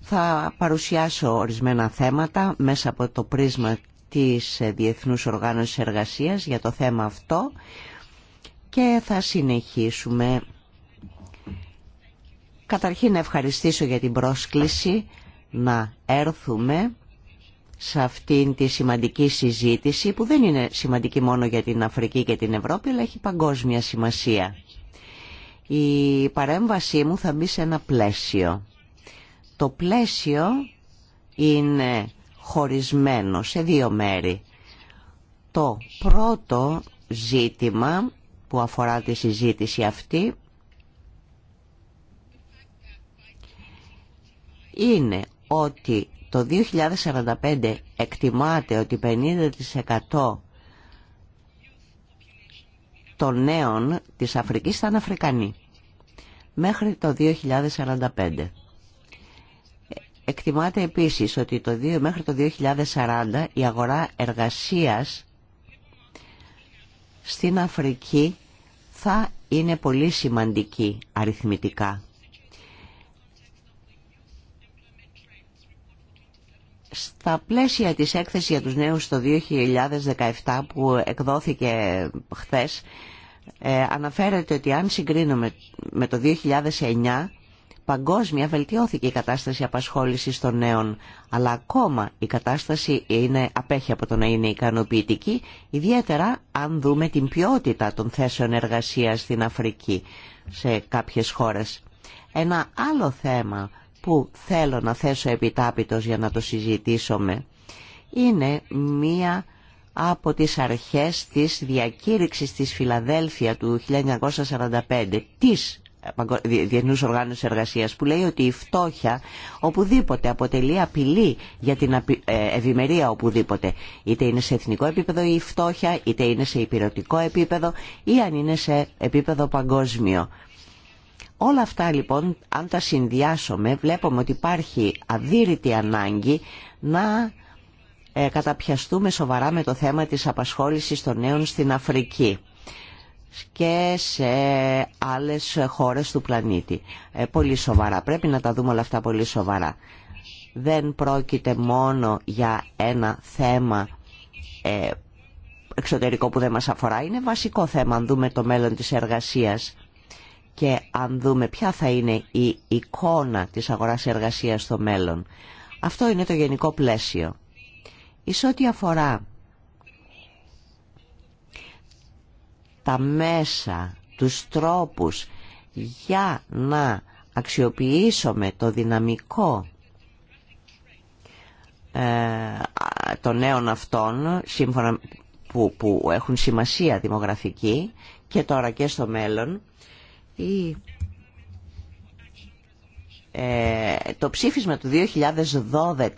Θα παρουσιάσω ορισμένα θέματα μέσα από το πρίσμα της ε, Διεθνούς Οργάνωσης Εργασίας για το θέμα αυτό και θα συνεχίσουμε Καταρχήν να ευχαριστήσω για την πρόσκληση να έρθουμε σε αυτήν τη σημαντική συζήτηση που δεν είναι σημαντική μόνο για την Αφρική και την Ευρώπη αλλά έχει παγκόσμια σημασία. Η παρέμβασή μου θα μπει σε ένα πλαίσιο. Το πλαίσιο είναι χωρισμένο σε δύο μέρη. Το πρώτο ζήτημα που αφορά τη συζήτηση αυτή είναι ότι το 2045 εκτιμάται ότι 50% των νέων της Αφρικής θα είναι Αφρικανοί μέχρι το 2045. Εκτιμάται επίσης ότι το 2, μέχρι το 2040 η αγορά εργασίας στην Αφρική θα είναι πολύ σημαντική αριθμητικά. Στα πλαίσια της έκθεσης για τους νέους το 2017 που εκδόθηκε χθες, ε, αναφέρεται ότι αν συγκρίνουμε με το 2009, παγκόσμια βελτιώθηκε η κατάσταση απασχόλησης των νέων, αλλά ακόμα η κατάσταση είναι απέχει από το να είναι ικανοποιητική, ιδιαίτερα αν δούμε την ποιότητα των θέσεων εργασίας στην Αφρική σε κάποιες χώρες. Ένα άλλο θέμα που θέλω να θέσω επιτάπητος για να το συζητήσουμε είναι μία από τις αρχές της διακήρυξης της Φιλαδέλφια του 1945 της ε, Διεθνούς Οργάνωσης Εργασίας που λέει ότι η φτώχεια οπουδήποτε αποτελεί απειλή για την ε, ευημερία οπουδήποτε είτε είναι σε εθνικό επίπεδο η φτώχεια είτε είναι σε υπηρετικό επίπεδο ή αν είναι σε επίπεδο παγκόσμιο Όλα αυτά λοιπόν αν τα συνδυάσουμε βλέπουμε ότι υπάρχει αδύρυτη ανάγκη να ε, καταπιαστούμε σοβαρά με το θέμα της απασχόλησης των νέων στην Αφρική και σε άλλες χώρες του πλανήτη. Ε, πολύ σοβαρά. Πρέπει να τα δούμε όλα αυτά πολύ σοβαρά. Δεν πρόκειται μόνο για ένα θέμα ε, εξωτερικό που δεν μας αφορά. Είναι βασικό θέμα αν δούμε το μέλλον της εργασίας και αν δούμε ποια θα είναι η εικόνα της αγοράς εργασίας στο μέλλον. Αυτό είναι το γενικό πλαίσιο. Εις ό,τι αφορά τα μέσα, τους τρόπους για να αξιοποιήσουμε το δυναμικό ε, των νέων αυτών που, που έχουν σημασία δημογραφική και τώρα και στο μέλλον ε, το ψήφισμα του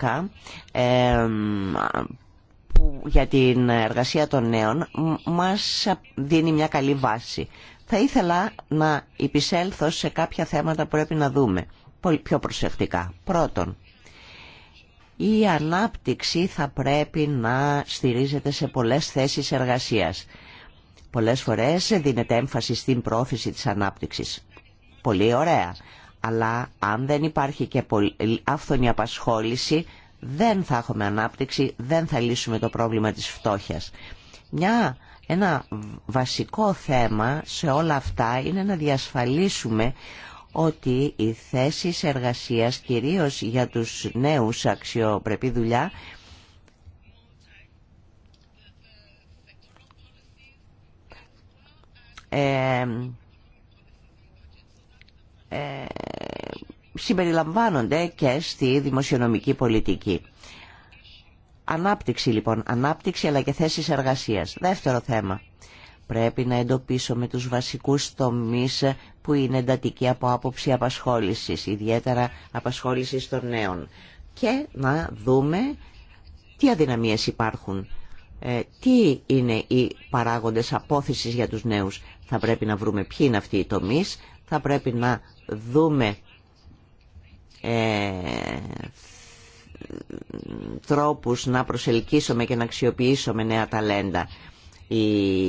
2012 ε, που, για την εργασία των νέων μας δίνει μια καλή βάση. Θα ήθελα να υπησέλθω σε κάποια θέματα που πρέπει να δούμε πολύ πιο προσεκτικά. Πρώτον, η ανάπτυξη θα πρέπει να στηρίζεται σε πολλές θέσεις εργασίας. Πολλές φορές δίνεται έμφαση στην πρόθεση της ανάπτυξης. Πολύ ωραία. Αλλά αν δεν υπάρχει και άφθονη απασχόληση, δεν θα έχουμε ανάπτυξη, δεν θα λύσουμε το πρόβλημα της φτώχειας. Μια, ένα βασικό θέμα σε όλα αυτά είναι να διασφαλίσουμε ότι οι θέσεις εργασίας, κυρίως για τους νέους αξιοπρεπή δουλειά, Ε, ε, συμπεριλαμβάνονται και στη δημοσιονομική πολιτική. Ανάπτυξη λοιπόν, ανάπτυξη αλλά και θέσεις εργασίας. Δεύτερο θέμα. Πρέπει να εντοπίσουμε τους βασικούς τομείς που είναι εντατικοί από άποψη απασχόλησης, ιδιαίτερα απασχόλησης των νέων. Και να δούμε τι αδυναμίες υπάρχουν, ε, τι είναι οι παράγοντες απόθεσης για τους νέους. Θα πρέπει να βρούμε ποιοι είναι αυτοί οι τομείς, θα πρέπει να δούμε ε, τρόπους να προσελκύσουμε και να αξιοποιήσουμε νέα ταλέντα. Η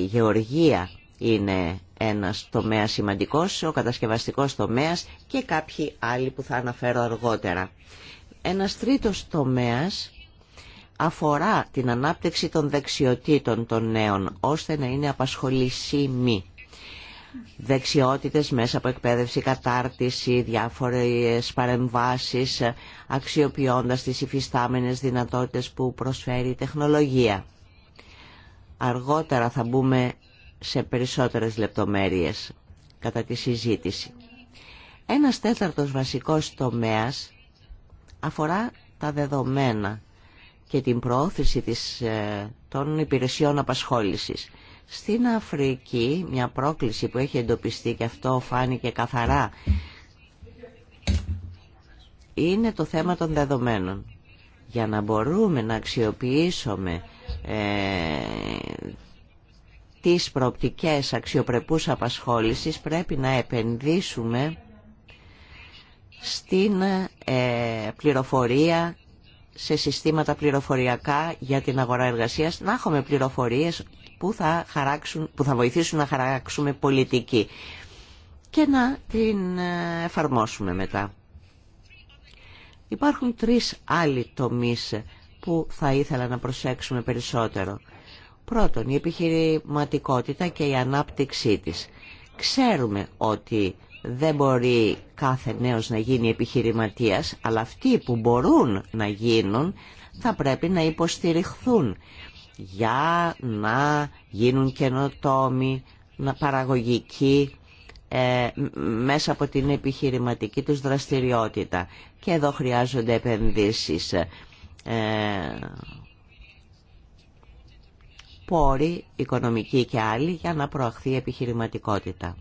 γεωργία είναι ένας τομέας σημαντικός, ο κατασκευαστικός τομέας και κάποιοι άλλοι που θα αναφέρω αργότερα. Ένας τρίτος τομέας αφορά την ανάπτυξη των δεξιοτήτων των νέων, ώστε να είναι απασχολησίμοι δεξιότητες μέσα από εκπαίδευση, κατάρτιση, διάφορες παρεμβάσεις, αξιοποιώντας τις υφιστάμενες δυνατότητες που προσφέρει η τεχνολογία. Αργότερα θα μπούμε σε περισσότερες λεπτομέρειες κατά τη συζήτηση. Ένας τέταρτος βασικός τομέας αφορά τα δεδομένα και την προώθηση της, ε, των υπηρεσιών απασχόλησης. Στην Αφρική, μια πρόκληση που έχει εντοπιστεί και αυτό φάνηκε καθαρά, είναι το θέμα των δεδομένων. Για να μπορούμε να αξιοποιήσουμε ε, τις προοπτικές αξιοπρεπούς απασχόλησης πρέπει να επενδύσουμε στην ε, πληροφορία, σε συστήματα πληροφοριακά για την αγορά εργασίας, να έχουμε πληροφορίες που θα, χαράξουν, που θα βοηθήσουν να χαράξουμε πολιτική και να την ε, εφαρμόσουμε μετά. Υπάρχουν τρεις άλλοι τομείς που θα ήθελα να προσέξουμε περισσότερο. Πρώτον, η επιχειρηματικότητα και η ανάπτυξή της. Ξέρουμε ότι δεν μπορεί κάθε νέος να γίνει επιχειρηματίας, αλλά αυτοί που μπορούν να γίνουν θα πρέπει να υποστηριχθούν για να γίνουν καινοτόμοι, να παραγωγικοί ε, μέσα από την επιχειρηματική τους δραστηριότητα. Και εδώ χρειάζονται επενδύσεις. Ε, πόροι, οικονομικοί και άλλοι, για να προαχθεί η επιχειρηματικότητα.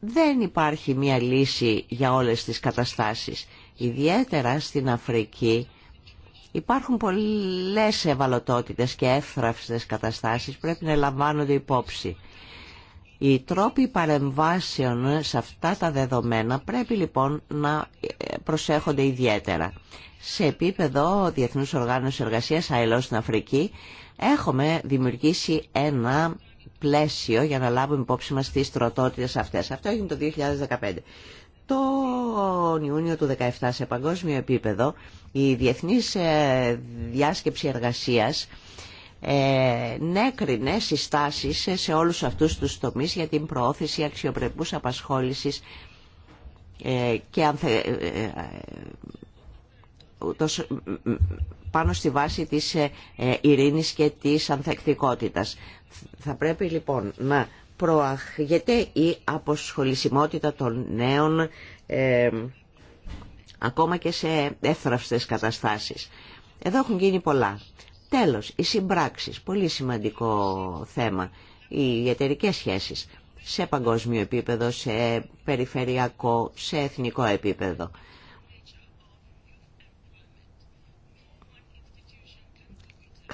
Δεν υπάρχει μία λύση για όλες τις καταστάσεις. Ιδιαίτερα στην Αφρική Υπάρχουν πολλές ευαλωτότητες και εύθραυστες καταστάσεις πρέπει να λαμβάνονται υπόψη. Οι τρόποι παρεμβάσεων σε αυτά τα δεδομένα πρέπει λοιπόν να ε, προσέχονται ιδιαίτερα. Σε επίπεδο Διεθνούς Οργάνωσης Εργασίας ΑΕΛΟ στην Αφρική έχουμε δημιουργήσει ένα πλαίσιο για να λάβουμε υπόψη μας τις τροτότητες αυτές. Αυτό έγινε το 2015. Το Ιούνιο του 2017 σε παγκόσμιο επίπεδο η Διεθνής ε, Διάσκεψη Εργασίας ε, νέκρινε συστάσεις σε όλους αυτούς τους τομείς για την προώθηση αξιοπρεπούς απασχόλησης ε, και ε, πάνω στη βάση της ειρήνης και της ανθεκτικότητας. Θα πρέπει λοιπόν να Προαχγεται η αποσχολησιμότητα των νέων ε, ακόμα και σε έθραυστες καταστάσεις. Εδώ έχουν γίνει πολλά. Τέλος, οι συμπράξεις, πολύ σημαντικό θέμα, οι εταιρικέ σχέσεις σε παγκόσμιο επίπεδο, σε περιφερειακό, σε εθνικό επίπεδο.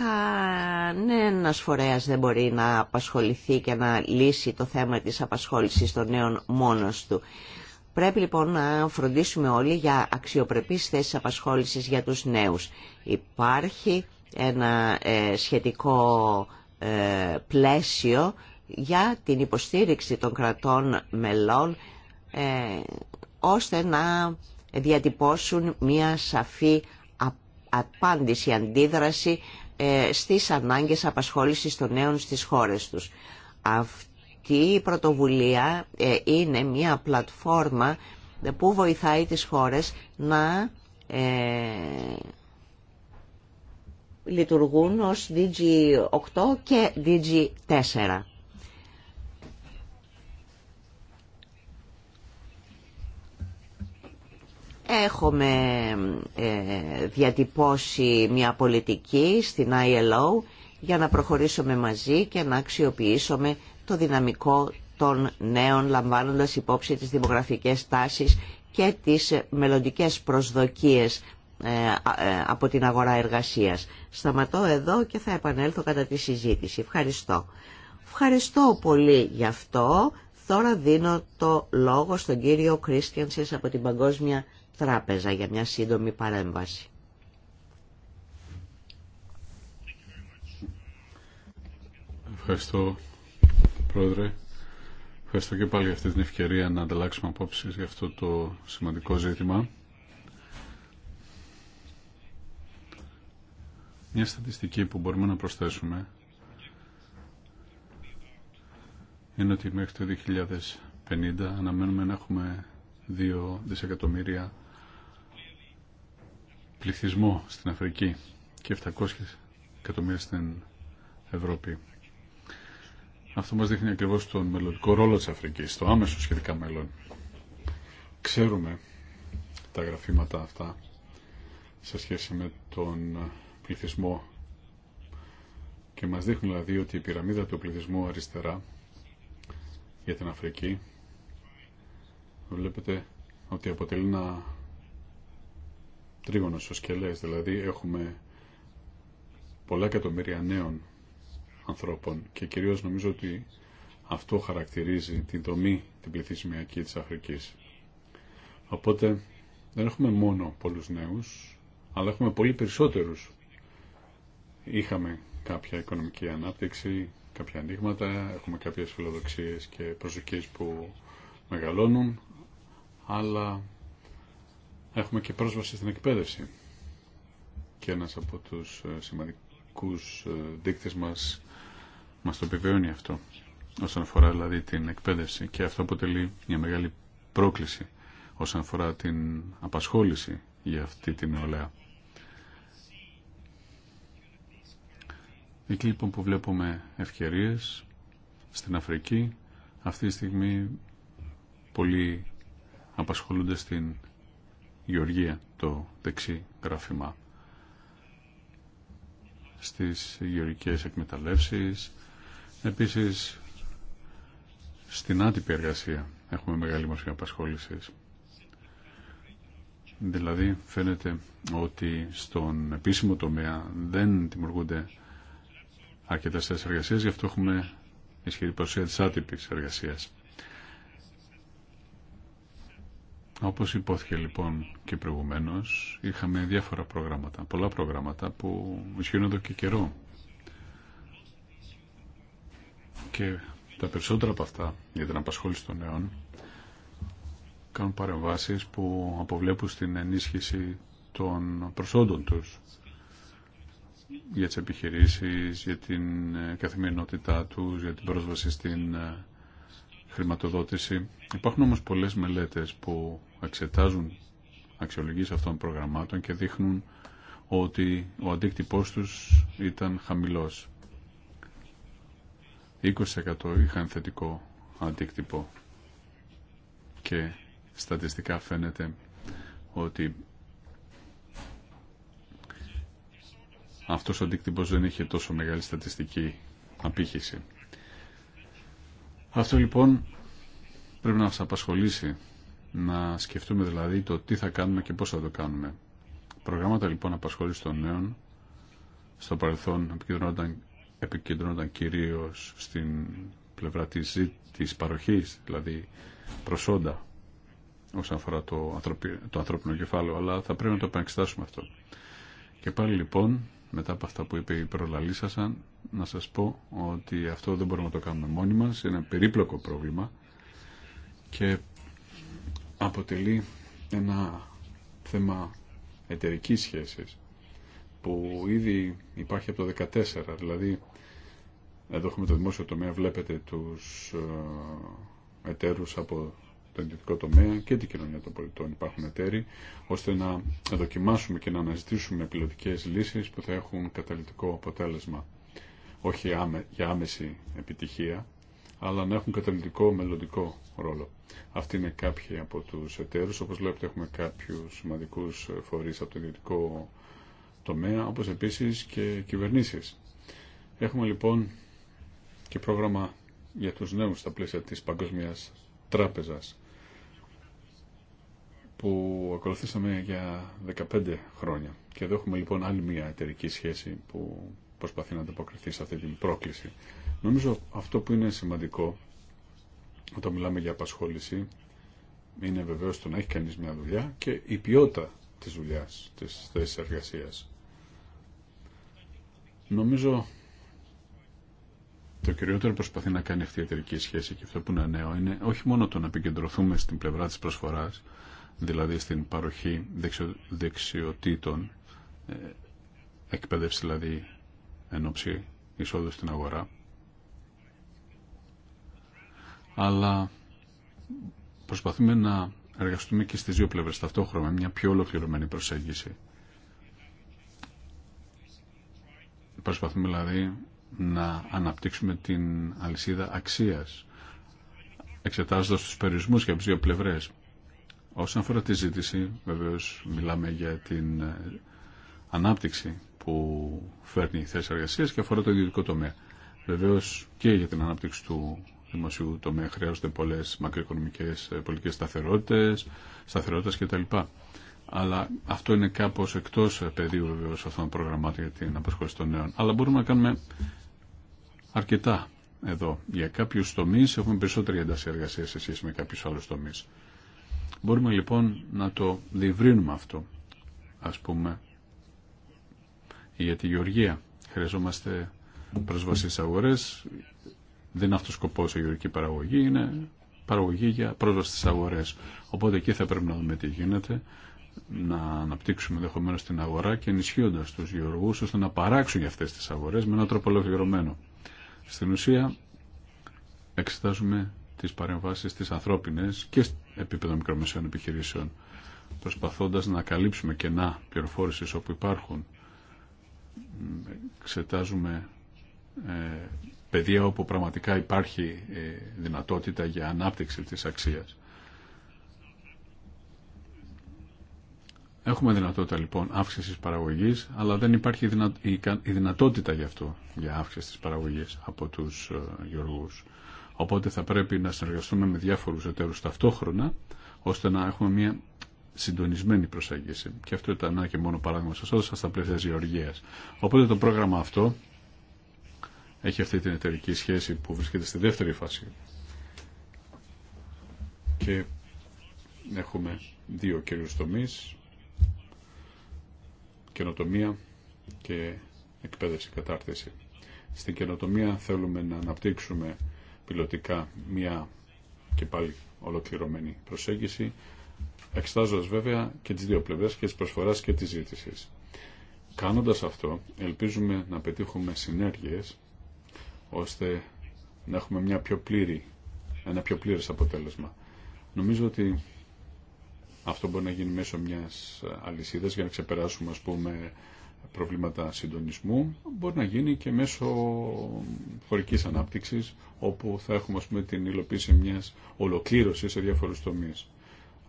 κανένας φορέας δεν μπορεί να απασχοληθεί και να λύσει το θέμα της απασχόλησης των νέων μόνος του. Πρέπει λοιπόν να φροντίσουμε όλοι για αξιοπρεπείς θέσεις απασχόλησης για τους νέους. Υπάρχει ένα ε, σχετικό ε, πλαίσιο για την υποστήριξη των κρατών μελών ε, ώστε να διατυπώσουν μια σαφή απάντηση, αντίδραση ε, στις ανάγκες απασχόλησης των νέων στις χώρες τους. Αυτή η πρωτοβουλία ε, είναι μια πλατφόρμα που βοηθάει τις χώρες να ε, λειτουργούν ως DG8 και DG4. έχουμε ε, διατυπώσει μια πολιτική στην ILO για να προχωρήσουμε μαζί και να αξιοποιήσουμε το δυναμικό των νέων λαμβάνοντας υπόψη τις δημογραφικές τάσεις και τις μελλοντικές προσδοκίες ε, ε, από την αγορά εργασίας. Σταματώ εδώ και θα επανέλθω κατά τη συζήτηση. Ευχαριστώ. Ευχαριστώ πολύ γι' αυτό. Τώρα δίνω το λόγο στον κύριο Κρίστιανσες από την Παγκόσμια Τράπεζα για μια σύντομη παρέμβαση. Ευχαριστώ, Πρόεδρε. Ευχαριστώ και πάλι για αυτή την ευκαιρία να ανταλλάξουμε απόψεις για αυτό το σημαντικό ζήτημα. Μια στατιστική που μπορούμε να προσθέσουμε είναι ότι μέχρι το 2050 αναμένουμε να έχουμε 2 δισεκατομμύρια πληθυσμό στην Αφρική και 700 εκατομμύρια στην Ευρώπη. Αυτό μας δείχνει ακριβώς τον μελλοντικό ρόλο της Αφρικής, το άμεσο σχετικά μέλλον. Ξέρουμε τα γραφήματα αυτά σε σχέση με τον πληθυσμό και μας δείχνουν δηλαδή ότι η πυραμίδα του πληθυσμού αριστερά για την Αφρική βλέπετε ότι αποτελεί ένα τρίγωνο στο σκελές, δηλαδή έχουμε πολλά εκατομμύρια νέων ανθρώπων και κυρίως νομίζω ότι αυτό χαρακτηρίζει την δομή την πληθυσμιακή της Αφρικής. Οπότε δεν έχουμε μόνο πολλούς νέους, αλλά έχουμε πολύ περισσότερους. Είχαμε κάποια οικονομική ανάπτυξη, κάποια ανοίγματα, έχουμε κάποιες φιλοδοξίες και προσδοκίες που μεγαλώνουν, αλλά έχουμε και πρόσβαση στην εκπαίδευση. Και ένας από τους ε, σημαντικούς ε, δείκτες μας μας το επιβεβαιώνει αυτό όσον αφορά δηλαδή την εκπαίδευση και αυτό αποτελεί μια μεγάλη πρόκληση όσον αφορά την απασχόληση για αυτή την νεολαία. Εκεί λοιπόν που βλέπουμε ευκαιρίες στην Αφρική αυτή τη στιγμή πολλοί απασχολούνται στην γεωργία το δεξί γράφημα στις γεωργικές εκμεταλλεύσεις επίσης στην άτυπη εργασία έχουμε μεγάλη μορφή απασχόληση. Δηλαδή φαίνεται ότι στον επίσημο τομέα δεν δημιουργούνται αρκετές θέσεις γι' αυτό έχουμε ισχυρή παρουσία της άτυπης εργασίας. Όπως υπόθηκε λοιπόν και προηγουμένως, είχαμε διάφορα προγράμματα, πολλά προγράμματα που ισχύουν και καιρό. Και τα περισσότερα από αυτά για την απασχόληση των νέων κάνουν παρεμβάσεις που αποβλέπουν στην ενίσχυση των προσόντων τους για τις επιχειρήσεις, για την καθημερινότητά τους, για την πρόσβαση στην ε, χρηματοδότηση. Υπάρχουν όμως πολλές μελέτες που εξετάζουν αξιολογήσει αυτών των προγραμμάτων και δείχνουν ότι ο αντίκτυπός τους ήταν χαμηλός. 20% είχαν θετικό αντίκτυπο και στατιστικά φαίνεται ότι αυτός ο αντίκτυπος δεν είχε τόσο μεγάλη στατιστική απήχηση. Αυτό λοιπόν πρέπει να σας απασχολήσει να σκεφτούμε δηλαδή το τι θα κάνουμε και πώς θα το κάνουμε. Προγράμματα λοιπόν απασχόληση των νέων στο παρελθόν επικεντρώνονταν, επικεντρώνονταν κυρίως στην πλευρά της, της παροχής, δηλαδή προσόντα όσον αφορά το, το ανθρώπινο κεφάλαιο, αλλά θα πρέπει να το επανεξετάσουμε αυτό. Και πάλι λοιπόν, μετά από αυτά που είπε η προλαλήσασαν, να σας πω ότι αυτό δεν μπορούμε να το κάνουμε μόνοι μας, είναι ένα περίπλοκο πρόβλημα και αποτελεί ένα θέμα εταιρική σχέσης που ήδη υπάρχει από το 2014. Δηλαδή, εδώ έχουμε το δημόσιο τομέα, βλέπετε τους ε, εταίρους από το ιδιωτικό τομέα και την κοινωνία των πολιτών υπάρχουν εταίροι, ώστε να δοκιμάσουμε και να αναζητήσουμε πιλωτικές λύσεις που θα έχουν καταλητικό αποτέλεσμα, όχι για άμεση επιτυχία, αλλά να έχουν καταλητικό μελλοντικό ρόλο. Αυτοί είναι κάποιοι από τους εταίρους. Όπως βλέπετε έχουμε κάποιους σημαντικούς φορείς από το ιδιωτικό τομέα, όπως επίσης και κυβερνήσεις. Έχουμε λοιπόν και πρόγραμμα για τους νέους στα πλαίσια της Παγκόσμιας Τράπεζας που ακολουθήσαμε για 15 χρόνια. Και εδώ έχουμε λοιπόν άλλη μια εταιρική σχέση που προσπαθεί να ανταποκριθεί σε αυτή την πρόκληση. Νομίζω αυτό που είναι σημαντικό όταν μιλάμε για απασχόληση είναι βεβαίως το να έχει κανείς μια δουλειά και η ποιότητα της δουλειάς, της θέσης εργασίας. Νομίζω το κυριότερο προσπαθεί να κάνει αυτή η εταιρική σχέση και αυτό που είναι νέο είναι όχι μόνο το να επικεντρωθούμε στην πλευρά της προσφοράς, δηλαδή στην παροχή δεξιοτήτων, ε, εκπαίδευση δηλαδή εν εισόδου στην αγορά, αλλά προσπαθούμε να εργαστούμε και στις δύο πλευρές ταυτόχρονα, μια πιο ολοκληρωμένη προσέγγιση. Προσπαθούμε δηλαδή να αναπτύξουμε την αλυσίδα αξίας, εξετάζοντας τους περιορισμούς για τις δύο πλευρές. Όσον αφορά τη ζήτηση, βεβαίως μιλάμε για την ε, ανάπτυξη που φέρνει η θέση εργασία και αφορά το ιδιωτικό τομέα. Βεβαίως και για την ανάπτυξη του δημοσίου τομέα χρειάζονται πολλέ μακροοικονομικές ε, πολιτικέ σταθερότητε, σταθερότητες κτλ. Αλλά αυτό είναι κάπω εκτό ε, πεδίου βεβαίω αυτών των προγραμμάτων για την απασχόληση των νέων. Αλλά μπορούμε να κάνουμε αρκετά εδώ. Για κάποιου τομεί έχουμε περισσότερη ένταση εργασία σε σχέση με κάποιου άλλου τομεί. Μπορούμε λοιπόν να το διευρύνουμε αυτό. Α πούμε, για τη γεωργία χρειαζόμαστε πρόσβαση στι αγορέ δεν είναι αυτό ο σκοπό η γεωργική παραγωγή, είναι παραγωγή για πρόσβαση στι αγορές. Οπότε εκεί θα πρέπει να δούμε τι γίνεται, να αναπτύξουμε ενδεχομένω την αγορά και ενισχύοντα του γεωργού ώστε να παράξουν για αυτέ τι αγορέ με έναν τρόπο ολοκληρωμένο. Στην ουσία, εξετάζουμε τι παρεμβάσει τι ανθρώπινε και επίπεδο μικρομεσαίων επιχειρήσεων, προσπαθώντα να καλύψουμε κενά πληροφόρηση όπου υπάρχουν. Εξετάζουμε ε, πεδία όπου πραγματικά υπάρχει ε, δυνατότητα για ανάπτυξη της αξίας. Έχουμε δυνατότητα λοιπόν αύξησης παραγωγής, αλλά δεν υπάρχει η δυνατότητα γι' αυτό, για αύξηση της παραγωγής από τους ε, γεωργούς. Οπότε θα πρέπει να συνεργαστούμε με διάφορους εταίρους ταυτόχρονα, ώστε να έχουμε μια συντονισμένη προσέγγιση. Και αυτό ήταν ένα και μόνο παράδειγμα σας έδωσα στα πλαίσια Οπότε το πρόγραμμα αυτό έχει αυτή την εταιρική σχέση που βρίσκεται στη δεύτερη φάση. Και έχουμε δύο κύριους τομείς, καινοτομία και εκπαίδευση κατάρτιση. Στην καινοτομία θέλουμε να αναπτύξουμε πιλωτικά μια και πάλι ολοκληρωμένη προσέγγιση, εξετάζοντας βέβαια και τις δύο πλευρές και τις προσφοράς και τις ζήτησης. Κάνοντας αυτό, ελπίζουμε να πετύχουμε συνέργειες ώστε να έχουμε μια πιο πλήρη, ένα πιο πλήρες αποτέλεσμα. Νομίζω ότι αυτό μπορεί να γίνει μέσω μιας αλυσίδας για να ξεπεράσουμε ας πούμε προβλήματα συντονισμού. Μπορεί να γίνει και μέσω χωρικής ανάπτυξης όπου θα έχουμε ας πούμε, την υλοποίηση μιας ολοκλήρωσης σε διάφορους τομείς.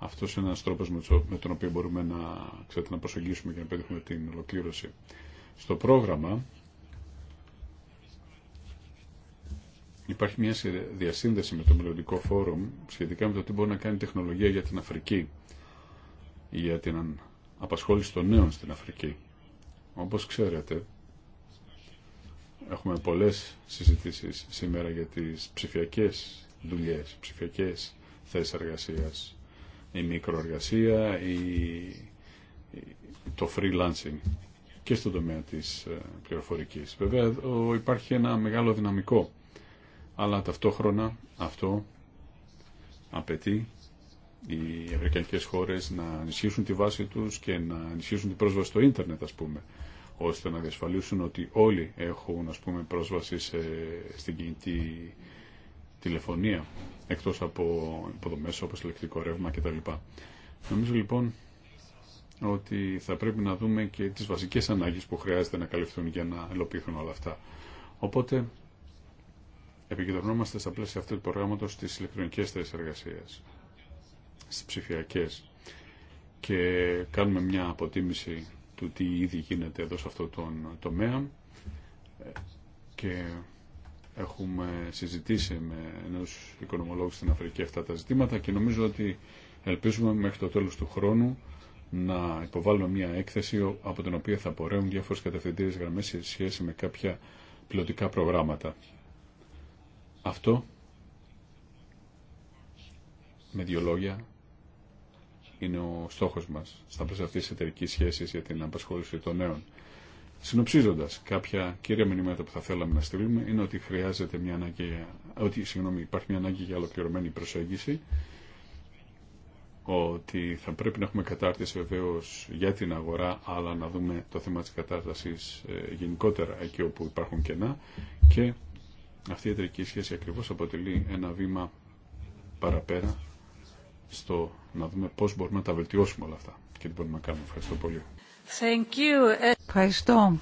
Αυτό είναι ένα τρόπο με τον οποίο μπορούμε να, ξέρετε, να προσεγγίσουμε και να πετύχουμε την ολοκλήρωση. Στο πρόγραμμα Υπάρχει μια διασύνδεση με το μελλοντικό φόρουμ σχετικά με το τι μπορεί να κάνει η τεχνολογία για την Αφρική, για την απασχόληση των νέων στην Αφρική. Όπως ξέρετε, έχουμε πολλές συζητήσεις σήμερα για τις ψηφιακές δουλειές, ψηφιακές θέσεις εργασίας, η μικροεργασία, η... το freelancing και στον τομέα της ε, πληροφορικής. Βέβαια, υπάρχει ένα μεγάλο δυναμικό αλλά ταυτόχρονα αυτό απαιτεί οι ευρωπαϊκές χώρες να ενισχύσουν τη βάση τους και να ενισχύσουν την πρόσβαση στο ίντερνετ ας πούμε ώστε να διασφαλίσουν ότι όλοι έχουν ας πούμε πρόσβαση σε, στην κινητή τηλεφωνία εκτός από υποδομές όπως ηλεκτρικό ρεύμα κτλ. Νομίζω λοιπόν ότι θα πρέπει να δούμε και τις βασικές ανάγκες που χρειάζεται να καλυφθούν για να ελοπίθουν όλα αυτά. Οπότε επικεντρωνόμαστε στα πλαίσια αυτού του προγράμματο στι ηλεκτρονικέ θέσει εργασία, στι ψηφιακέ. και κάνουμε μια αποτίμηση του τι ήδη γίνεται εδώ σε αυτό το τομέα και έχουμε συζητήσει με ενό οικονομολόγου στην Αφρική αυτά τα ζητήματα και νομίζω ότι ελπίζουμε μέχρι το τέλος του χρόνου να υποβάλουμε μια έκθεση από την οποία θα πορεύουν διάφορε κατευθυντήριε γραμμέ σε σχέση με κάποια πιλωτικά προγράμματα. Αυτό, με δύο λόγια, είναι ο στόχος μας στα πλαίσια αυτής της εταιρικής σχέσης για την απασχόληση των νέων. Συνοψίζοντας, κάποια κύρια μηνύματα που θα θέλαμε να στείλουμε είναι ότι χρειάζεται μια ανάγκη, ότι, συγγνώμη, υπάρχει μια ανάγκη για ολοκληρωμένη προσέγγιση, ότι θα πρέπει να έχουμε κατάρτιση βεβαίω για την αγορά, αλλά να δούμε το θέμα της κατάρτασης ε, γενικότερα εκεί όπου υπάρχουν κενά και αυτή η εταιρική σχέση ακριβώς αποτελεί ένα βήμα παραπέρα στο να δούμε πώς μπορούμε να τα βελτιώσουμε όλα αυτά και τι μπορούμε να κάνουμε. Ευχαριστώ πολύ. Thank you. Ευχαριστώ.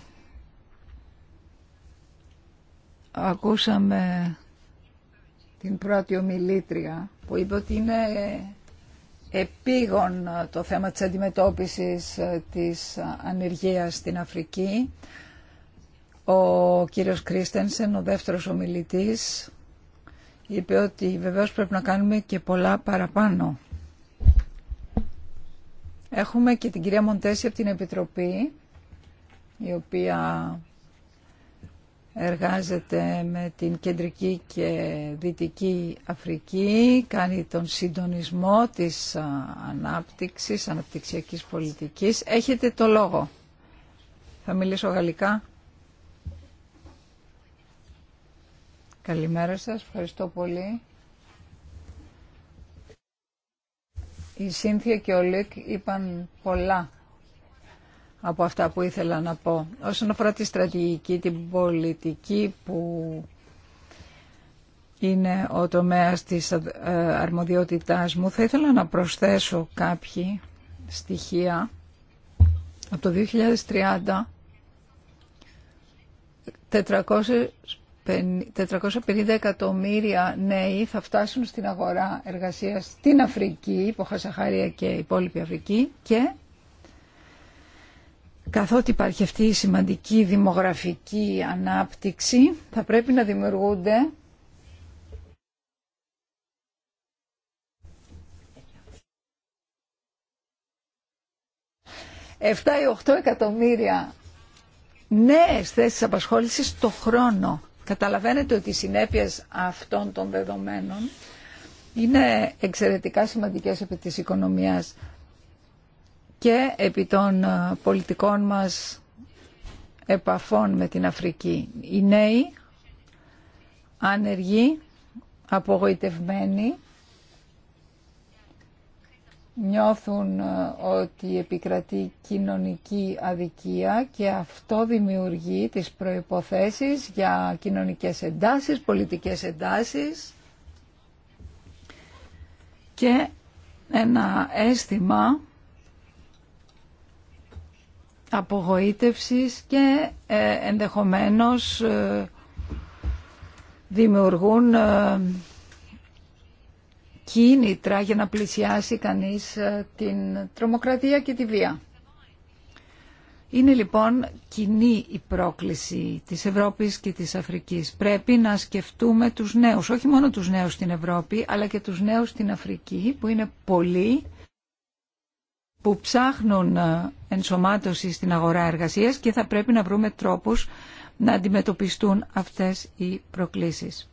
Ακούσαμε την πρώτη ομιλήτρια που είπε ότι είναι επίγον το θέμα της αντιμετώπισης της ανεργίας στην Αφρική. Ο κύριος Κρίστενσεν, ο δεύτερος ομιλητής, είπε ότι βεβαίως πρέπει να κάνουμε και πολλά παραπάνω. Έχουμε και την κυρία Μοντέση από την Επιτροπή, η οποία εργάζεται με την Κεντρική και Δυτική Αφρική, κάνει τον συντονισμό της ανάπτυξης, αναπτυξιακής πολιτικής. Έχετε το λόγο. Θα μιλήσω γαλλικά. Καλημέρα σας, ευχαριστώ πολύ. Η Σύνθια και ο Λίκ είπαν πολλά από αυτά που ήθελα να πω. Όσον αφορά τη στρατηγική, την πολιτική που είναι ο τομέας της αρμοδιότητάς μου, θα ήθελα να προσθέσω κάποια στοιχεία. Από το 2030, 400 450 εκατομμύρια νέοι θα φτάσουν στην αγορά εργασίας στην Αφρική, υπό Χασαχάρια και υπόλοιπη Αφρική και καθότι υπάρχει αυτή η σημαντική δημογραφική ανάπτυξη θα πρέπει να δημιουργούνται Εφτά ή 8 εκατομμύρια νέες θέσεις απασχόλησης το χρόνο. Καταλαβαίνετε ότι οι συνέπειες αυτών των δεδομένων είναι εξαιρετικά σημαντικές επί της οικονομίας και επί των ε, πολιτικών μας επαφών με την Αφρική. Οι νέοι, άνεργοι, απογοητευμένοι νιώθουν ε, ότι επικρατεί κοινωνική αδικία και αυτό δημιουργεί τις προϋποθέσεις για κοινωνικές εντάσεις, πολιτικές εντάσεις και ένα αίσθημα απογοήτευσης και ε, ενδεχομένως ε, δημιουργούν κίνητρα για να πλησιάσει κανείς ε, την τρομοκρατία και τη βία. Είναι λοιπόν κοινή η πρόκληση της Ευρώπης και της Αφρικής. Πρέπει να σκεφτούμε τους νέους, όχι μόνο τους νέους στην Ευρώπη, αλλά και τους νέους στην Αφρική, που είναι πολλοί, που ψάχνουν ε, ενσωμάτωση στην αγορά εργασίας και θα πρέπει να βρούμε τρόπους να αντιμετωπιστούν αυτές οι προκλήσεις.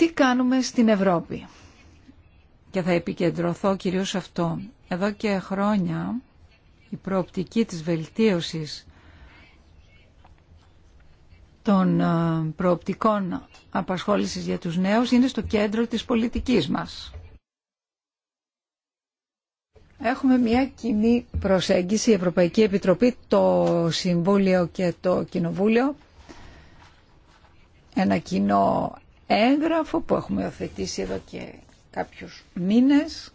Τι κάνουμε στην Ευρώπη. Και θα επικεντρωθώ κυρίως σε αυτό. Εδώ και χρόνια η προοπτική της βελτίωσης των ε, προοπτικών απασχόλησης για τους νέους είναι στο κέντρο της πολιτικής μας. Έχουμε μια κοινή προσέγγιση, η Ευρωπαϊκή Επιτροπή, το Συμβούλιο και το Κοινοβούλιο, ένα κοινό έγγραφο που έχουμε υιοθετήσει εδώ και κάποιους μήνες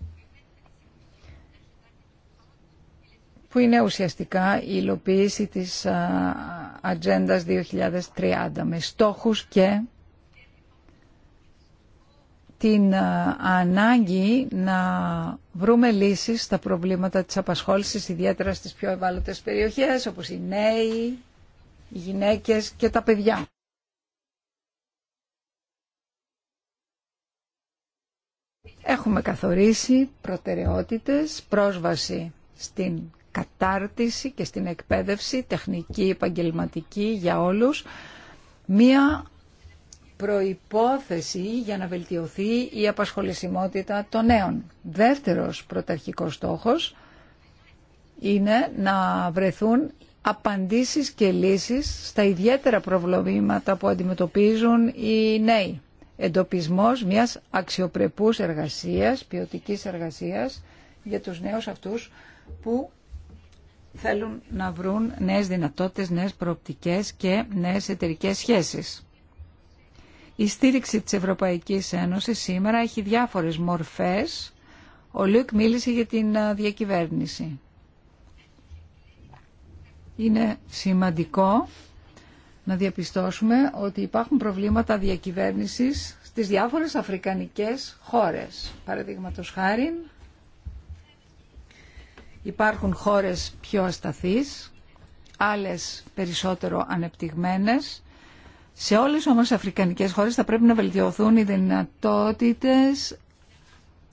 που είναι ουσιαστικά η υλοποίηση της Ατζέντα 2030 με στόχους και την ανάγκη να βρούμε λύσεις στα προβλήματα της απασχόλησης, ιδιαίτερα στις πιο ευάλωτες περιοχές, όπως οι νέοι, οι γυναίκες και τα παιδιά. Έχουμε καθορίσει προτεραιότητες, πρόσβαση στην κατάρτιση και στην εκπαίδευση, τεχνική, επαγγελματική για όλους, μία προϋπόθεση για να βελτιωθεί η απασχολησιμότητα των νέων. Δεύτερος πρωταρχικός στόχος είναι να βρεθούν απαντήσεις και λύσεις στα ιδιαίτερα προβλήματα που αντιμετωπίζουν οι νέοι εντοπισμός μιας αξιοπρεπούς εργασίας, ποιοτικής εργασίας για τους νέους αυτούς που θέλουν να βρουν νέες δυνατότητες, νέες προοπτικές και νέες εταιρικέ σχέσεις. Η στήριξη της Ευρωπαϊκής Ένωσης σήμερα έχει διάφορες μορφές. Ο Λουκ μίλησε για την διακυβέρνηση. Είναι σημαντικό να διαπιστώσουμε ότι υπάρχουν προβλήματα διακυβέρνησης στις διάφορες αφρικανικές χώρες. Παραδείγματο χάρη, υπάρχουν χώρες πιο ασταθείς, άλλες περισσότερο ανεπτυγμένες. Σε όλες όμως αφρικανικές χώρες θα πρέπει να βελτιωθούν οι δυνατότητες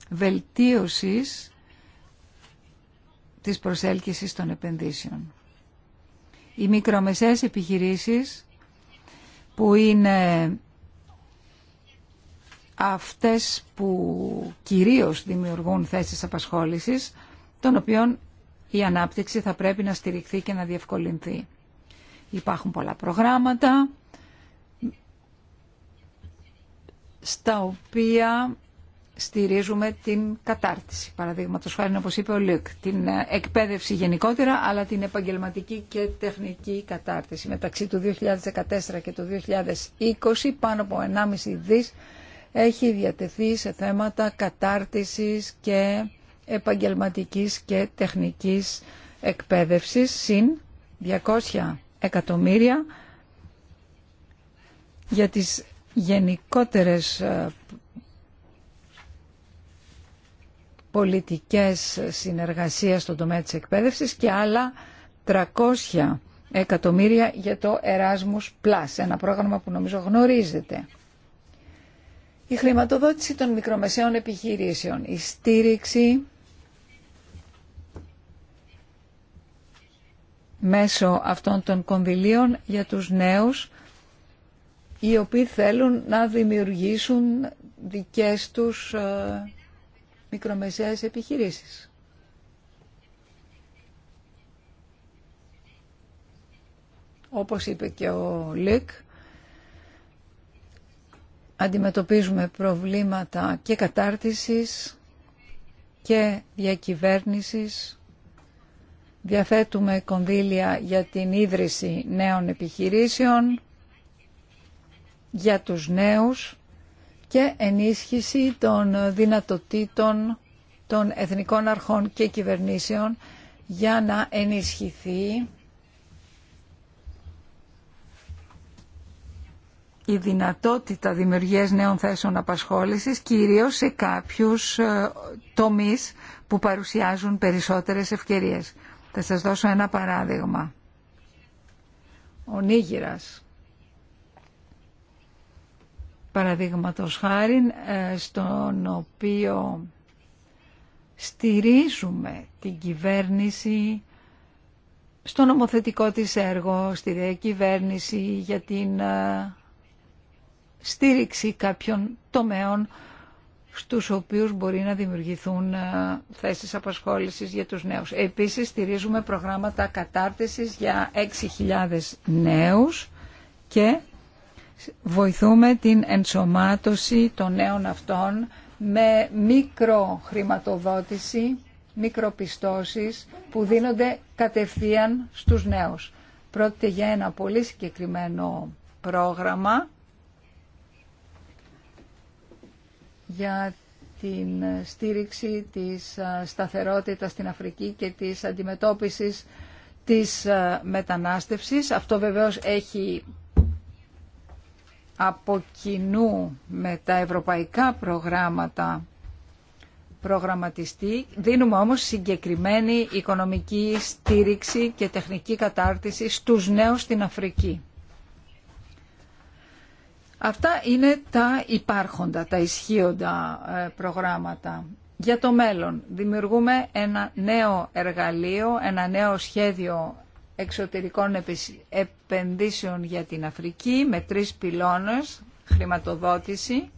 βελτίωσης της προσέλκυσης των επενδύσεων οι μικρομεσαίες επιχειρήσεις που είναι αυτές που κυρίως δημιουργούν θέσεις απασχόλησης, των οποίων η ανάπτυξη θα πρέπει να στηριχθεί και να διευκολυνθεί. Υπάρχουν πολλά προγράμματα στα οποία στηρίζουμε την κατάρτιση. Παραδείγματο χάρη, όπω είπε ο Λουκ, την ε, εκπαίδευση γενικότερα, αλλά την επαγγελματική και τεχνική κατάρτιση. Μεταξύ του 2014 και του 2020, πάνω από 1,5 δι έχει διατεθεί σε θέματα κατάρτισης και επαγγελματικής και τεχνικής εκπαίδευσης, συν 200 εκατομμύρια για τις γενικότερες ε, πολιτικές συνεργασίες στον τομέα της εκπαίδευσης και άλλα 300 εκατομμύρια για το Erasmus Plus, ένα πρόγραμμα που νομίζω γνωρίζετε. Η χρηματοδότηση των μικρομεσαίων επιχειρήσεων, η στήριξη μέσω αυτών των κονδυλίων για τους νέους οι οποίοι θέλουν να δημιουργήσουν δικές τους ε, μικρομεσαίες επιχειρήσεις. Όπως είπε και ο Λίκ, αντιμετωπίζουμε προβλήματα και κατάρτισης και διακυβέρνησης. Διαθέτουμε κονδύλια για την ίδρυση νέων επιχειρήσεων, για τους νέους και ενίσχυση των δυνατοτήτων των εθνικών αρχών και κυβερνήσεων για να ενισχυθεί η δυνατότητα δημιουργίας νέων θέσεων απασχόλησης κυρίως σε κάποιους ε, τομείς που παρουσιάζουν περισσότερες ευκαιρίες. Θα σας δώσω ένα παράδειγμα. Ο Νίγηρας παραδείγματος χάρη ε, στον οποίο στηρίζουμε την κυβέρνηση στο νομοθετικό της έργο, στη διακυβέρνηση για την ε, στήριξη κάποιων τομέων στους οποίους μπορεί να δημιουργηθούν ε, θέσεις απασχόλησης για τους νέους. Επίσης στηρίζουμε προγράμματα κατάρτισης για 6.000 νέους και βοηθούμε την ενσωμάτωση των νέων αυτών με μικροχρηματοδότηση, μικροπιστώσεις που δίνονται κατευθείαν στους νέους. Πρόκειται για ένα πολύ συγκεκριμένο πρόγραμμα για την στήριξη της σταθερότητας στην Αφρική και της αντιμετώπισης της μετανάστευσης. Αυτό βεβαίως έχει από κοινού με τα ευρωπαϊκά προγράμματα προγραμματιστεί. Δίνουμε όμως συγκεκριμένη οικονομική στήριξη και τεχνική κατάρτιση στους νέους στην Αφρική. Αυτά είναι τα υπάρχοντα, τα ισχύοντα ε, προγράμματα. Για το μέλλον δημιουργούμε ένα νέο εργαλείο, ένα νέο σχέδιο εξωτερικών επενδύσεων για την Αφρική με τρεις πυλώνες, χρηματοδότηση,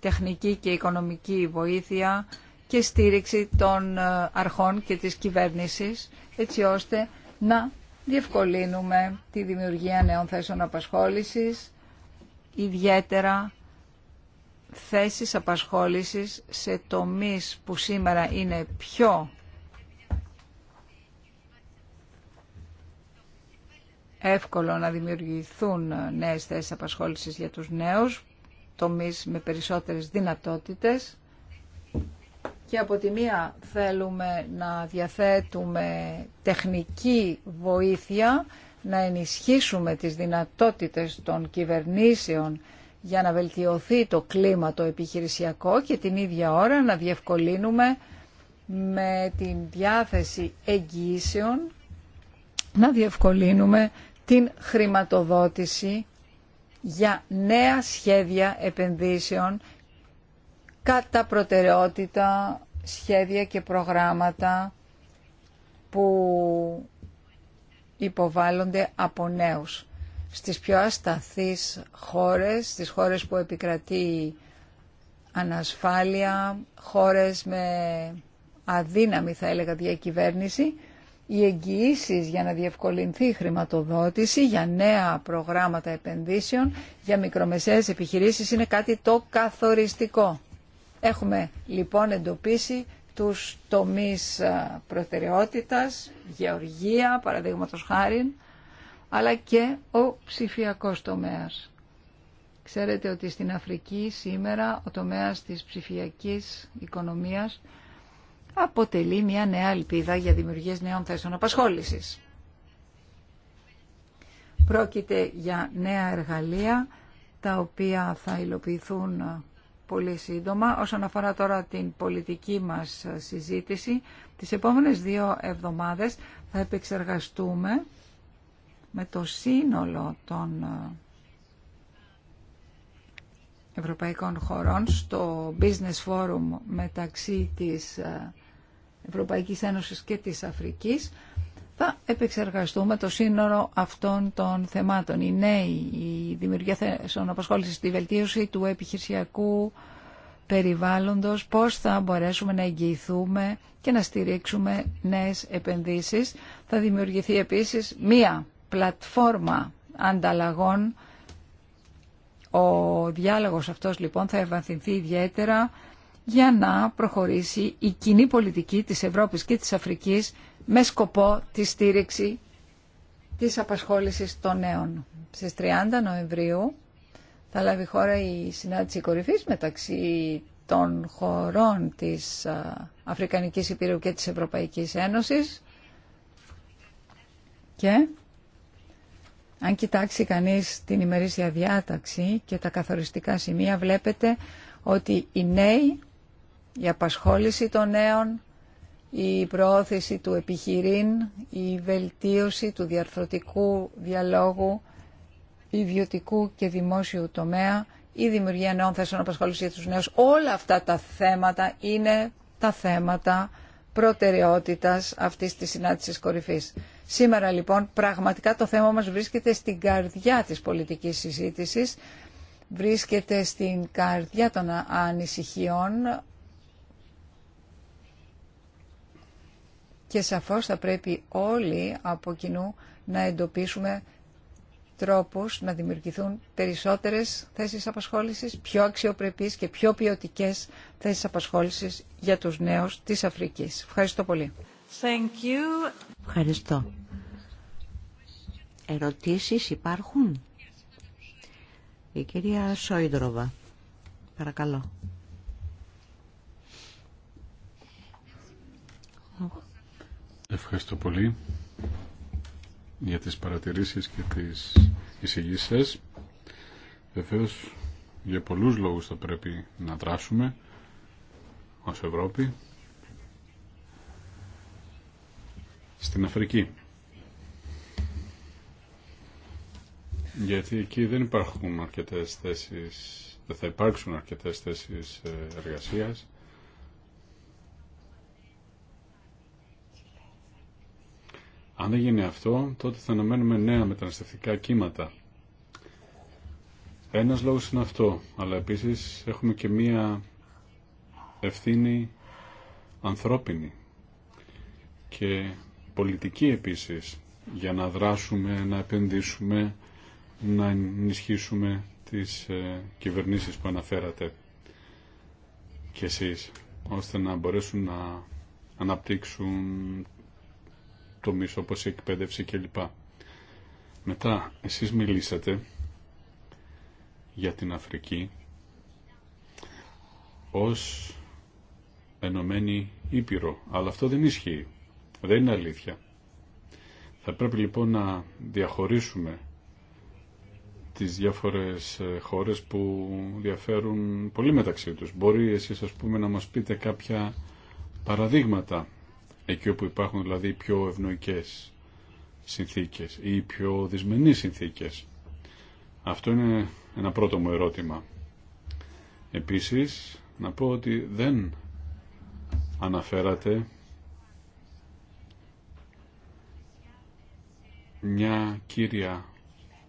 τεχνική και οικονομική βοήθεια και στήριξη των ε, αρχών και της κυβέρνησης, έτσι ώστε να διευκολύνουμε τη δημιουργία νέων θέσεων απασχόλησης, ιδιαίτερα θέσεις απασχόλησης σε τομείς που σήμερα είναι πιο εύκολο να δημιουργηθούν νέες θέσεις απασχόλησης για τους νέους, τομείς με περισσότερες δυνατότητες. Και από τη μία θέλουμε να διαθέτουμε τεχνική βοήθεια, να ενισχύσουμε τις δυνατότητες των κυβερνήσεων για να βελτιωθεί το κλίμα το επιχειρησιακό και την ίδια ώρα να διευκολύνουμε με την διάθεση εγγύσεων να διευκολύνουμε την χρηματοδότηση για νέα σχέδια επενδύσεων κατά προτεραιότητα σχέδια και προγράμματα που υποβάλλονται από νέους στις πιο ασταθείς χώρες, στις χώρες που επικρατεί ανασφάλεια, χώρες με αδύναμη θα έλεγα διακυβέρνηση οι εγγυήσει για να διευκολυνθεί η χρηματοδότηση για νέα προγράμματα επενδύσεων για μικρομεσαίες επιχειρήσεις είναι κάτι το καθοριστικό. Έχουμε λοιπόν εντοπίσει τους τομείς ε, προτεραιότητας, γεωργία παραδείγματος χάριν, αλλά και ο ψηφιακός τομέας. Ξέρετε ότι στην Αφρική σήμερα ο τομέας της ψηφιακής οικονομίας αποτελεί μια νέα ελπίδα για δημιουργίες νέων θέσεων απασχόλησης. Πρόκειται για νέα εργαλεία τα οποία θα υλοποιηθούν πολύ σύντομα. Όσον αφορά τώρα την πολιτική μας συζήτηση, τις επόμενες δύο εβδομάδες θα επεξεργαστούμε με το σύνολο των ευρωπαϊκών χωρών στο Business Forum μεταξύ της ε, Ευρωπαϊκής Ένωσης και της Αφρικής, θα επεξεργαστούμε το σύνορο αυτών των θεμάτων. Οι νέοι, η δημιουργία θέσεων απασχόληση, τη βελτίωση του επιχειρησιακού περιβάλλοντος, πώς θα μπορέσουμε να εγγυηθούμε και να στηρίξουμε νέες επενδύσεις. Θα δημιουργηθεί επίσης μία πλατφόρμα ανταλλαγών. Ο διάλογος αυτός λοιπόν θα ευαθυνθεί ιδιαίτερα για να προχωρήσει η κοινή πολιτική της Ευρώπης και της Αφρικής με σκοπό τη στήριξη της απασχόλησης των νέων. Στις 30 Νοεμβρίου θα λάβει χώρα η συνάντηση κορυφής μεταξύ των χωρών της Αφρικανικής Υπήρου και της Ευρωπαϊκής Ένωσης και αν κοιτάξει κανείς την ημερήσια διάταξη και τα καθοριστικά σημεία βλέπετε ότι οι νέοι η απασχόληση των νέων, η προώθηση του επιχειρήν, η βελτίωση του διαρθρωτικού διαλόγου, ιδιωτικού και δημόσιου τομέα, η δημιουργία νέων θέσεων απασχόληση για τους νέους. Όλα αυτά τα θέματα είναι τα θέματα προτεραιότητας αυτής της συνάντησης κορυφής. Σήμερα λοιπόν πραγματικά το θέμα μας βρίσκεται στην καρδιά της πολιτικής συζήτησης, βρίσκεται στην καρδιά των ανησυχιών και σαφώς θα πρέπει όλοι από κοινού να εντοπίσουμε τρόπους να δημιουργηθούν περισσότερες θέσεις απασχόλησης, πιο αξιοπρεπείς και πιο ποιοτικές θέσεις απασχόλησης για τους νέους της Αφρικής. Ευχαριστώ πολύ. Thank Ευχαριστώ. Ερωτήσεις υπάρχουν? Η κυρία Σόιντροβα. Παρακαλώ. Ευχαριστώ πολύ για τις παρατηρήσεις και τις εισηγήσεις σας. για πολλούς λόγους θα πρέπει να δράσουμε ως Ευρώπη στην Αφρική. Γιατί εκεί δεν υπάρχουν αρκετές θέσεις, δεν θα υπάρξουν αρκετές θέσεις ε, εργασίας Αν δεν γίνει αυτό, τότε θα αναμένουμε νέα μεταναστευτικά κύματα. Ένας λόγος είναι αυτό, αλλά επίσης έχουμε και μία ευθύνη ανθρώπινη και πολιτική επίσης για να δράσουμε, να επενδύσουμε, να ενισχύσουμε τις ε, κυβερνήσεις που αναφέρατε και εσείς, ώστε να μπορέσουν να αναπτύξουν τομείς όπως η εκπαίδευση κλπ. Μετά, εσείς μιλήσατε για την Αφρική ως ενωμένη ήπειρο, αλλά αυτό δεν ισχύει, δεν είναι αλήθεια. Θα πρέπει λοιπόν να διαχωρίσουμε τις διάφορες ε, χώρες που διαφέρουν πολύ μεταξύ τους. Μπορεί εσείς ας πούμε να μας πείτε κάποια παραδείγματα εκεί όπου υπάρχουν δηλαδή πιο ευνοϊκές συνθήκες ή πιο δυσμενείς συνθήκες. Αυτό είναι ένα πρώτο μου ερώτημα. Επίσης, να πω ότι δεν αναφέρατε μια κύρια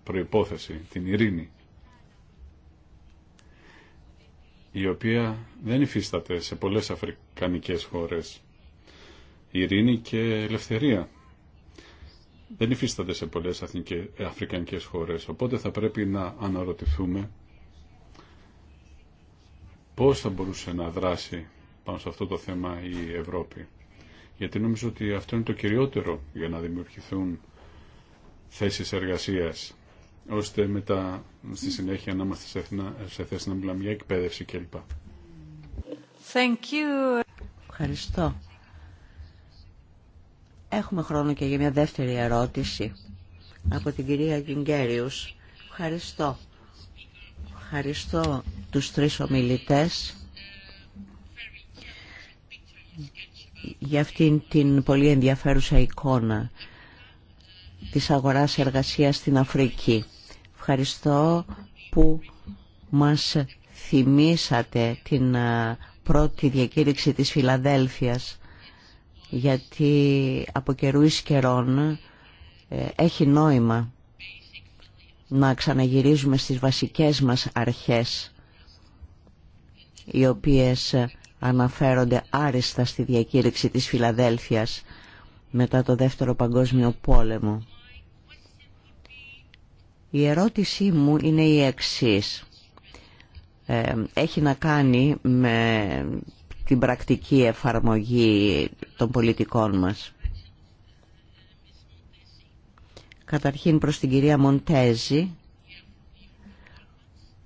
προϋπόθεση, την ειρήνη, η οποία δεν υφίσταται σε πολλές αφρικανικές χώρες ειρήνη και ελευθερία. Δεν υφίστανται σε πολλές αφρικανικές χώρες, οπότε θα πρέπει να αναρωτηθούμε πώς θα μπορούσε να δράσει πάνω σε αυτό το θέμα η Ευρώπη. Γιατί νομίζω ότι αυτό είναι το κυριότερο για να δημιουργηθούν θέσεις εργασίας, ώστε μετά στη συνέχεια να είμαστε σε θέση να μιλάμε για εκπαίδευση κλπ. Thank Ευχαριστώ. Έχουμε χρόνο και για μια δεύτερη ερώτηση από την κυρία Γιουγκέριους. Ευχαριστώ. Ευχαριστώ τους τρεις ομιλητές για αυτήν την πολύ ενδιαφέρουσα εικόνα της αγοράς εργασίας στην Αφρική. Ευχαριστώ που μας θυμήσατε την ε, πρώτη διακήρυξη της Φιλαδέλφειας γιατί από καιρού εις καιρών ε, έχει νόημα να ξαναγυρίζουμε στις βασικές μας αρχές οι οποίες ε, αναφέρονται άριστα στη διακήρυξη της Φιλαδέλφειας μετά το Δεύτερο Παγκόσμιο Πόλεμο. Η ερώτησή μου είναι η εξής. Ε, έχει να κάνει με την πρακτική εφαρμογή των πολιτικών μας. Καταρχήν προς την κυρία Μοντέζη,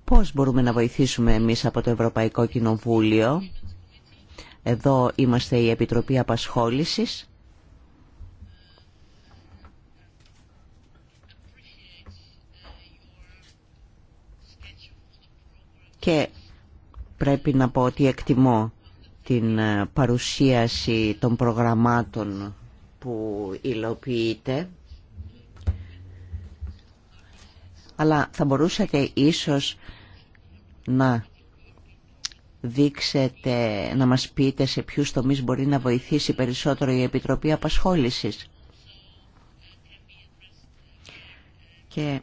πώς μπορούμε να βοηθήσουμε εμείς από το Ευρωπαϊκό Κοινοβούλιο. Εδώ είμαστε η Επιτροπή Απασχόλησης. Και πρέπει να πω ότι εκτιμώ την ε, παρουσίαση των προγραμμάτων που υλοποιείτε. αλλά θα μπορούσατε ίσως να δείξετε, να μας πείτε σε ποιους τομείς μπορεί να βοηθήσει περισσότερο η Επιτροπή Απασχόλησης. Και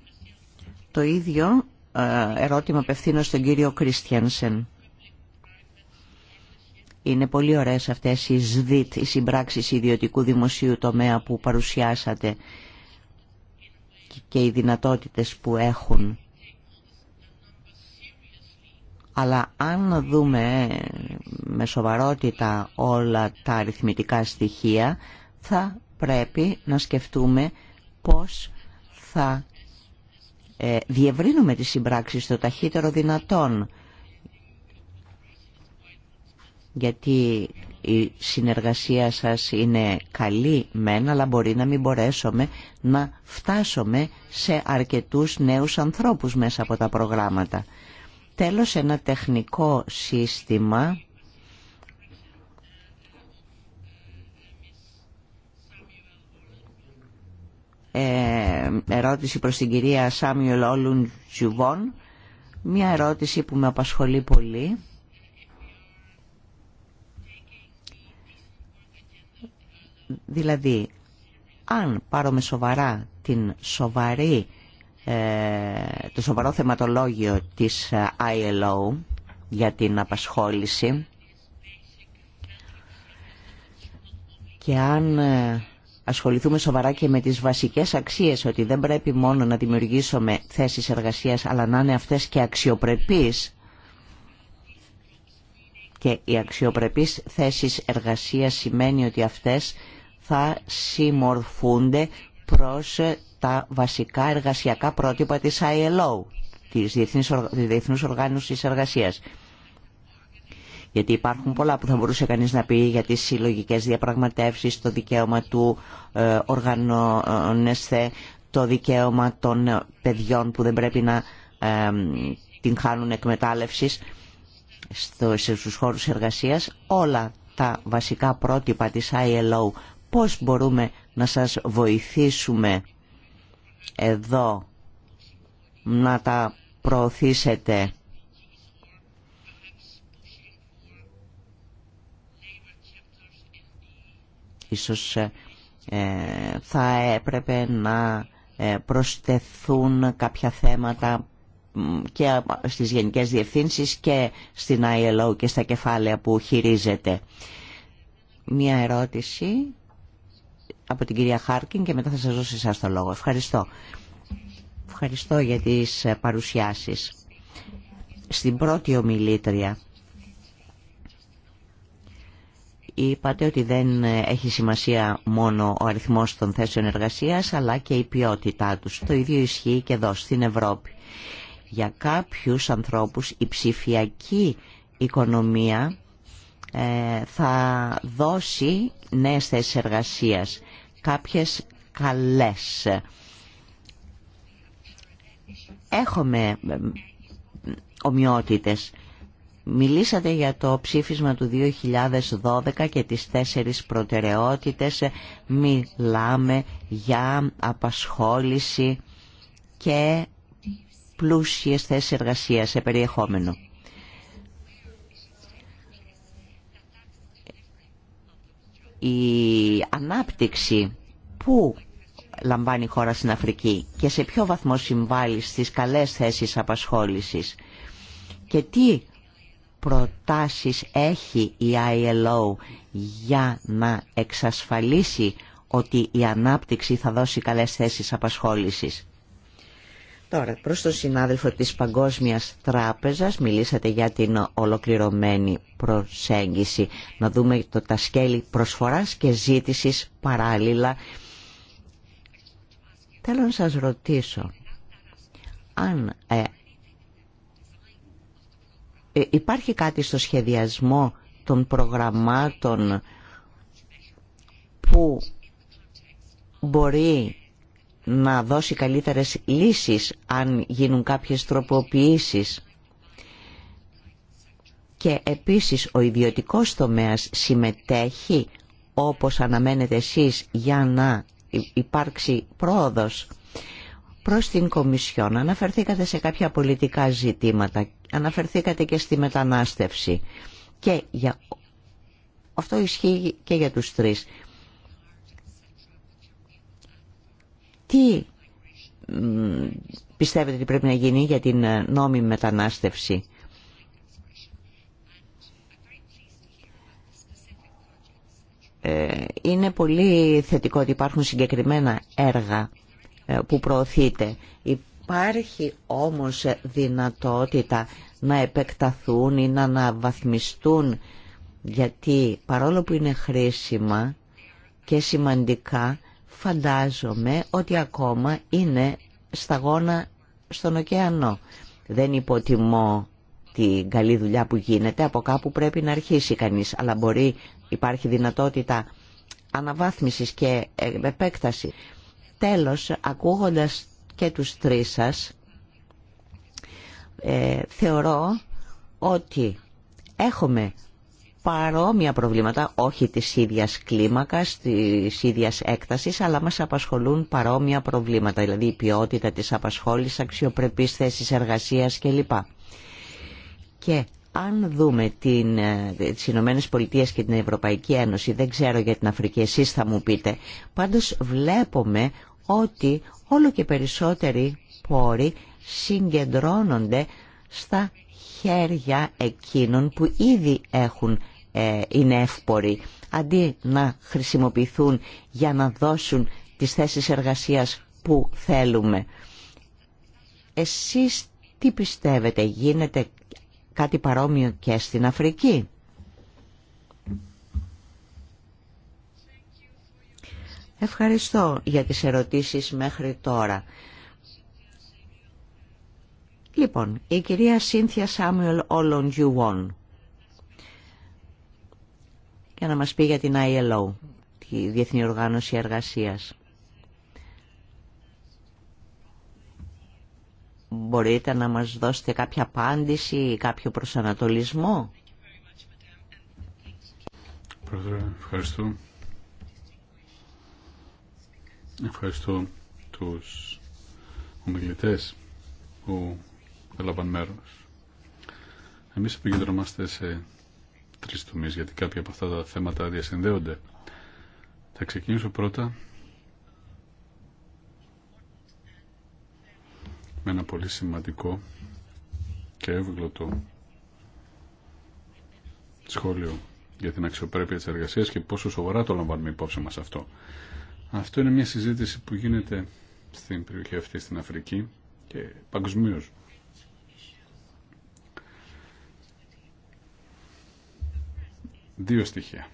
το ίδιο ε, ερώτημα απευθύνω στον κύριο Κρίστιανσεν. Είναι πολύ ωραίες αυτές οι ΣΔΙΤ, οι συμπράξεις ιδιωτικού δημοσίου τομέα που παρουσιάσατε και οι δυνατότητες που έχουν. Αλλά αν δούμε με σοβαρότητα όλα τα αριθμητικά στοιχεία, θα πρέπει να σκεφτούμε πώς θα ε, διευρύνουμε τις συμπράξεις το ταχύτερο δυνατόν γιατί η συνεργασία σας είναι καλή μεν, αλλά μπορεί να μην μπορέσουμε να φτάσουμε σε αρκετούς νέους ανθρώπους μέσα από τα προγράμματα. Τέλος, ένα τεχνικό σύστημα ε, ερώτηση προς την κυρία Σάμιουλ Όλουν Τζουβόν. μια ερώτηση που με απασχολεί πολύ. Δηλαδή, αν πάρουμε σοβαρά την σοβαρή, ε, το σοβαρό θεματολόγιο της ε, ILO για την απασχόληση και αν ε, ασχοληθούμε σοβαρά και με τις βασικές αξίες ότι δεν πρέπει μόνο να δημιουργήσουμε θέσεις εργασίας αλλά να είναι αυτές και αξιοπρεπείς και οι αξιοπρεπείς θέσεις εργασίας σημαίνει ότι αυτές θα συμμορφούνται προς τα βασικά εργασιακά πρότυπα της ILO, της Διεθνούς Οργάνωσης Εργασίας. Γιατί υπάρχουν πολλά που θα μπορούσε κανείς να πει για τις συλλογικές διαπραγματεύσεις, το δικαίωμα του ε, οργανώνεσθε, το δικαίωμα των παιδιών που δεν πρέπει να την χάνουν εκμετάλλευσης στο, στους χώρους εργασίας. Όλα τα βασικά πρότυπα της ILO πώς μπορούμε να σας βοηθήσουμε εδώ να τα προωθήσετε. Ίσως ε, θα έπρεπε να ε, προσθεθούν κάποια θέματα και στις γενικές διευθύνσεις και στην ILO και στα κεφάλαια που χειρίζεται. Μία ερώτηση από την κυρία Χάρκιν και μετά θα σας δώσω εσάς το λόγο. Ευχαριστώ. Ευχαριστώ για τις ε, παρουσιάσεις. Στην πρώτη ομιλήτρια είπατε ότι δεν ε, έχει σημασία μόνο ο αριθμός των θέσεων εργασίας αλλά και η ποιότητά τους. Το ίδιο ισχύει και εδώ στην Ευρώπη. Για κάποιους ανθρώπους η ψηφιακή οικονομία ε, θα δώσει νέες θέσεις εργασίας κάποιες καλές. Έχουμε ομοιότητες. Μιλήσατε για το ψήφισμα του 2012 και τις τέσσερις προτεραιότητες. Μιλάμε για απασχόληση και πλούσιες θέσεις εργασίας σε περιεχόμενο. η ανάπτυξη που λαμβάνει η χώρα στην Αφρική και σε ποιο βαθμό συμβάλλει στις καλές θέσεις απασχόλησης και τι προτάσεις έχει η ILO για να εξασφαλίσει ότι η ανάπτυξη θα δώσει καλές θέσεις απασχόλησης. Τώρα, προς τον συνάδελφο της Παγκόσμιας Τράπεζας, μιλήσατε για την ολοκληρωμένη προσέγγιση. Να δούμε το τα σκέλη προσφοράς και ζήτησης παράλληλα. Θέλω να σας ρωτήσω, αν ε, ε υπάρχει κάτι στο σχεδιασμό των προγραμμάτων που μπορεί να δώσει καλύτερες λύσεις αν γίνουν κάποιες τροποποιήσεις. Και επίσης ο ιδιωτικός τομέας συμμετέχει όπως αναμένετε εσείς για να υπάρξει πρόοδος προς την Κομισιόν. Αναφερθήκατε σε κάποια πολιτικά ζητήματα, αναφερθήκατε και στη μετανάστευση και για... αυτό ισχύει και για τους τρεις. Τι πιστεύετε ότι πρέπει να γίνει για την ε, νόμιμη μετανάστευση. Ε, είναι πολύ θετικό ότι υπάρχουν συγκεκριμένα έργα ε, που προωθείται. Υπάρχει όμως δυνατότητα να επεκταθούν ή να αναβαθμιστούν γιατί παρόλο που είναι χρήσιμα και σημαντικά φαντάζομαι ότι ακόμα είναι σταγόνα στον ωκεανό. Δεν υποτιμώ την καλή δουλειά που γίνεται, από κάπου πρέπει να αρχίσει κανείς, αλλά μπορεί, υπάρχει δυνατότητα αναβάθμισης και επέκταση. Τέλος, ακούγοντας και τους τρεις σας, ε, θεωρώ ότι έχουμε παρόμοια προβλήματα, όχι της ίδιας κλίμακας, της ίδιας έκτασης, αλλά μας απασχολούν παρόμοια προβλήματα, δηλαδή η ποιότητα της απασχόλησης, αξιοπρεπής θέσης εργασίας κλπ. Και αν δούμε την, ε, τις Ηνωμένε Πολιτείε και την Ευρωπαϊκή Ένωση, δεν ξέρω για την Αφρική, εσείς θα μου πείτε, πάντως βλέπουμε ότι όλο και περισσότεροι πόροι συγκεντρώνονται στα χέρια εκείνων που ήδη έχουν ε, είναι εύποροι. Αντί να χρησιμοποιηθούν για να δώσουν τις θέσεις εργασίας που θέλουμε. Εσείς τι πιστεύετε, γίνεται κάτι παρόμοιο και στην Αφρική. Ευχαριστώ για τις ερωτήσεις μέχρι τώρα. Λοιπόν, η κυρία Σύνθια Σάμιουελ Όλον Γιουόν για να μας πει για την ILO, τη Διεθνή Οργάνωση Εργασίας. Μπορείτε να μας δώσετε κάποια απάντηση ή κάποιο προσανατολισμό. Πρόεδρε, ευχαριστώ. Ευχαριστώ τους ομιλητές που έλαβαν μέρος. Εμείς επικεντρωμάστε σε τρεις τομείς, γιατί κάποια από αυτά τα θέματα διασυνδέονται. Θα ξεκινήσω πρώτα με ένα πολύ σημαντικό και εύγλωτο σχόλιο για την αξιοπρέπεια της εργασίας και πόσο σοβαρά το λαμβάνουμε υπόψη μας αυτό. Αυτό είναι μια συζήτηση που γίνεται στην περιοχή αυτή στην Αφρική και παγκοσμίω. δύο στοιχεία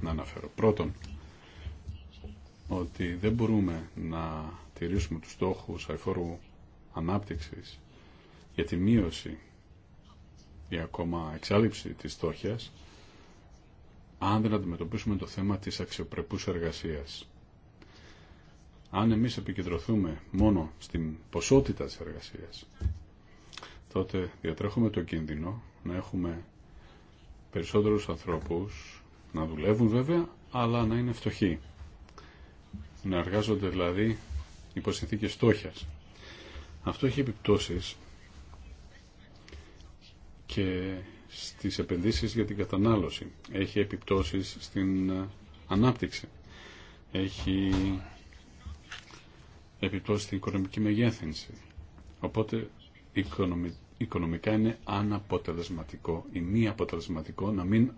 να αναφέρω. Πρώτον, ότι δεν μπορούμε να τηρήσουμε τους στόχους αεφόρου ανάπτυξης για τη μείωση ή ακόμα εξάλληψη της στόχιας αν δεν αντιμετωπίσουμε το θέμα της αξιοπρεπούς εργασίας. Αν εμείς επικεντρωθούμε μόνο στην ποσότητα της εργασίας, τότε διατρέχουμε το κίνδυνο να έχουμε περισσότερους ανθρώπους να δουλεύουν βέβαια, αλλά να είναι φτωχοί. Να εργάζονται δηλαδή υπό συνθήκες στόχιας. Αυτό έχει επιπτώσεις και στις επενδύσεις για την κατανάλωση. Έχει επιπτώσεις στην ε, ανάπτυξη. Έχει επιπτώσεις στην οικονομική μεγέθυνση. Οπότε η οικονομικά είναι αναποτελεσματικό ή μη αποτελεσματικό να μην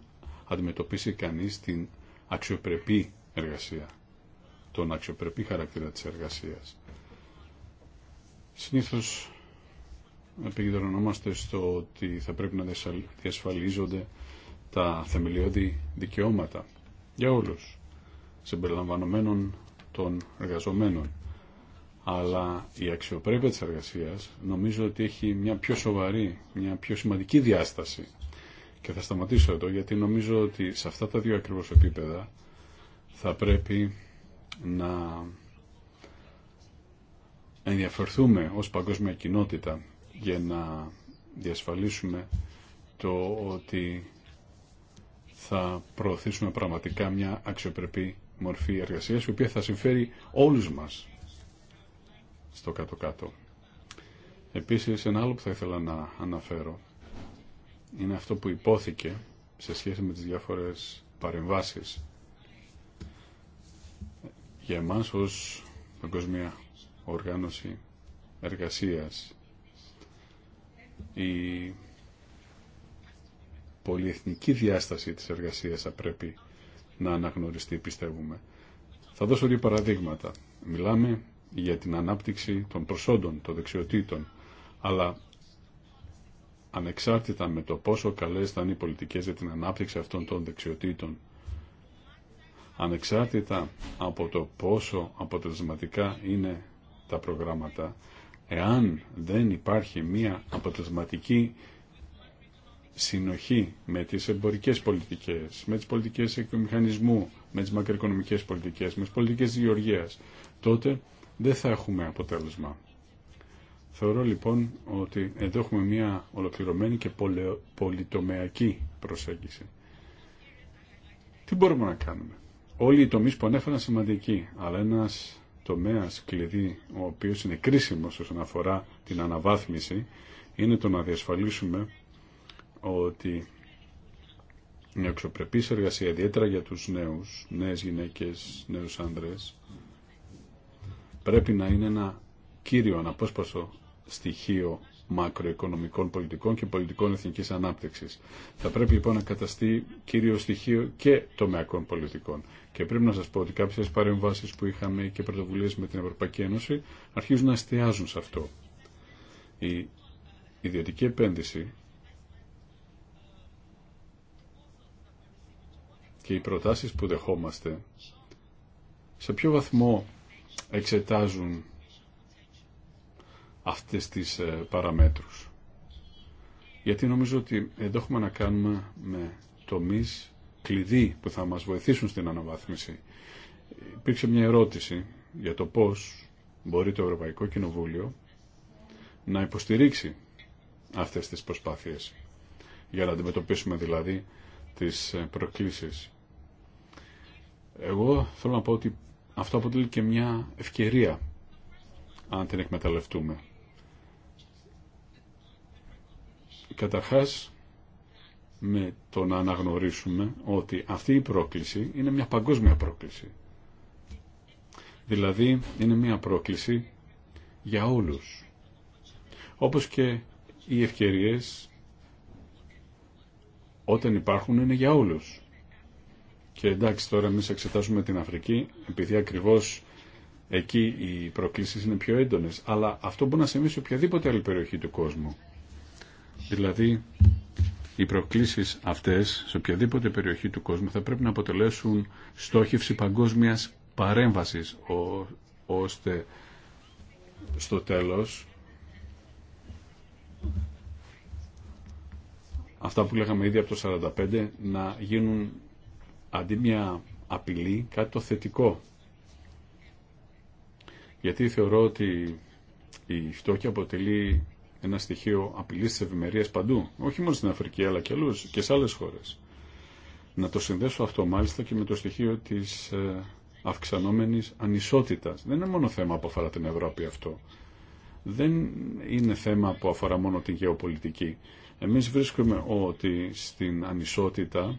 αντιμετωπίσει κανείς την αξιοπρεπή εργασία, τον αξιοπρεπή χαρακτήρα της εργασίας. Συνήθως επικεντρωνόμαστε στο ότι θα πρέπει να διασφαλίζονται τα θεμελιώδη δικαιώματα για όλους, συμπεριλαμβανομένων των εργαζομένων αλλά η αξιοπρέπεια της εργασίας νομίζω ότι έχει μια πιο σοβαρή, μια πιο σημαντική διάσταση. Και θα σταματήσω εδώ γιατί νομίζω ότι σε αυτά τα δύο ακριβώς επίπεδα θα πρέπει να ενδιαφερθούμε ως παγκόσμια κοινότητα για να διασφαλίσουμε το ότι θα προωθήσουμε πραγματικά μια αξιοπρεπή μορφή εργασίας η οποία θα συμφέρει όλους μας στο κάτω-κάτω. Επίσης, ένα άλλο που θα ήθελα να αναφέρω είναι αυτό που υπόθηκε σε σχέση με τις διάφορες παρεμβάσεις. Για εμάς ως Παγκοσμία Οργάνωση Εργασίας η πολυεθνική διάσταση της εργασίας θα πρέπει να αναγνωριστεί, πιστεύουμε. Θα δώσω δύο παραδείγματα. Μιλάμε για την ανάπτυξη των προσόντων, των δεξιοτήτων, αλλά ανεξάρτητα με το πόσο καλές θα είναι οι πολιτικές για την ανάπτυξη αυτών των δεξιοτήτων, ανεξάρτητα από το πόσο αποτελεσματικά είναι τα προγράμματα, εάν δεν υπάρχει μία αποτελεσματική συνοχή με τις εμπορικές πολιτικές, με τις πολιτικές μηχανισμού, με τις μακροοικονομικές πολιτικές, με τις πολιτικές γεωργίας, τότε δεν θα έχουμε αποτέλεσμα. Θεωρώ λοιπόν ότι εδώ έχουμε μια ολοκληρωμένη και πολυτομεακή προσέγγιση. Τι μπορούμε να κάνουμε. Όλοι οι τομείς που ανέφεραν σημαντικοί, αλλά ένας τομέας κλειδί, ο οποίος είναι κρίσιμος όσον αφορά την αναβάθμιση, είναι το να διασφαλίσουμε ότι η αξιοπρεπής εργασία, ιδιαίτερα για τους νέους, νέες γυναίκες, νέους άνδρες, πρέπει να είναι ένα κύριο αναπόσπαστο στοιχείο μακροοικονομικών πολιτικών και πολιτικών εθνικής ανάπτυξης. Θα πρέπει λοιπόν να καταστεί κύριο στοιχείο και τομεακών πολιτικών. Και πρέπει να σας πω ότι κάποιες παρεμβάσεις που είχαμε και πρωτοβουλίες με την Ευρωπαϊκή Ένωση αρχίζουν να εστιάζουν σε αυτό. Η ιδιωτική επένδυση και οι προτάσεις που δεχόμαστε σε ποιο βαθμό εξετάζουν αυτές τις ε, παραμέτρους. Γιατί νομίζω ότι εδώ έχουμε να κάνουμε με τομείς κλειδί που θα μας βοηθήσουν στην αναβάθμιση. Υπήρξε μια ερώτηση για το πώς μπορεί το Ευρωπαϊκό Κοινοβούλιο να υποστηρίξει αυτές τις προσπάθειες για να αντιμετωπίσουμε δηλαδή τις ε, προκλήσεις. Εγώ θέλω να πω ότι αυτό αποτελεί και μια ευκαιρία αν την εκμεταλλευτούμε. Καταρχάς, με το να αναγνωρίσουμε ότι αυτή η πρόκληση είναι μια παγκόσμια πρόκληση. Δηλαδή, είναι μια πρόκληση για όλους. Όπως και οι ευκαιρίες όταν υπάρχουν είναι για όλους. Και εντάξει, τώρα εμεί εξετάζουμε την Αφρική, επειδή ακριβώ εκεί οι προκλήσει είναι πιο έντονε. Αλλά αυτό μπορεί να συμβεί σε οποιαδήποτε άλλη περιοχή του κόσμου. Δηλαδή, οι προκλήσει αυτέ σε οποιαδήποτε περιοχή του κόσμου θα πρέπει να αποτελέσουν στόχευση παγκόσμια παρέμβαση, ώστε στο τέλος αυτά που λέγαμε ήδη από το 45 να γίνουν αντί μια απειλή, κάτι το θετικό. Γιατί θεωρώ ότι η φτώχεια αποτελεί ένα στοιχείο απειλής της ευημερίας παντού, όχι μόνο στην Αφρική αλλά και, αλλούς, και σε άλλες χώρες. Να το συνδέσω αυτό μάλιστα και με το στοιχείο της ε, αυξανόμενης ανισότητας. Δεν είναι μόνο θέμα που αφορά την Ευρώπη αυτό. Δεν είναι θέμα που αφορά μόνο την γεωπολιτική. Εμείς βρίσκουμε ότι στην ανισότητα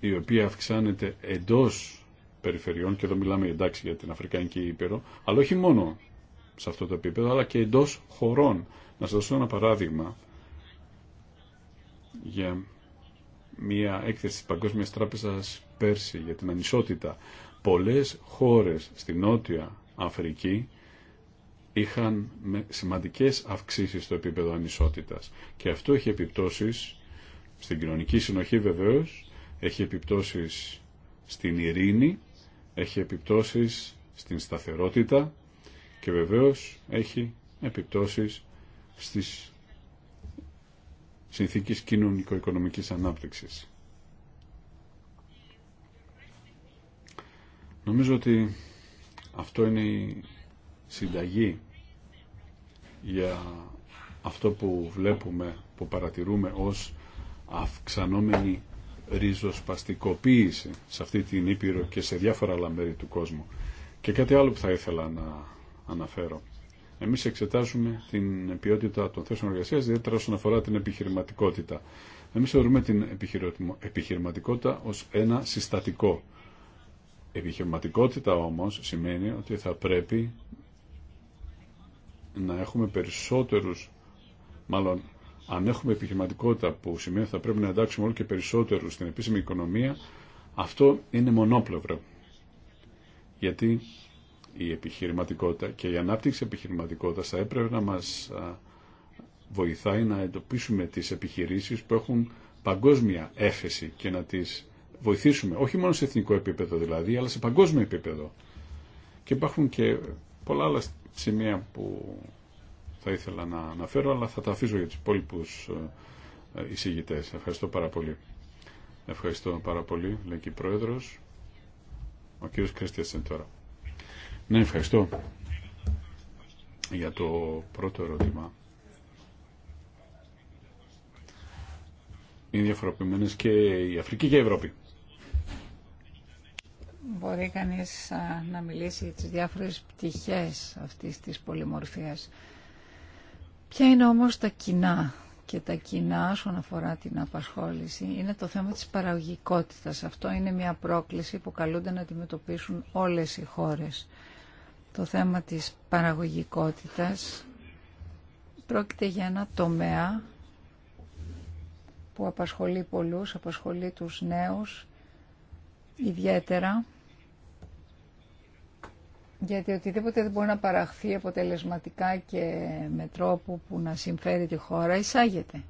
η οποία αυξάνεται εντό περιφερειών και εδώ μιλάμε εντάξει για την Αφρικανική Ήπειρο, αλλά όχι μόνο σε αυτό το επίπεδο, αλλά και εντό χωρών. Να σας δώσω ένα παράδειγμα για μια έκθεση της Παγκόσμιας Τράπεζας πέρσι για την ανισότητα. Πολλές χώρες στη Νότια Αφρική είχαν σημαντικές αυξήσεις στο επίπεδο ανισότητας. Και αυτό έχει επιπτώσεις στην κοινωνική συνοχή βεβαίως, έχει επιπτώσεις στην ειρήνη, έχει επιπτώσεις στην σταθερότητα και βεβαίως έχει επιπτώσεις στις συνθήκες κοινωνικο-οικονομικής ανάπτυξης. Νομίζω ότι αυτό είναι η συνταγή για αυτό που βλέπουμε, που παρατηρούμε ως αυξανόμενη ριζοσπαστικοποίηση σε αυτή την Ήπειρο και σε διάφορα άλλα μέρη του κόσμου. Και κάτι άλλο που θα ήθελα να αναφέρω. Εμείς εξετάζουμε την ποιότητα των θέσεων εργασίας, ιδιαίτερα όσον αφορά την επιχειρηματικότητα. Εμείς θεωρούμε την επιχειρηματικότητα ως ένα συστατικό. Επιχειρηματικότητα όμως σημαίνει ότι θα πρέπει να έχουμε περισσότερους, μάλλον αν έχουμε επιχειρηματικότητα που σημαίνει ότι θα πρέπει να εντάξουμε όλο και περισσότερο στην επίσημη οικονομία, αυτό είναι μονόπλευρο. Γιατί η επιχειρηματικότητα και η ανάπτυξη επιχειρηματικότητας θα έπρεπε να μας βοηθάει να εντοπίσουμε τις επιχειρήσεις που έχουν παγκόσμια έφεση και να τις βοηθήσουμε, όχι μόνο σε εθνικό επίπεδο δηλαδή, αλλά σε παγκόσμιο επίπεδο. Και υπάρχουν και πολλά άλλα σημεία που θα ήθελα να αναφέρω, αλλά θα τα αφήσω για τους υπόλοιπους ε, εισηγητές. Ευχαριστώ πάρα πολύ. Ευχαριστώ πάρα πολύ, λέει και η Πρόεδρος. Ο κύριος Κρίστιασεν τώρα. Ναι, ευχαριστώ για το πρώτο ερώτημα. Είναι διαφοροποιημένες και η Αφρική και η Ευρώπη. Μπορεί κανείς ε, να μιλήσει για τις διάφορες πτυχές αυτής της πολυμορφίας. Ποια είναι όμως τα κοινά και τα κοινά όσον αφορά την απασχόληση είναι το θέμα της παραγωγικότητας. Αυτό είναι μια πρόκληση που καλούνται να αντιμετωπίσουν όλες οι χώρες. Το θέμα της παραγωγικότητας πρόκειται για ένα τομέα που απασχολεί πολλούς, απασχολεί τους νέους ιδιαίτερα γιατί οτιδήποτε δεν μπορεί να παραχθεί αποτελεσματικά και με τρόπο που να συμφέρει τη χώρα εισάγεται.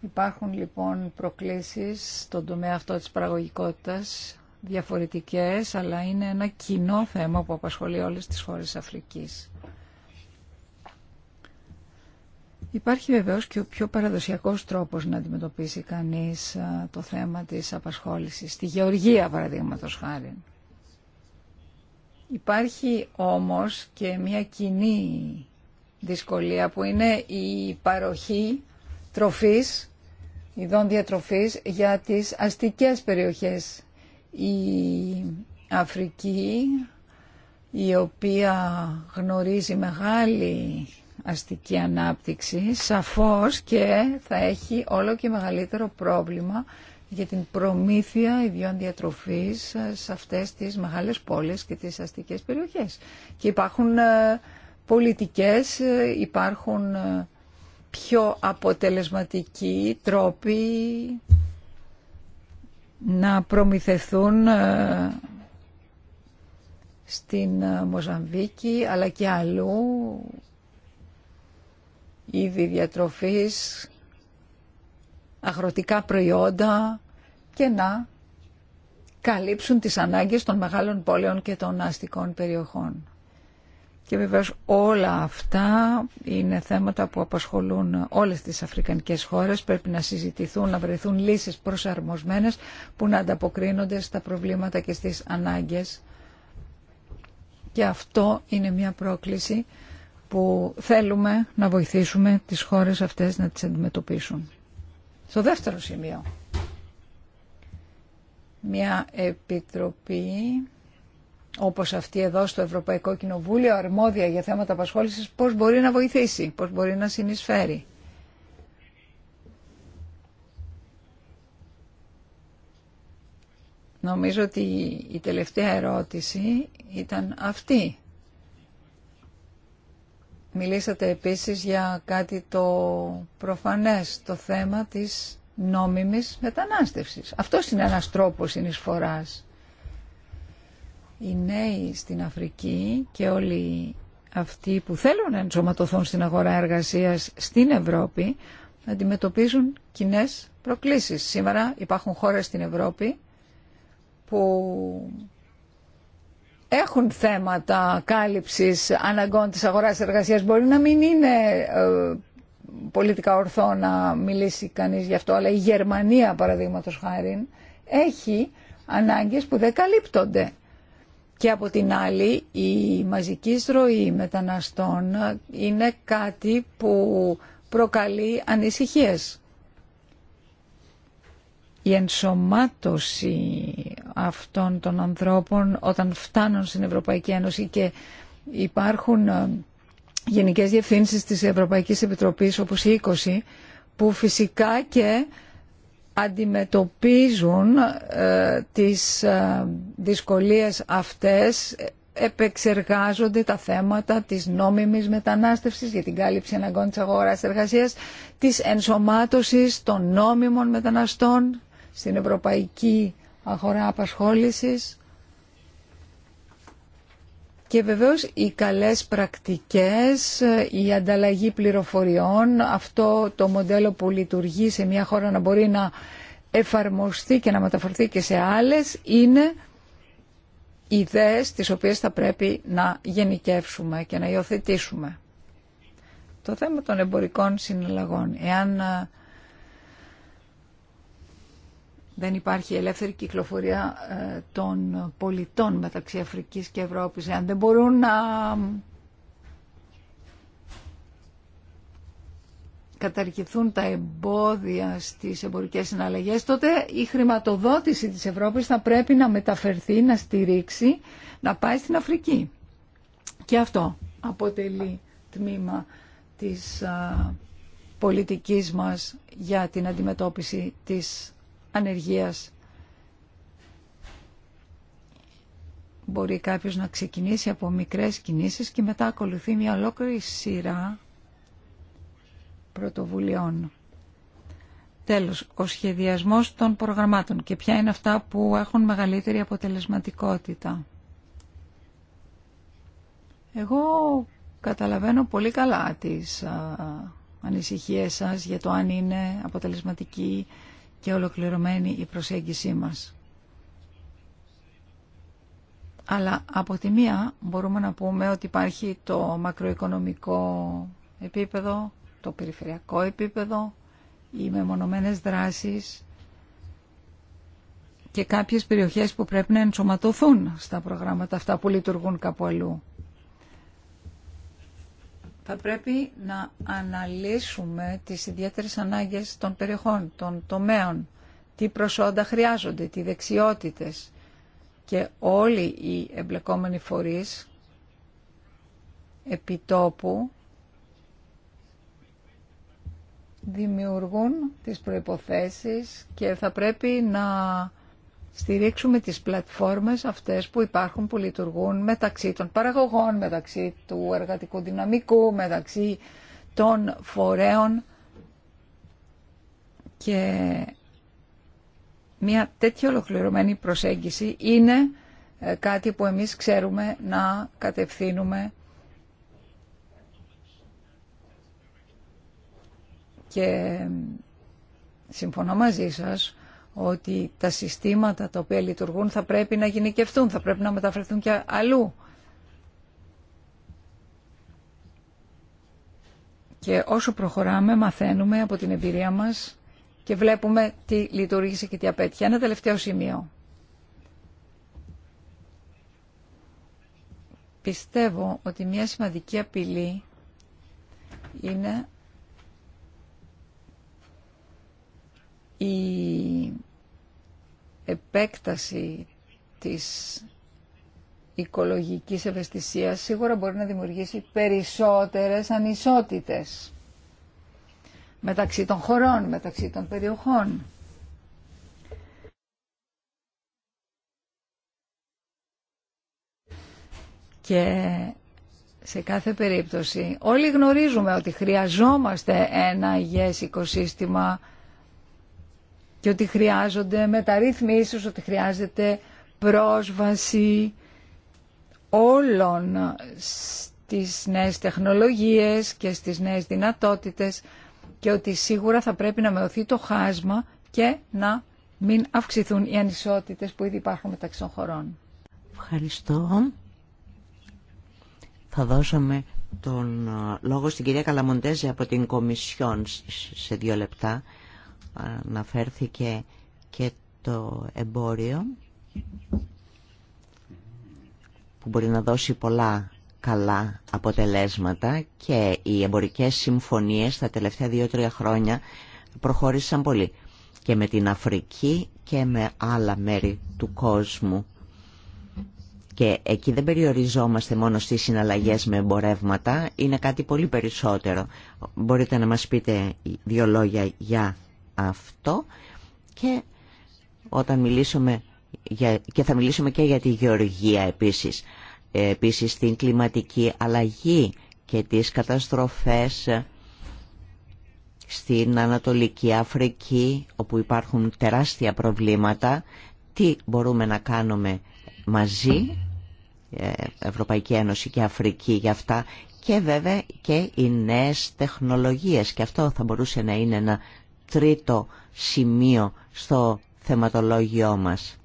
Υπάρχουν λοιπόν προκλήσεις στον τομέα αυτό της παραγωγικότητας διαφορετικές, αλλά είναι ένα κοινό θέμα που απασχολεί όλες τις χώρες της Αφρικής. Υπάρχει βεβαίως και ο πιο παραδοσιακός τρόπος να αντιμετωπίσει κανείς το θέμα της απασχόλησης, στη γεωργία παραδείγματος χάρη. Υπάρχει όμως και μια κοινή δυσκολία που είναι η παροχή τροφής, ειδών διατροφής για τις αστικές περιοχές. Η Αφρική, η οποία γνωρίζει μεγάλη αστική ανάπτυξη, σαφώς και θα έχει όλο και μεγαλύτερο πρόβλημα για την προμήθεια ιδιών διατροφής ε, σε αυτές τις μεγάλες πόλεις και τις αστικές περιοχές. Και υπάρχουν ε, πολιτικές, ε, υπάρχουν πιο αποτελεσματικοί τρόποι να προμηθεθούν στην Μοζαμβίκη αλλά και αλλού είδη διατροφής, αγροτικά προϊόντα, και να καλύψουν τις ανάγκες των μεγάλων πόλεων και των αστικών περιοχών. Και βεβαίως όλα αυτά είναι θέματα που απασχολούν όλες τις αφρικανικές χώρες. Πρέπει να συζητηθούν, να βρεθούν λύσεις προσαρμοσμένες που να ανταποκρίνονται στα προβλήματα και στις ανάγκες. Και αυτό είναι μια πρόκληση που θέλουμε να βοηθήσουμε τις χώρες αυτές να τις αντιμετωπίσουν. Στο δεύτερο σημείο μια επιτροπή όπως αυτή εδώ στο Ευρωπαϊκό Κοινοβούλιο αρμόδια για θέματα απασχόλησης πώς μπορεί να βοηθήσει, πώς μπορεί να συνεισφέρει. Νομίζω ότι η τελευταία ερώτηση ήταν αυτή. Μιλήσατε επίσης για κάτι το προφανές, το θέμα της νόμιμης μετανάστευσης. Αυτό είναι ένας τρόπος συνεισφοράς. Οι νέοι στην Αφρική και όλοι αυτοί που θέλουν να ενσωματωθούν στην αγορά εργασίας στην Ευρώπη αντιμετωπίζουν κοινέ προκλήσεις. Σήμερα υπάρχουν χώρες στην Ευρώπη που έχουν θέματα κάλυψης αναγκών της αγοράς εργασίας. Μπορεί να μην είναι ε, πολιτικά ορθό να μιλήσει κανείς γι' αυτό, αλλά η Γερμανία παραδείγματο χάρη έχει ανάγκες που δεν καλύπτονται. Και από την άλλη η μαζική στροή μεταναστών είναι κάτι που προκαλεί ανησυχίες. Η ενσωμάτωση αυτών των ανθρώπων όταν φτάνουν στην Ευρωπαϊκή Ένωση και υπάρχουν ε, γενικές διευθύνσεις της Ευρωπαϊκής Επιτροπής όπως η 20 που φυσικά και αντιμετωπίζουν ε, τις ε, δυσκολίες αυτές, επεξεργάζονται τα θέματα της νόμιμης μετανάστευσης για την κάλυψη αναγκών της αγοράς εργασίας, της ενσωμάτωσης των νόμιμων μεταναστών στην ευρωπαϊκή αγορά απασχόλησης. Και βεβαίως οι καλές πρακτικές, η ανταλλαγή πληροφοριών, αυτό το μοντέλο που λειτουργεί σε μια χώρα να μπορεί να εφαρμοστεί και να μεταφορθεί και σε άλλες, είναι ιδέες τις οποίες θα πρέπει να γενικεύσουμε και να υιοθετήσουμε. Το θέμα των εμπορικών συναλλαγών, εάν δεν υπάρχει ελεύθερη κυκλοφορία ε, των πολιτών μεταξύ Αφρικής και Ευρώπης. Αν δεν μπορούν να καταργηθούν τα εμπόδια στις εμπορικές συναλλαγές, τότε η χρηματοδότηση της Ευρώπης θα πρέπει να μεταφερθεί, να στηρίξει, να πάει στην Αφρική. Και αυτό αποτελεί τμήμα της ε, πολιτικής μας για την αντιμετώπιση της ανεργίας. Μπορεί κάποιος να ξεκινήσει από μικρές κινήσεις και μετά ακολουθεί μια ολόκληρη σειρά πρωτοβουλειών. Τέλος, ο σχεδιασμός των προγραμμάτων και ποια είναι αυτά που έχουν μεγαλύτερη αποτελεσματικότητα. Εγώ καταλαβαίνω πολύ καλά τις α, ανησυχίες σας για το αν είναι αποτελεσματική και ολοκληρωμένη η προσέγγισή μας. Αλλά από τη μία μπορούμε να πούμε ότι υπάρχει το μακροοικονομικό επίπεδο, το περιφερειακό επίπεδο, οι μεμονωμένες δράσεις και κάποιες περιοχές που πρέπει να ενσωματωθούν στα προγράμματα αυτά που λειτουργούν κάπου αλλού θα πρέπει να αναλύσουμε τις ιδιαίτερες ανάγκες των περιοχών, των τομέων, τι προσόντα χρειάζονται, τι δεξιότητες και όλοι οι εμπλεκόμενοι φορείς επιτόπου δημιουργούν τις προϋποθέσεις και θα πρέπει να στηρίξουμε τις πλατφόρμες αυτές που υπάρχουν, που λειτουργούν μεταξύ των παραγωγών, μεταξύ του εργατικού δυναμικού, μεταξύ των φορέων και μια τέτοια ολοκληρωμένη προσέγγιση είναι ε, κάτι που εμείς ξέρουμε να κατευθύνουμε και συμφωνώ μαζί σας ότι τα συστήματα τα οποία λειτουργούν θα πρέπει να γενικευτούν, θα πρέπει να μεταφερθούν και αλλού. Και όσο προχωράμε μαθαίνουμε από την εμπειρία μας και βλέπουμε τι λειτουργήσε και τι απέτυχε. Ένα τελευταίο σημείο. Πιστεύω ότι μια σημαντική απειλή είναι η επέκταση της οικολογικής ευαισθησίας σίγουρα μπορεί να δημιουργήσει περισσότερες ανισότητες μεταξύ των χωρών, μεταξύ των περιοχών. Και σε κάθε περίπτωση όλοι γνωρίζουμε ότι χρειαζόμαστε ένα υγιές οικοσύστημα και ότι χρειάζονται μεταρρυθμίσεις, ότι χρειάζεται πρόσβαση όλων στις νέες τεχνολογίες και στις νέες δυνατότητες και ότι σίγουρα θα πρέπει να μεωθεί το χάσμα και να μην αυξηθούν οι ανισότητες που ήδη υπάρχουν μεταξύ των χωρών. Ευχαριστώ. Θα δώσουμε τον ε, λόγο στην κυρία Καλαμοντέζη από την Κομισιόν σε δύο λεπτά αναφέρθηκε και το εμπόριο που μπορεί να δώσει πολλά καλά αποτελέσματα και οι εμπορικές συμφωνίες τα τελευταία δύο-τρία χρόνια προχώρησαν πολύ και με την Αφρική και με άλλα μέρη του κόσμου. Και εκεί δεν περιοριζόμαστε μόνο στις συναλλαγές με εμπορεύματα, είναι κάτι πολύ περισσότερο. Μπορείτε να μας πείτε δύο λόγια για αυτό και όταν μιλήσουμε για, και θα μιλήσουμε και για τη γεωργία επίσης, επίσης την κλιματική αλλαγή και τις καταστροφές στην Ανατολική Αφρική όπου υπάρχουν τεράστια προβλήματα τι μπορούμε να κάνουμε μαζί ε, Ευρωπαϊκή Ένωση και Αφρική για αυτά και βέβαια και οι νέες τεχνολογίες και αυτό θα μπορούσε να είναι ένα τρίτο σημείο στο θεματολόγιό μας.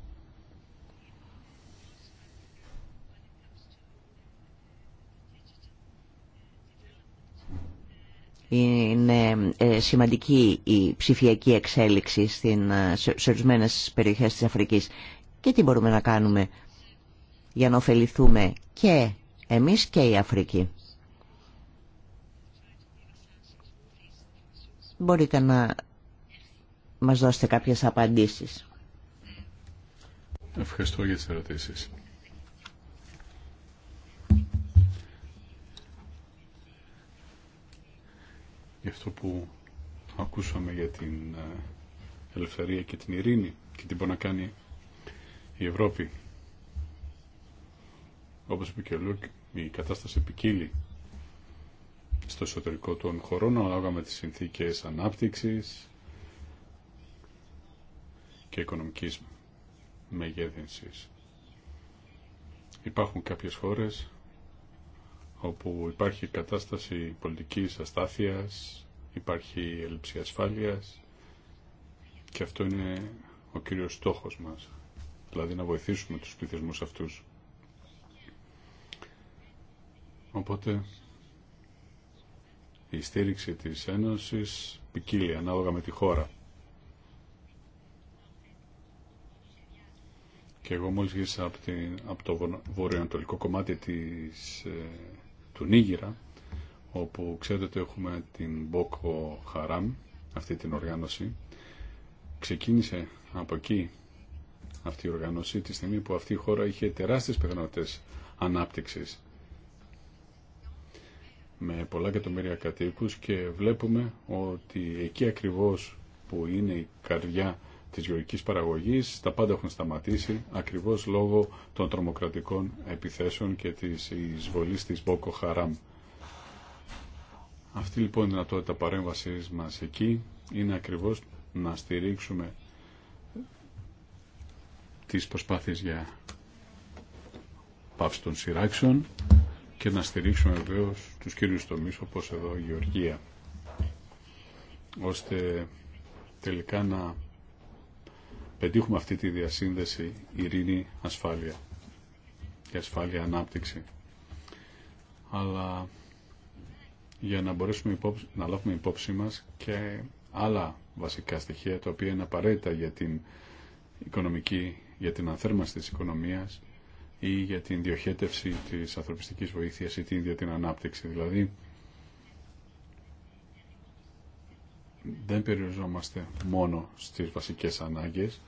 είναι ε, σημαντική η ψηφιακή εξέλιξη στην, ε, σε ορισμένε περιοχές της Αφρικής. Και τι μπορούμε να κάνουμε για να ωφεληθούμε και εμείς και η Αφρική. Μπορείτε να μας δώσετε κάποιες απαντήσεις. Ευχαριστώ για τις ερωτήσεις. Γι' αυτό που ακούσαμε για την ε, ελευθερία και την ειρήνη και τι μπορεί να κάνει η Ευρώπη. Όπως είπε και ο Λουκ, η κατάσταση ποικίλει στο εσωτερικό των χωρών, ανάλογα με τις συνθήκες ανάπτυξης, και οικονομικής μεγέθυνσης. Υπάρχουν κάποιες χώρες όπου υπάρχει κατάσταση πολιτικής αστάθειας, υπάρχει έλλειψη ασφάλειας και αυτό είναι ο κύριος στόχος μας, δηλαδή να βοηθήσουμε τους πληθυσμούς αυτούς. Οπότε η στήριξη της Ένωσης ποικίλει ανάλογα με τη χώρα. Και εγώ μόλις γύρισα από, το βορειοανατολικό κομμάτι της, ε, του Νίγηρα, όπου ξέρετε ότι έχουμε την Μπόκο Χαράμ, αυτή την οργάνωση. Ξεκίνησε από εκεί αυτή η οργάνωση τη στιγμή που αυτή η χώρα είχε τεράστιες πιθανότητες ανάπτυξης με πολλά εκατομμύρια κατοίκους και βλέπουμε ότι εκεί ακριβώς που είναι η καρδιά της γεωργικής παραγωγής, τα πάντα έχουν σταματήσει ακριβώς λόγω των τρομοκρατικών επιθέσεων και της εισβολής της Μπόκο Χαράμ. Αυτή λοιπόν η δυνατότητα παρέμβαση μας εκεί είναι ακριβώς να στηρίξουμε τις προσπάθειες για πάυση των σειράξεων και να στηρίξουμε βεβαίω τους κύριους τομείς όπως εδώ η Γεωργία ώστε τελικά να πετύχουμε αυτή τη διασύνδεση ειρήνη-ασφάλεια και ασφάλεια-ανάπτυξη. Αλλά για να μπορέσουμε να λάβουμε υπόψη μας και άλλα βασικά στοιχεία τα οποία είναι απαραίτητα για την οικονομική, για την ανθέρμανση της οικονομίας ή για την διοχέτευση της ανθρωπιστικής βοήθειας ή την ίδια την ανάπτυξη. Δηλαδή, δεν περιοριζόμαστε μόνο στις βασικές ανάγκες,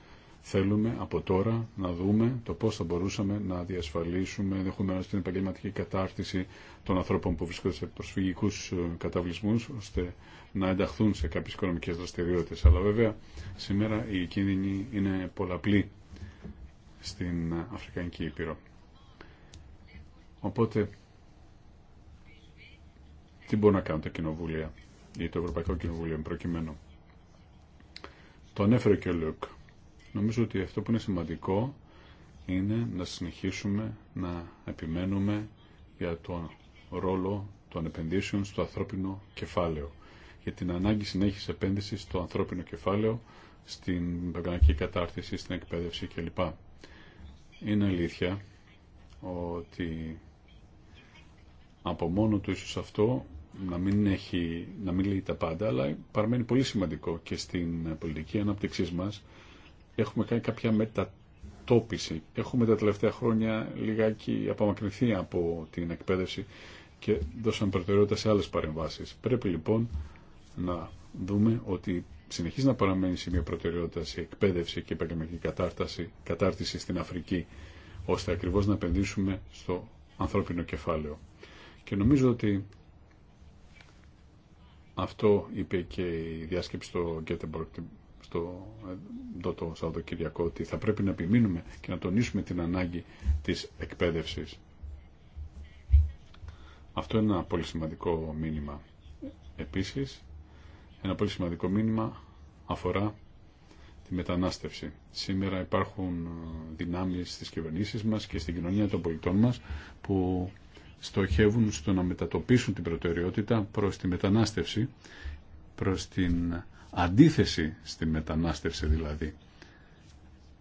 Θέλουμε από τώρα να δούμε το πώς θα μπορούσαμε να διασφαλίσουμε ενδεχομένως την επαγγελματική κατάρτιση των ανθρώπων που βρίσκονται σε προσφυγικούς ε, καταβλισμούς ώστε να ενταχθούν σε κάποιες οικονομικές δραστηριότητες. Αλλά βέβαια σήμερα οι κίνδυνοι είναι πολλαπλή στην ε, Αφρικανική Ήπειρο. Οπότε τι μπορούν να κάνουν τα κοινοβούλια ή το Ευρωπαϊκό Κοινοβούλιο προκειμένου. Το ανέφερε και ο Λουκ Νομίζω ότι αυτό που είναι σημαντικό είναι να συνεχίσουμε να επιμένουμε για τον ρόλο των επενδύσεων στο ανθρώπινο κεφάλαιο. Για την ανάγκη συνέχιση επένδυση στο ανθρώπινο κεφάλαιο, στην πραγματική κατάρτιση, στην εκπαίδευση κλπ. Είναι αλήθεια ότι από μόνο του ίσως αυτό να μην, έχει, να μην λέει τα πάντα, αλλά παραμένει πολύ σημαντικό και στην πολιτική ανάπτυξή μας έχουμε κάνει κάποια μετατόπιση. Έχουμε τα τελευταία χρόνια λιγάκι απομακρυνθεί από την εκπαίδευση και δώσαμε προτεραιότητα σε άλλες παρεμβάσεις. Πρέπει λοιπόν να δούμε ότι συνεχίζει να παραμένει μια προτεραιότητα σε εκπαίδευση και επαγγελματική κατάρτιση, στην Αφρική, ώστε ακριβώς να επενδύσουμε στο ανθρώπινο κεφάλαιο. Και νομίζω ότι αυτό είπε και η διάσκεψη στο Γκέτεμπορκ το, το Σαββατοκυριακό ότι θα πρέπει να επιμείνουμε και να τονίσουμε την ανάγκη της εκπαίδευσης. Αυτό είναι ένα πολύ σημαντικό μήνυμα. Επίσης, ένα πολύ σημαντικό μήνυμα αφορά τη μετανάστευση. Σήμερα υπάρχουν δυνάμεις στις κυβερνήσεις μας και στην κοινωνία των πολιτών μας που στοχεύουν στο να μετατοπίσουν την προτεραιότητα προς τη μετανάστευση, προς την αντίθεση στη μετανάστευση δηλαδή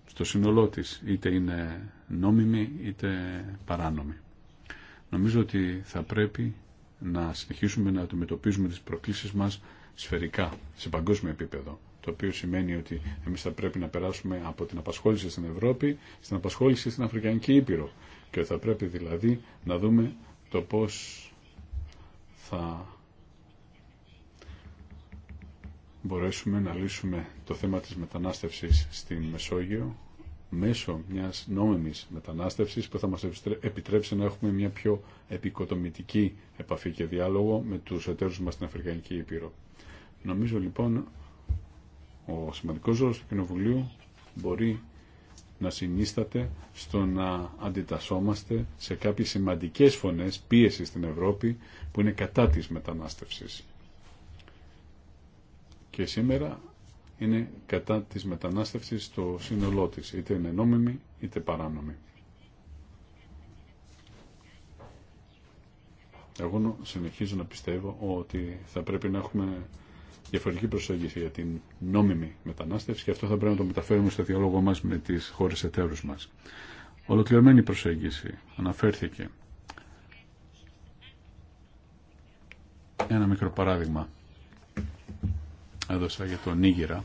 στο σύνολό τη, είτε είναι νόμιμη είτε παράνομη. Νομίζω ότι θα πρέπει να συνεχίσουμε να αντιμετωπίζουμε τις προκλήσεις μας σφαιρικά, σε παγκόσμιο επίπεδο. Το οποίο σημαίνει ότι εμείς θα πρέπει να περάσουμε από την απασχόληση στην Ευρώπη στην απασχόληση στην Αφρικανική Ήπειρο. Και θα πρέπει δηλαδή να δούμε το πώς θα μπορέσουμε να λύσουμε το θέμα της μετανάστευσης στην Μεσόγειο μέσω μιας νόμιμης μετανάστευσης που θα μας επιτρέψει να έχουμε μια πιο επικοτομητική επαφή και διάλογο με τους εταίρους μας στην Αφρικανική Ήπειρο. Νομίζω λοιπόν ο σημαντικός ρόλος του Κοινοβουλίου μπορεί να συνίσταται στο να αντιτασσόμαστε σε κάποιες σημαντικές φωνές πίεση στην Ευρώπη που είναι κατά της μετανάστευσης και σήμερα είναι κατά της μετανάστευσης στο σύνολό της, είτε είναι νόμιμη είτε παράνομη. Εγώ συνεχίζω να πιστεύω ότι θα πρέπει να έχουμε διαφορετική προσέγγιση για την νόμιμη μετανάστευση και αυτό θα πρέπει να το μεταφέρουμε στο διάλογο μας με τις χώρες εταίρους μας. Ολοκληρωμένη προσέγγιση αναφέρθηκε. Ένα μικρό παράδειγμα έδωσα για τον Ήγηρα.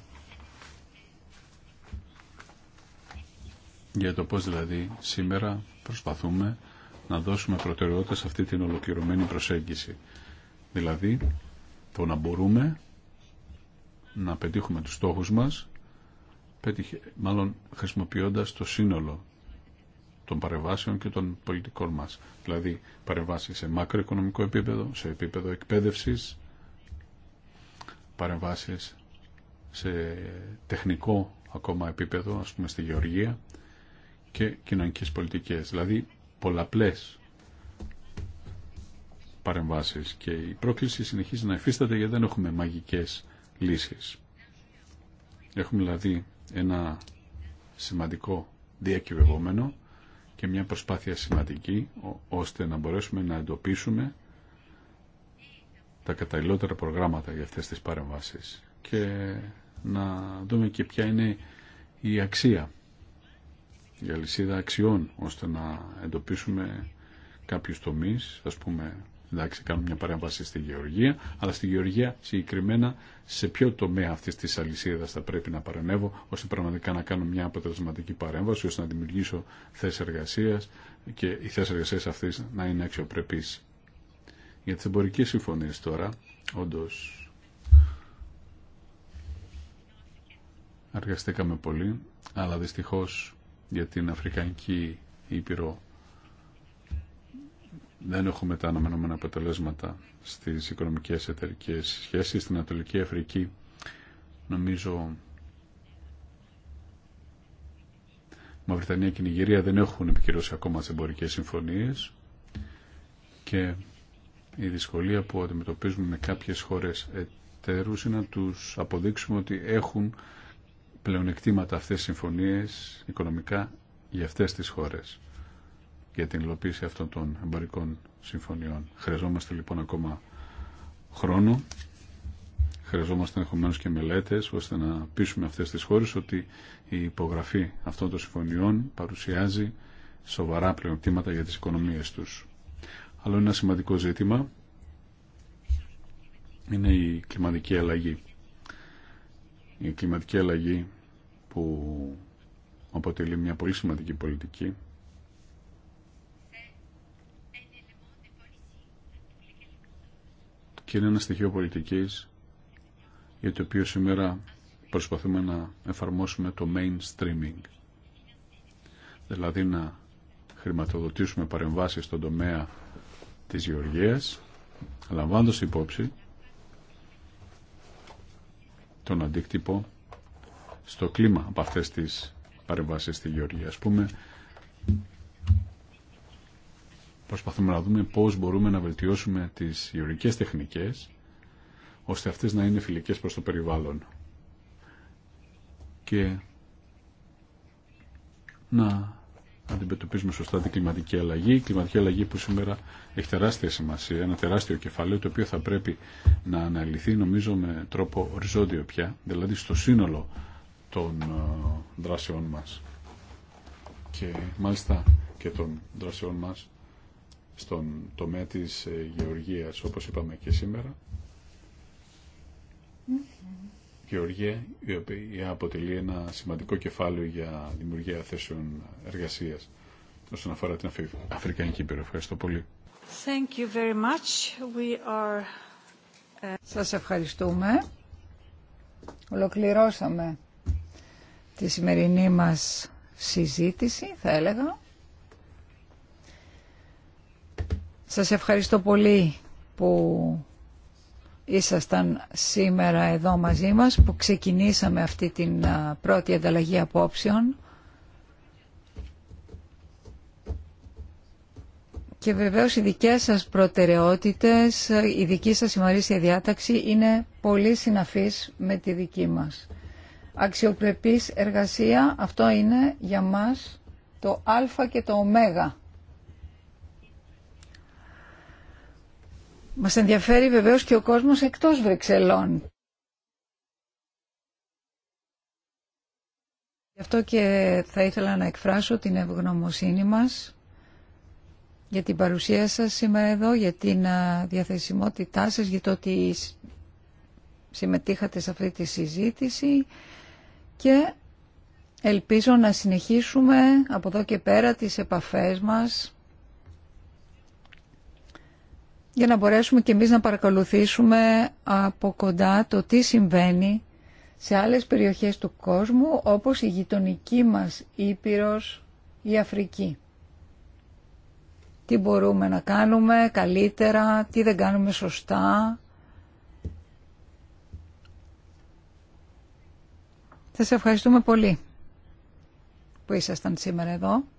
για το πώς δηλαδή σήμερα προσπαθούμε να δώσουμε προτεραιότητα σε αυτή την ολοκληρωμένη προσέγγιση. Δηλαδή, το να μπορούμε να πετύχουμε τους στόχους μας, πέτυχε, μάλλον χρησιμοποιώντας το σύνολο των παρεμβάσεων και των πολιτικών μας. Δηλαδή, παρεμβάσεις σε μακροοικονομικό επίπεδο, σε επίπεδο εκπαίδευσης, παρεμβάσεις σε τεχνικό ακόμα επίπεδο, ας πούμε στη γεωργία και κοινωνικές πολιτικές. Δηλαδή πολλαπλές παρεμβάσεις και η πρόκληση συνεχίζει να εφίσταται γιατί δεν έχουμε μαγικές λύσεις. Έχουμε δηλαδή ένα σημαντικό διακυβευόμενο και μια προσπάθεια σημαντική ώστε να μπορέσουμε να εντοπίσουμε τα καταλληλότερα προγράμματα για αυτές τις παρεμβάσεις και να δούμε και ποια είναι η αξία, η αλυσίδα αξιών, ώστε να εντοπίσουμε κάποιους τομείς, ας πούμε, εντάξει, κάνουμε μια παρέμβαση στη γεωργία, αλλά στη γεωργία συγκεκριμένα σε ποιο τομέα αυτή τη αλυσίδα θα πρέπει να παρενέβω ώστε πραγματικά να κάνω μια αποτελεσματική παρέμβαση, ώστε να δημιουργήσω θέσει εργασία και οι θέσει εργασία αυτή να είναι αξιοπρεπείς για τις εμπορικές συμφωνίες τώρα, όντως αργαστήκαμε πολύ, αλλά δυστυχώς για την Αφρικανική Ήπειρο δεν έχουμε τα αναμενόμενα αποτελέσματα στις οικονομικές εταιρικές σχέσεις. Στην Ανατολική Αφρική νομίζω Μαυριτανία και Νιγηρία δεν έχουν επικυρώσει ακόμα τις εμπορικές συμφωνίες και η δυσκολία που αντιμετωπίζουμε με κάποιες χώρες εταίρους είναι να τους αποδείξουμε ότι έχουν πλεονεκτήματα αυτές τις συμφωνίες οικονομικά για αυτές τις χώρες για την υλοποίηση αυτών των εμπορικών συμφωνιών. Χρειαζόμαστε λοιπόν ακόμα χρόνο, χρειαζόμαστε ενδεχομένω και μελέτες ώστε να πείσουμε αυτές τις χώρες ότι η υπογραφή αυτών των συμφωνιών παρουσιάζει σοβαρά πλεονεκτήματα για τις οικονομίες τους άλλο ένα σημαντικό ζήτημα είναι η κλιματική αλλαγή. Η κλιματική αλλαγή που αποτελεί μια πολύ σημαντική πολιτική και είναι ένα στοιχείο πολιτικής για το οποίο σήμερα προσπαθούμε να εφαρμόσουμε το mainstreaming. Δηλαδή να χρηματοδοτήσουμε παρεμβάσεις στον τομέα της Γεωργίας λαμβάνοντας υπόψη τον αντίκτυπο στο κλίμα από αυτές τις παρεμβάσεις στη Γεωργία. Ας πούμε, προσπαθούμε να δούμε πώς μπορούμε να βελτιώσουμε τις γεωργικές τεχνικές ώστε αυτές να είναι φιλικές προς το περιβάλλον και να αντιμετωπίζουμε σωστά την κλιματική αλλαγή. Η κλιματική αλλαγή που σήμερα έχει τεράστια σημασία, ένα τεράστιο κεφάλαιο το οποίο θα πρέπει να αναλυθεί νομίζω με τρόπο οριζόντιο πια, δηλαδή στο σύνολο των ε, δράσεών μας και μάλιστα και των δράσεών μας στον τομέα της ε, γεωργίας όπως είπαμε και σήμερα. Mm-hmm. Γεωργία, η οποία αποτελεί ένα σημαντικό κεφάλαιο για δημιουργία θέσεων εργασίας όσον αφορά την Αφρικανική Ήπειρο. Ευχαριστώ πολύ. Thank uh, Σας ευχαριστούμε. Ολοκληρώσαμε τη σημερινή μας συζήτηση, θα έλεγα. Σας ευχαριστώ πολύ που ήσασταν σήμερα εδώ μαζί μας που ξεκινήσαμε αυτή την πρώτη ανταλλαγή απόψεων και βεβαίως οι δικές σας προτεραιότητες, η δική σας ημαρήσια διάταξη είναι πολύ συναφής με τη δική μας. Αξιοπρεπής εργασία, αυτό είναι για μας το α και το ω Μας ενδιαφέρει βεβαίως και ο κόσμος εκτός Βρυξελών. Γι' αυτό και θα ήθελα να εκφράσω την ευγνωμοσύνη μας για την παρουσία σας σήμερα εδώ, για την διαθεσιμότητά σας, για το ότι συμμετείχατε σε αυτή τη συζήτηση και ελπίζω να συνεχίσουμε από εδώ και πέρα τις επαφές μας για να μπορέσουμε και εμείς να παρακολουθήσουμε από κοντά το τι συμβαίνει σε άλλες περιοχές του κόσμου όπως η γειτονική μας Ήπειρος, η Αφρική. Τι μπορούμε να κάνουμε καλύτερα, τι δεν κάνουμε σωστά. Θα σε ευχαριστούμε πολύ που ήσασταν σήμερα εδώ.